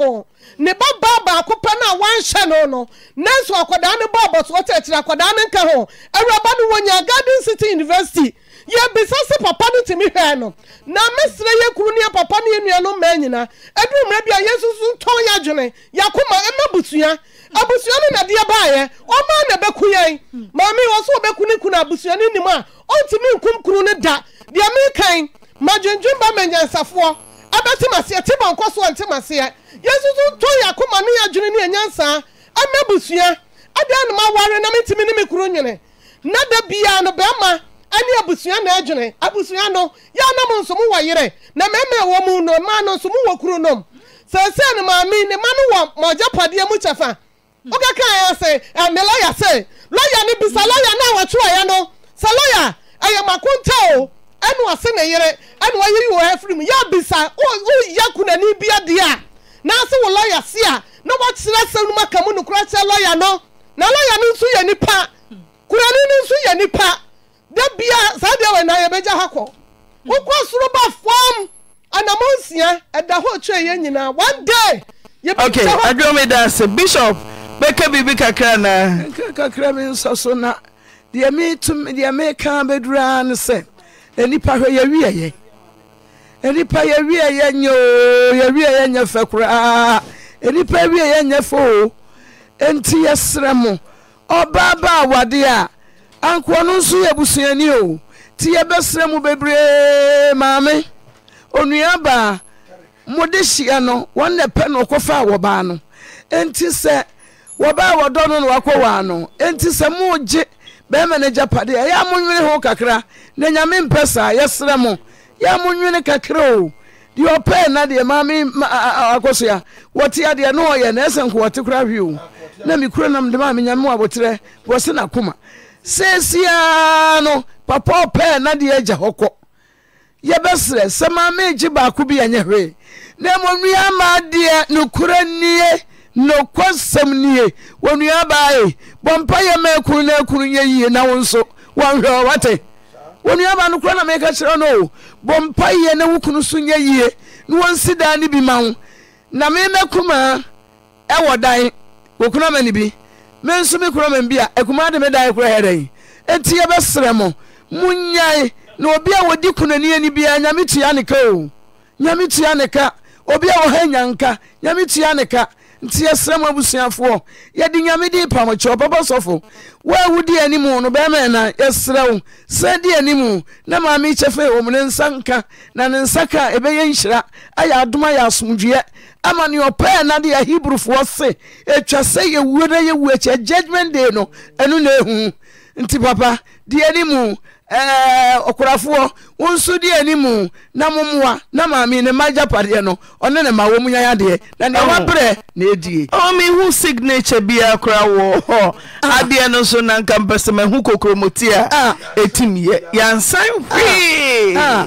o ne babaa baako pɛ no a wanhyɛ no no nanso akwadaa ne bɔɔbɔ so wɔtɛkyerɛ akwadaa ne nka ho awuraba no garden city university yɛbisa sɛ papa no tumi hwɛɛ no na mesrɛ yɛ kuru ne yɛ papa ne yɛ nua no mmaa nyinaa ɛduru mmerɛ bi a yɛsusu ntɔn yɛ adwene yɛakoma ɛma busua abusua no nadeɛ baayɛ ɔmaa na ɛbɛku yɛn maame wɔ so wɔbɛku ne kunu abusua no nim a ɔntumi nkum kuru no da deɛ mekan madwendwen ba manyansafoɔ abɛte maseɛ te bɔnkɔ so ɔnte maseɛ yɛsusu ntɔn yɛ akoma ne yɛ adwene ne yɛ nyansaa ɛma busua adeɛ anoma aware na metumi ne me kuru nwene na da biara no bɛrima ɛne abusua na adwene abusua no yɛanam nso mu wɔ yerɛ na mmarima ɛwɔ mu no mmaa no nso wɔ kuro nom sɛsɛɛ no maame ne ma no wɔ mɔgyapadeɛ mu kyɛfa wokaka yɛ sɛ ɛne lɔya sɛ lɔya no bisa lɔya eh, no a wɔtwerɛeɛ no sɛ lɔya ɛyɛ makonta o ɛne ɔse ne yere ɛne wɔyere wɔ afiri mu yɛabisa woyɛ kunani bi adeɛ a nanso wo lɔya se a na wɔkyerɛ sɛm no maka mu nokora kyerɛ lɔya no na lɔya no nso yɛ nipa hmm. kunani no nso yɛ nipa da bia saa deɛ wɔn nan yɛbɛgya ha kɔ wokɔ soro ba fam anamɔ nsia ɛda hɔ otwa yɛ nyinaa one day yɛbɛgya hɔ. ok adwuma mi da ase bishop bɛka biribi kakra na. nka kakra mi nsa so na deɛ mi tum deɛ mi kan bɛdura ne sɛ nipa hɔ yɛ wi yɛ nipa yɛ wi yɛ nyɛ ooo yɛ wi yɛ nyɛ fɛ koraa nipa wi yɛ nyɛ fɛ ooo nti yɛ srɛ mo ɔbaa baa awadeɛ a. ankoɔ no nso yɛ busuani o ti yɛbɛsrɛ mu bebree maame onua baa mode hyia no wɔn na pɛ no ɔkɔfa a wɔbaa no nti sɛ wɔbaa wɔdɔ no na wakɔ wɔ ano nti sɛ moogye bɛrima no gyapade a yɛa monwene ho kakra na nyame mpɛ saa yɛsrɛ mo yɛa monwene kakra o deɛ ɔpɛɛ na deɛ maame akɔsoa wɔte adeɛ no ɔyɛ na ɛsɛ nko wɔte kora hwee o na mekura nam de maa menyame wɔ abɔterɛ wɔse nakoma seesiaa no papa ɔpɛɛ na deɛ agya hɔ kɔ yɛbɛserɛ sɛ maame gye baako bi ɛnyɛ hwee na mmom nuamaa deɛ nokora nnie nokwasɛm nie wɔnua baae bɔmpa yɛ ma akunu na akunu nyɛ yie na wo nso wɔnhwɛ wɔwate wɔnuaba no kora na meka kyerɛ no o bɔmpa yɛ na wo kunu so nyɛ yie na wɔnsi daa ne bi ma wo na memɛkumaa ɛwɔ dan wɔkunu ama ne bi me nso me kuro me bia akuma de me dan kuro hɛ dɛn enti yɛbɛserɛ mo monyae na obi a wodi kunani ani biara nyame tua ne ka o nyame tua ne ka obi a wɔha nyanka nyame tua ne ka nti yɛserɛ mo abusuafoɔ yɛde nyame de pamokyɛ ɔpapa sɔfo woawu di anim no bɛrima ɛna yɛserɛ wo sɛ di anim na maame kyɛ fei wɔ ne nsa nka na ne nsa ka ɛbɛyɛ nhyira ayɛ adom ayɛ asomdwoeɛ ama neɔpɛɛ na de yɛhebrufoɔ se ɛtwa sɛ yɛwuo na yɛwu akyia judgment day no ɛno na ɛhu nti papa deɛ ni mu ɔkorafoɔ wo nso deɛ mu na momoa na maame ne no ɔne ne ma wɔ mu na nea na ɛdie signature kora wɔ hɔ ah. adeɛ no so mpɛ sɛ mahu kokromɔti a ah. hwee ah.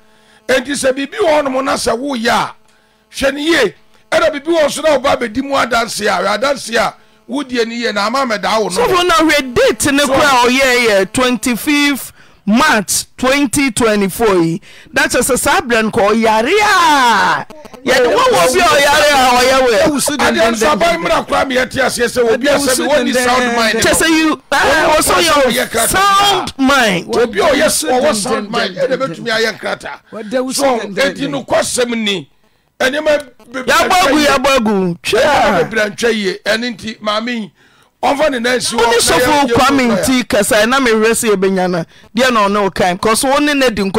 enti sɛ biribi wɔ hɔnom na sɛ woyɛ a hwɛ ne yie ɛna biribi wɔ so na woba bɛdi mu adanseɛ a hwɛ adanseɛ a wodie ne yie na ama mɛdaa wo no sɔfo na hwɛ date ne kora ɔyɛɛyɛ 25 march 2024 yi na kyerɛ sɛ saa berɛ no kɔ ɔyare a yɛde wɔ wɔ bi a ɔyare a ɔyɛ wɛ adeɛ nsaba mmra koraa meyɛte aseɛ sɛ obi asɛ me wɔni sound mind kyɛ sɛ you wɔ sɛ yɛ sound mind obi a ɔyɛ ɔwɔ sound mind ɛna bɛtumi ayɛ nkrataa so ɛnti no kɔsɛm ni ɛnneɛma yɛabɔ agu yɛabɔ agu twɛ ɛnneɛma bebrɛ ntwa yie ɛne nti maame yi wone sofo kwame nti kɛsae na mewerɛ sɛ yɛbɛnya na ɔne wokan kɔ so wo ne no adi na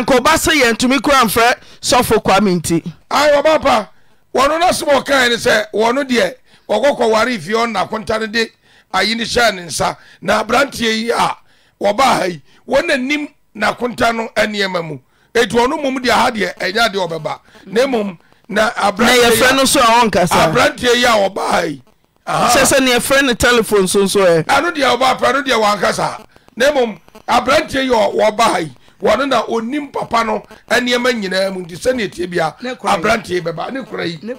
nkɔba sɛ yɛ ntumi kora mfrɛ sɔfo kwame nti ɔba pa wɔno no soma ɔkae ne sɛ wɔno deɛ wɔkɔkɔ ware fie ɔna konta no de ayi no hyɛɛ ne nsa na aberanteɛ yi a wɔba ha yi wɔna nim nakonta no nneɛma mu ɛti ɔno mmom deɛ ha deɛ ɛnya deɛ ɔbɛba na mmom na aberanteɛ yi a wɔba ha yi sɛ sɛneɛ frɛ no telephone sonso ɛ ɛno deɛ eh. wɔba prɛ no deɛ wɔankasa na mmom aberantiɛ yɛ wɔba yi wɔno na ɔnim papa no nneɛma nyinaa mu nti sɛneɛ tie bia aberantiɛ bɛba ne kora yi na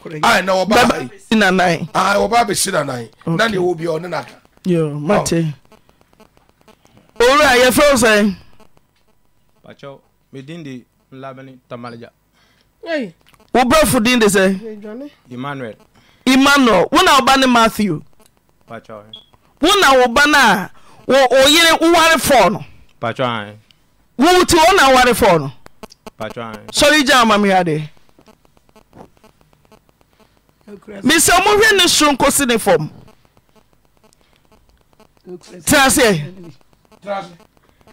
wɔba bɛsi nanan na neɛ wɔ bia ɔne no aka mate owura yɛfrɛ wo sɛn pakyɛw din de sɛ emmanuel wo na woba ne matthew wo na woba no a oyere woware fɔɔ no wowo ti wɔ na woware fɔɔ no sɔre gya amammeade mesɛ ɔmohwɛ ne soro nkosi ne fam tena seɛ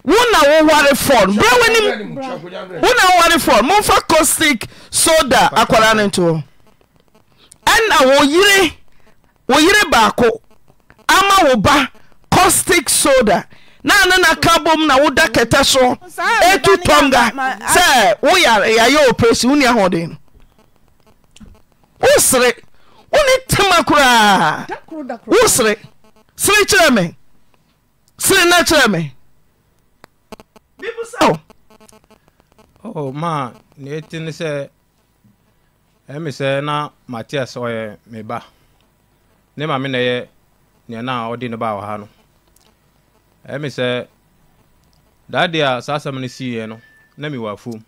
wo na woware fɔɔ no berɛ w'anim wo na woware fɔɔ no momfa caustic soda akwara ne nto ɛnna wo yere baako ama wo ba soda na ne ka bom na woda kɛtɛ so etu tɔnga sɛ woyayɛ oprɛsi wonni ahoden no wo sere wone tema koraa wo sere sere kyerɛ me sere na kyerɛ na etu neɛtine sɛ ɛmi sɛ na matias ɔyɛ me ba ne maame na ɛyɛ nea na ọ ne ba wɔ ha no ɛmi sɛ daade a saa asɛm no siiɛ no na mi wɔ afuom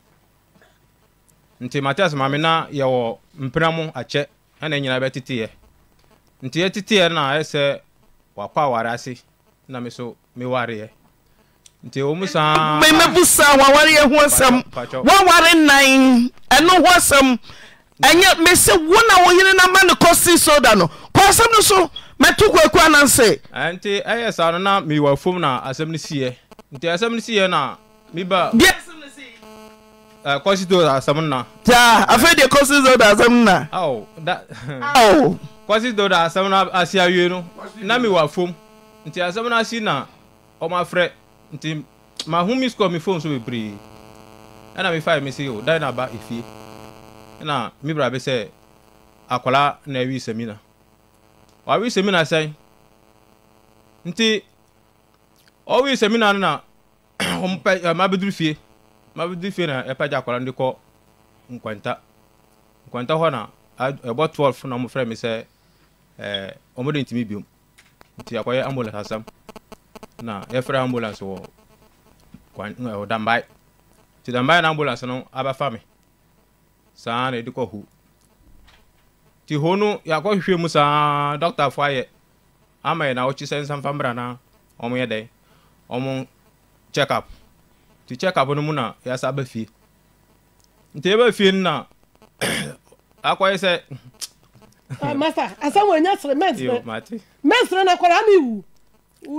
nti matias maame na yɛwɔ mpiramu akyɛ ɛna nyinaa bɛteteɛ nti yɛteteɛ na ɛyɛ sɛ wakɔ ase na mi so mi wareɛ nti wɔn mu saa. bu saa ɛnyɛ mese wo na wo yere na ma ne kɔsi soda no kɔ asɛm no so mɛto kwaku ananse nti ɛyɛ saa no na mewɔ fam na asɛm no siɛ nti asɛm no siɛ na meba deɛ kɔsi soda asɛm na taa afei deɛ kɔsi soda asɛm na ao da ao kɔsi soda asɛm no ase awie no na mewɔ fam nti asɛm no asi na ɔma frɛ nti mahome score me phone so bebree ɛna mefae me se o dan na aba efie na mi bra bɛ sɛ akwaraa na awi samina wawi samina sɛn nti ɔwi samina no na ɔmpɛ eh, mabɛduru fie mabɛduru fie na ɛpɛgya e akwala no de kɔ nkwanta nkwanta hɔ na ɛbɔ e twelve na ɔmofrɛ me sɛ ɛɛ eh, ɔmode ntumi biom nti akɔyɛ ambulance asɛm na yɛfrɛ e ambulance wɔ kwan ɛwɔ eh, danbae nti danbae na ambulance no abɛfa me saa na yɛde kɔ ho nti ho no yɛakɔhwehwɛ mu saa dɔktafoɔ ayɛ ama yɛ na wɔkye sɛ nsamfa mmra na ɔmo yɛ dɛn ɔmo check up nti check up no mu na yɛasa aba fie nti yɛba fie no na akɔyɛ sɛ ah, masa asɛm wɔ nya sere mɛnsere mɛnsere na kɔraa me wu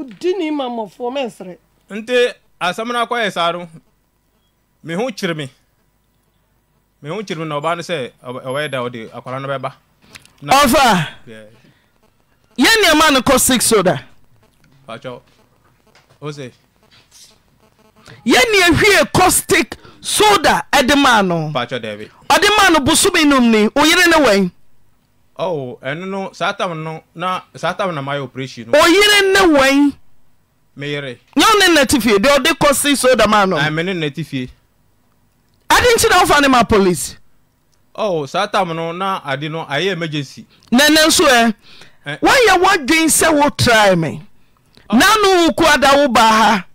wodi ne ma mmɔfoɔ mɛnsere nti asɛm no akɔyɛ saa no me ho kyere me mehu kyerɛ mu na ɔbaa no sɛ ɔbɛyɛ da ɔde akwara no bɛba ɔfa yɛ nneɛma no kɔ six soda patwɛ o sɛ yɛ nea hwie caustic soda ɛde maa no patwɛ daabi ɔde maa no bosome nom ni oyere ne wɛn oh ɛno no saa tam no na saa tam na mayɛ operation no oyere ne wɛn meyere nyɛ ne nati fie deɛ ɔde caustic soda maa no ɛmene nati fie adi nti na wofa ne ma police oh saa tam no na ade no ayɛ emergency nɛnɛ nso ɛ woayɛ woadwen sɛ oh. wo trae me Nanu no wo kuada wo baa ha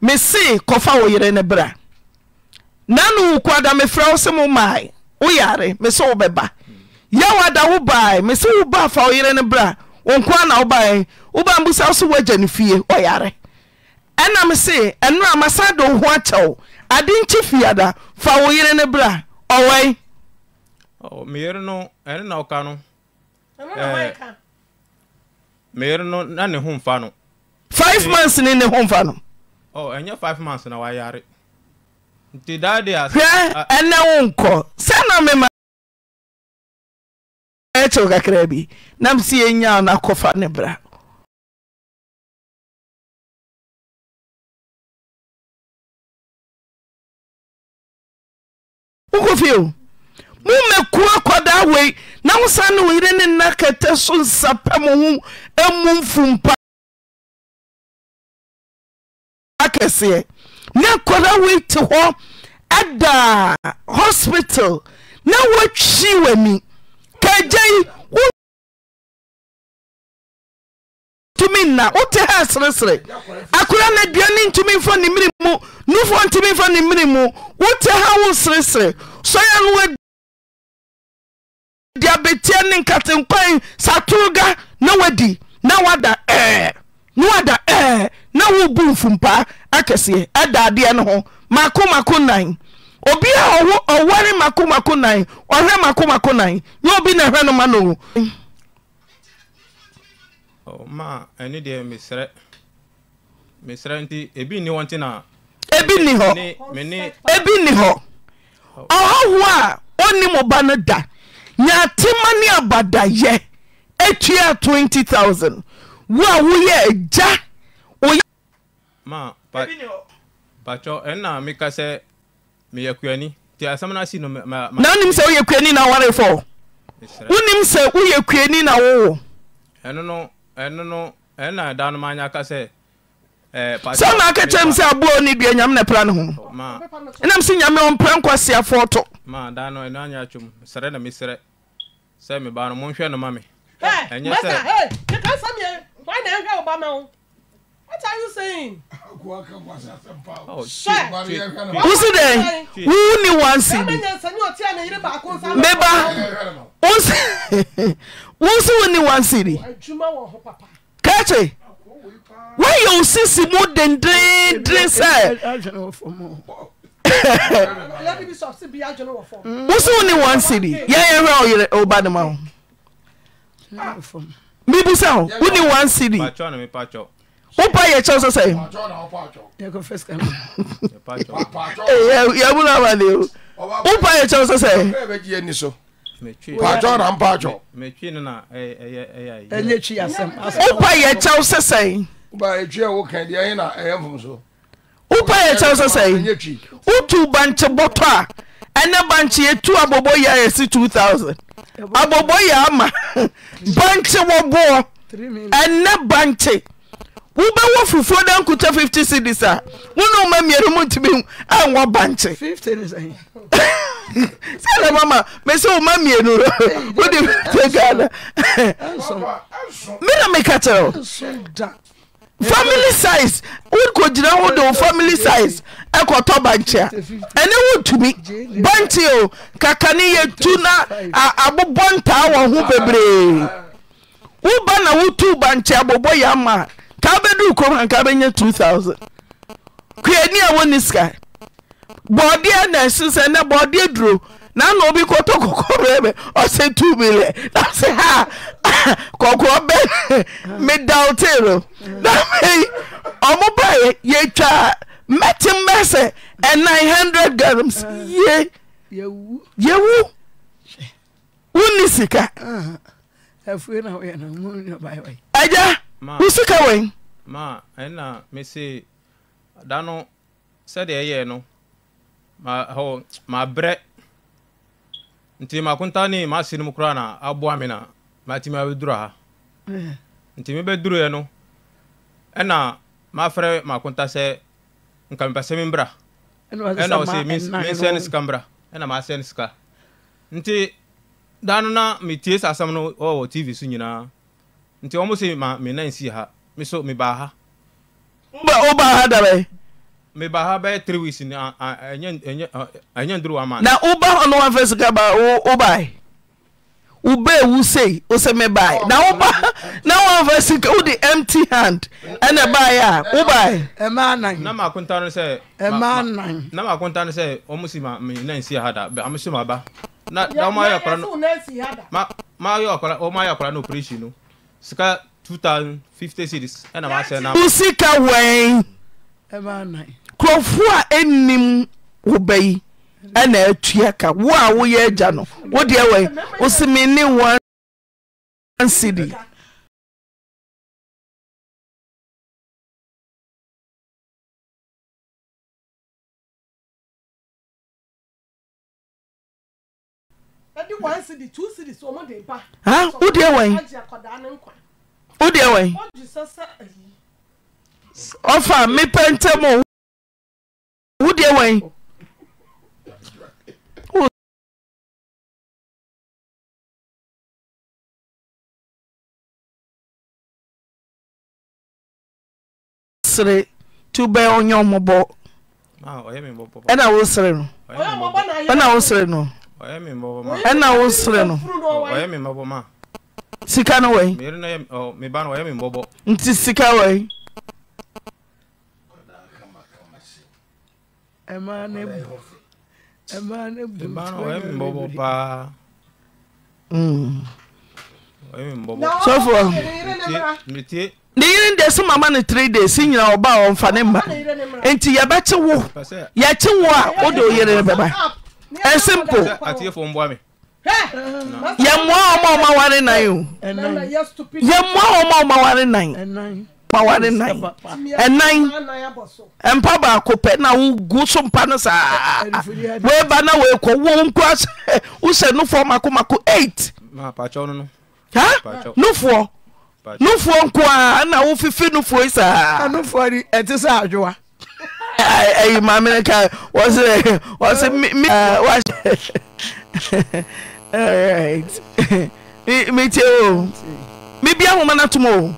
mese kɔfa wo yere ne bra na no wo kuada mefrɛ wo se mo mae woyare mese wo bɛba yɛ wada wo bae mese wo baa fa wo yere ne bra wo nkoa na wo bae wo baa mbusa wo so woagya ne fie ɔyare ɛnam se ɛnorɛ a am'asra do oho akyɛ w ade nkyɛ fi ada fa wo yere ne bra ɔwɔi five month no ne ho mfa nohwɛ ɛnɛ wo nkɔ sɛ namema yɛkyɛw kakraa bi namsɛ yenya ano akɔfa no bra kofio momɛkua kɔda wei na wosa ne wo yere ne na kɛtɛ so nsapɛ mo ho mo mfumpa akɛseɛ ne kɔda wei te hɔ ada hospital na woatwi wa mi kagyei tumi nna wote ha seresere akora no aduane ntumi mfa ne mmere mu nufoɔ ntumi mfa ne mmere mu wote ha wo seresere sɔyɛ no wadi abetia ne nkatenkwan satoro ga na wadi na wada ɛɛ na wada ɛɛ na wobu mfumpaa akɛseɛ ada adeɛ no ho makomako nan obi a ɔware makomako nan ɔhwɛ makomako nan nyɛ obi na ɛhwɛ no ma no ma ɛne deɛ mesrɛ mesrɛ nti ebi nni hɔ nti na ebi nni hɔ ebi nni hɔ ɔhɔho a ɔnni mo ba no da nyaatema ne abadayɛ atua twenty thousand wo a woyɛ agya oyɛ. ma pa patro ɛnna meka sɛ meyɛ kuani nti asɛm no si no ma. na wonim sɛ woyɛ kuani na aware fɔ wonim sɛ woyɛ kuani na wowo. ɛno no ɛno no ɛna da no maanya ka sɛ sɛ ma aka kyerɛ m sɛ aboa ne dua nyame na pra ne ho ɛnam sɛ nyame ɔmpɛ nkɔseafoɔ to ma da no ɛno anyɛ atwom srɛ na mesrɛ sɛ meba no monhwɛ no ma me ɛnyɛ sɛ What are you saying? Oh, who wusu dɛ wuu ni wansi beba wusu wu ni wansi di kɛkye wayɛ osisi mu dendenden sɛ wusu wu ni wansi di yɛyɛ hwɛ ɔyɛrɛ ɔba ne ma o bibusa o wu ni wansi di. wopa yɛ kyɛw sɛ sɛymnm wopa yɛkyɛw s ɛwp yɛkyɛ ɛwopa yɛ kyɛw sɛ sɛi wotu bankyebɔtɔ a ɛne bankye yɛtu abobɔ yiaɛsi 2000 abobɔ yɛama bankye wɔboɔ ɛne bankye wobɛwɔ fufuo dɛ nkuta 50 cedis a wone woma mmienu mu ntumi anwɔ bankye eh. sɛdɛ mama mɛsɛ woma mmienu no wode fifte ghana mena meka kyerɛ family size wokɔgyina ho de wo family size ɛkɔtɔ bankye a ɛne wontumi bankye o kaka ne yɛtu na abobɔ ntaa wɔ ho bebree woba na wotuu bankye abobɔ yɛ ama a ka bedu komaka bɛnya 2000 kania wone ska bodeɛ na sesɛ ne bodeɛ duro nana obi kɔto kɔkɔ me se 2 ml h kkɔ be medalteo ɔmo ba yetwaa mɛtem mɛsɛ ani00 gams yewwone sikaa wo sika wɛn. ma ɛna mese da no sɛdeɛ ɛyɛ no ma hɔ ma brɛ nti makonta ne maase no mu koraa na aboa me na matimi abɛduru ha nti mebɛduruɛ no ɛna mafrɛ makonta sɛ nka mepɛ sɛ membra ɛna ɔsɛ mensɛ no sika mbra ɛna maasɛ no sika nti da no na metie sɛ asɛm no ɔwɔ tv so nyinaa nti wɔn se ma me nan si ha me so me baa ha. wobɛ wobaa ha dabɛ. me baa ha bɛyɛ three weeks na a ɛnyɛ ɛnyɛ nduru wa ma. na woba hɔ no wa fɛ sika ba wo wobaa yi ube ewu sei ose me baa yi na woba na wa fɛ sika wo di empty hand ɛna baa yi a wobaa yi. ɛmaa nan. na maa kunta no sɛ. ɛmaa nan. na maa kunta no sɛ wɔn si ma me nan si ha da bɛ amusu ma ba. na na wɔn ayɛ akɔla no ma ma ayɛ akɔla wɔn ayɛ akɔla no operation no sika two thousand fifty series ɛna maa sɛ na. sika wɛn kurɔfo a ɛnim wo yi ɛna atua ka wo a woyɛ agya no wo deɛ wɛn wosi ne one cd. ɛdi one cd two cd so ɔmo de ba. ha o deɛ wɛn o deɛ wɛn ɔfa mi pɛntɛ mu o deɛ wɛn. sere tubɛ ɔnyɛ ɔmɔbɔ ɛna wosere no ɛna wosere no. ɛna wo sere no sika no wai nti sika wai mm. sɔfoɔ ne yere deɛ sɛ mama no tre days si nyina wɔba a ne mma enti yɛbɛkye wo yɛkye wo a wode wo ne bɛba ẹ simple. àti efo ń bọ́ mi. yẹ mú ọmọ ọmọ wa ní nàá yìí o yẹ mú ọmọ ọmọ wa ní nàá yìí pa wa ní nàá yìí ẹ̀nàn ẹ̀mpa baako pẹ̀ na wò gu so mpa no saa wòye ba na wòye kọ wò nkú ase wùsẹ̀ nufu ọmakomako eight. nufu nufu nkú a na wò fifi nufu yi sa. nufu ni ẹ ti sẹ àjọwà ayi maame ne ka wɔsi wɔsi mi mi wahyɛ alright mi mi tie o mi bi ahoma na tum o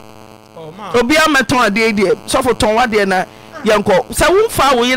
obi ametɔn adeɛ deɛ sɔfo tɔn wa deɛ na yɛn kɔ sɛ wunfa wo yere.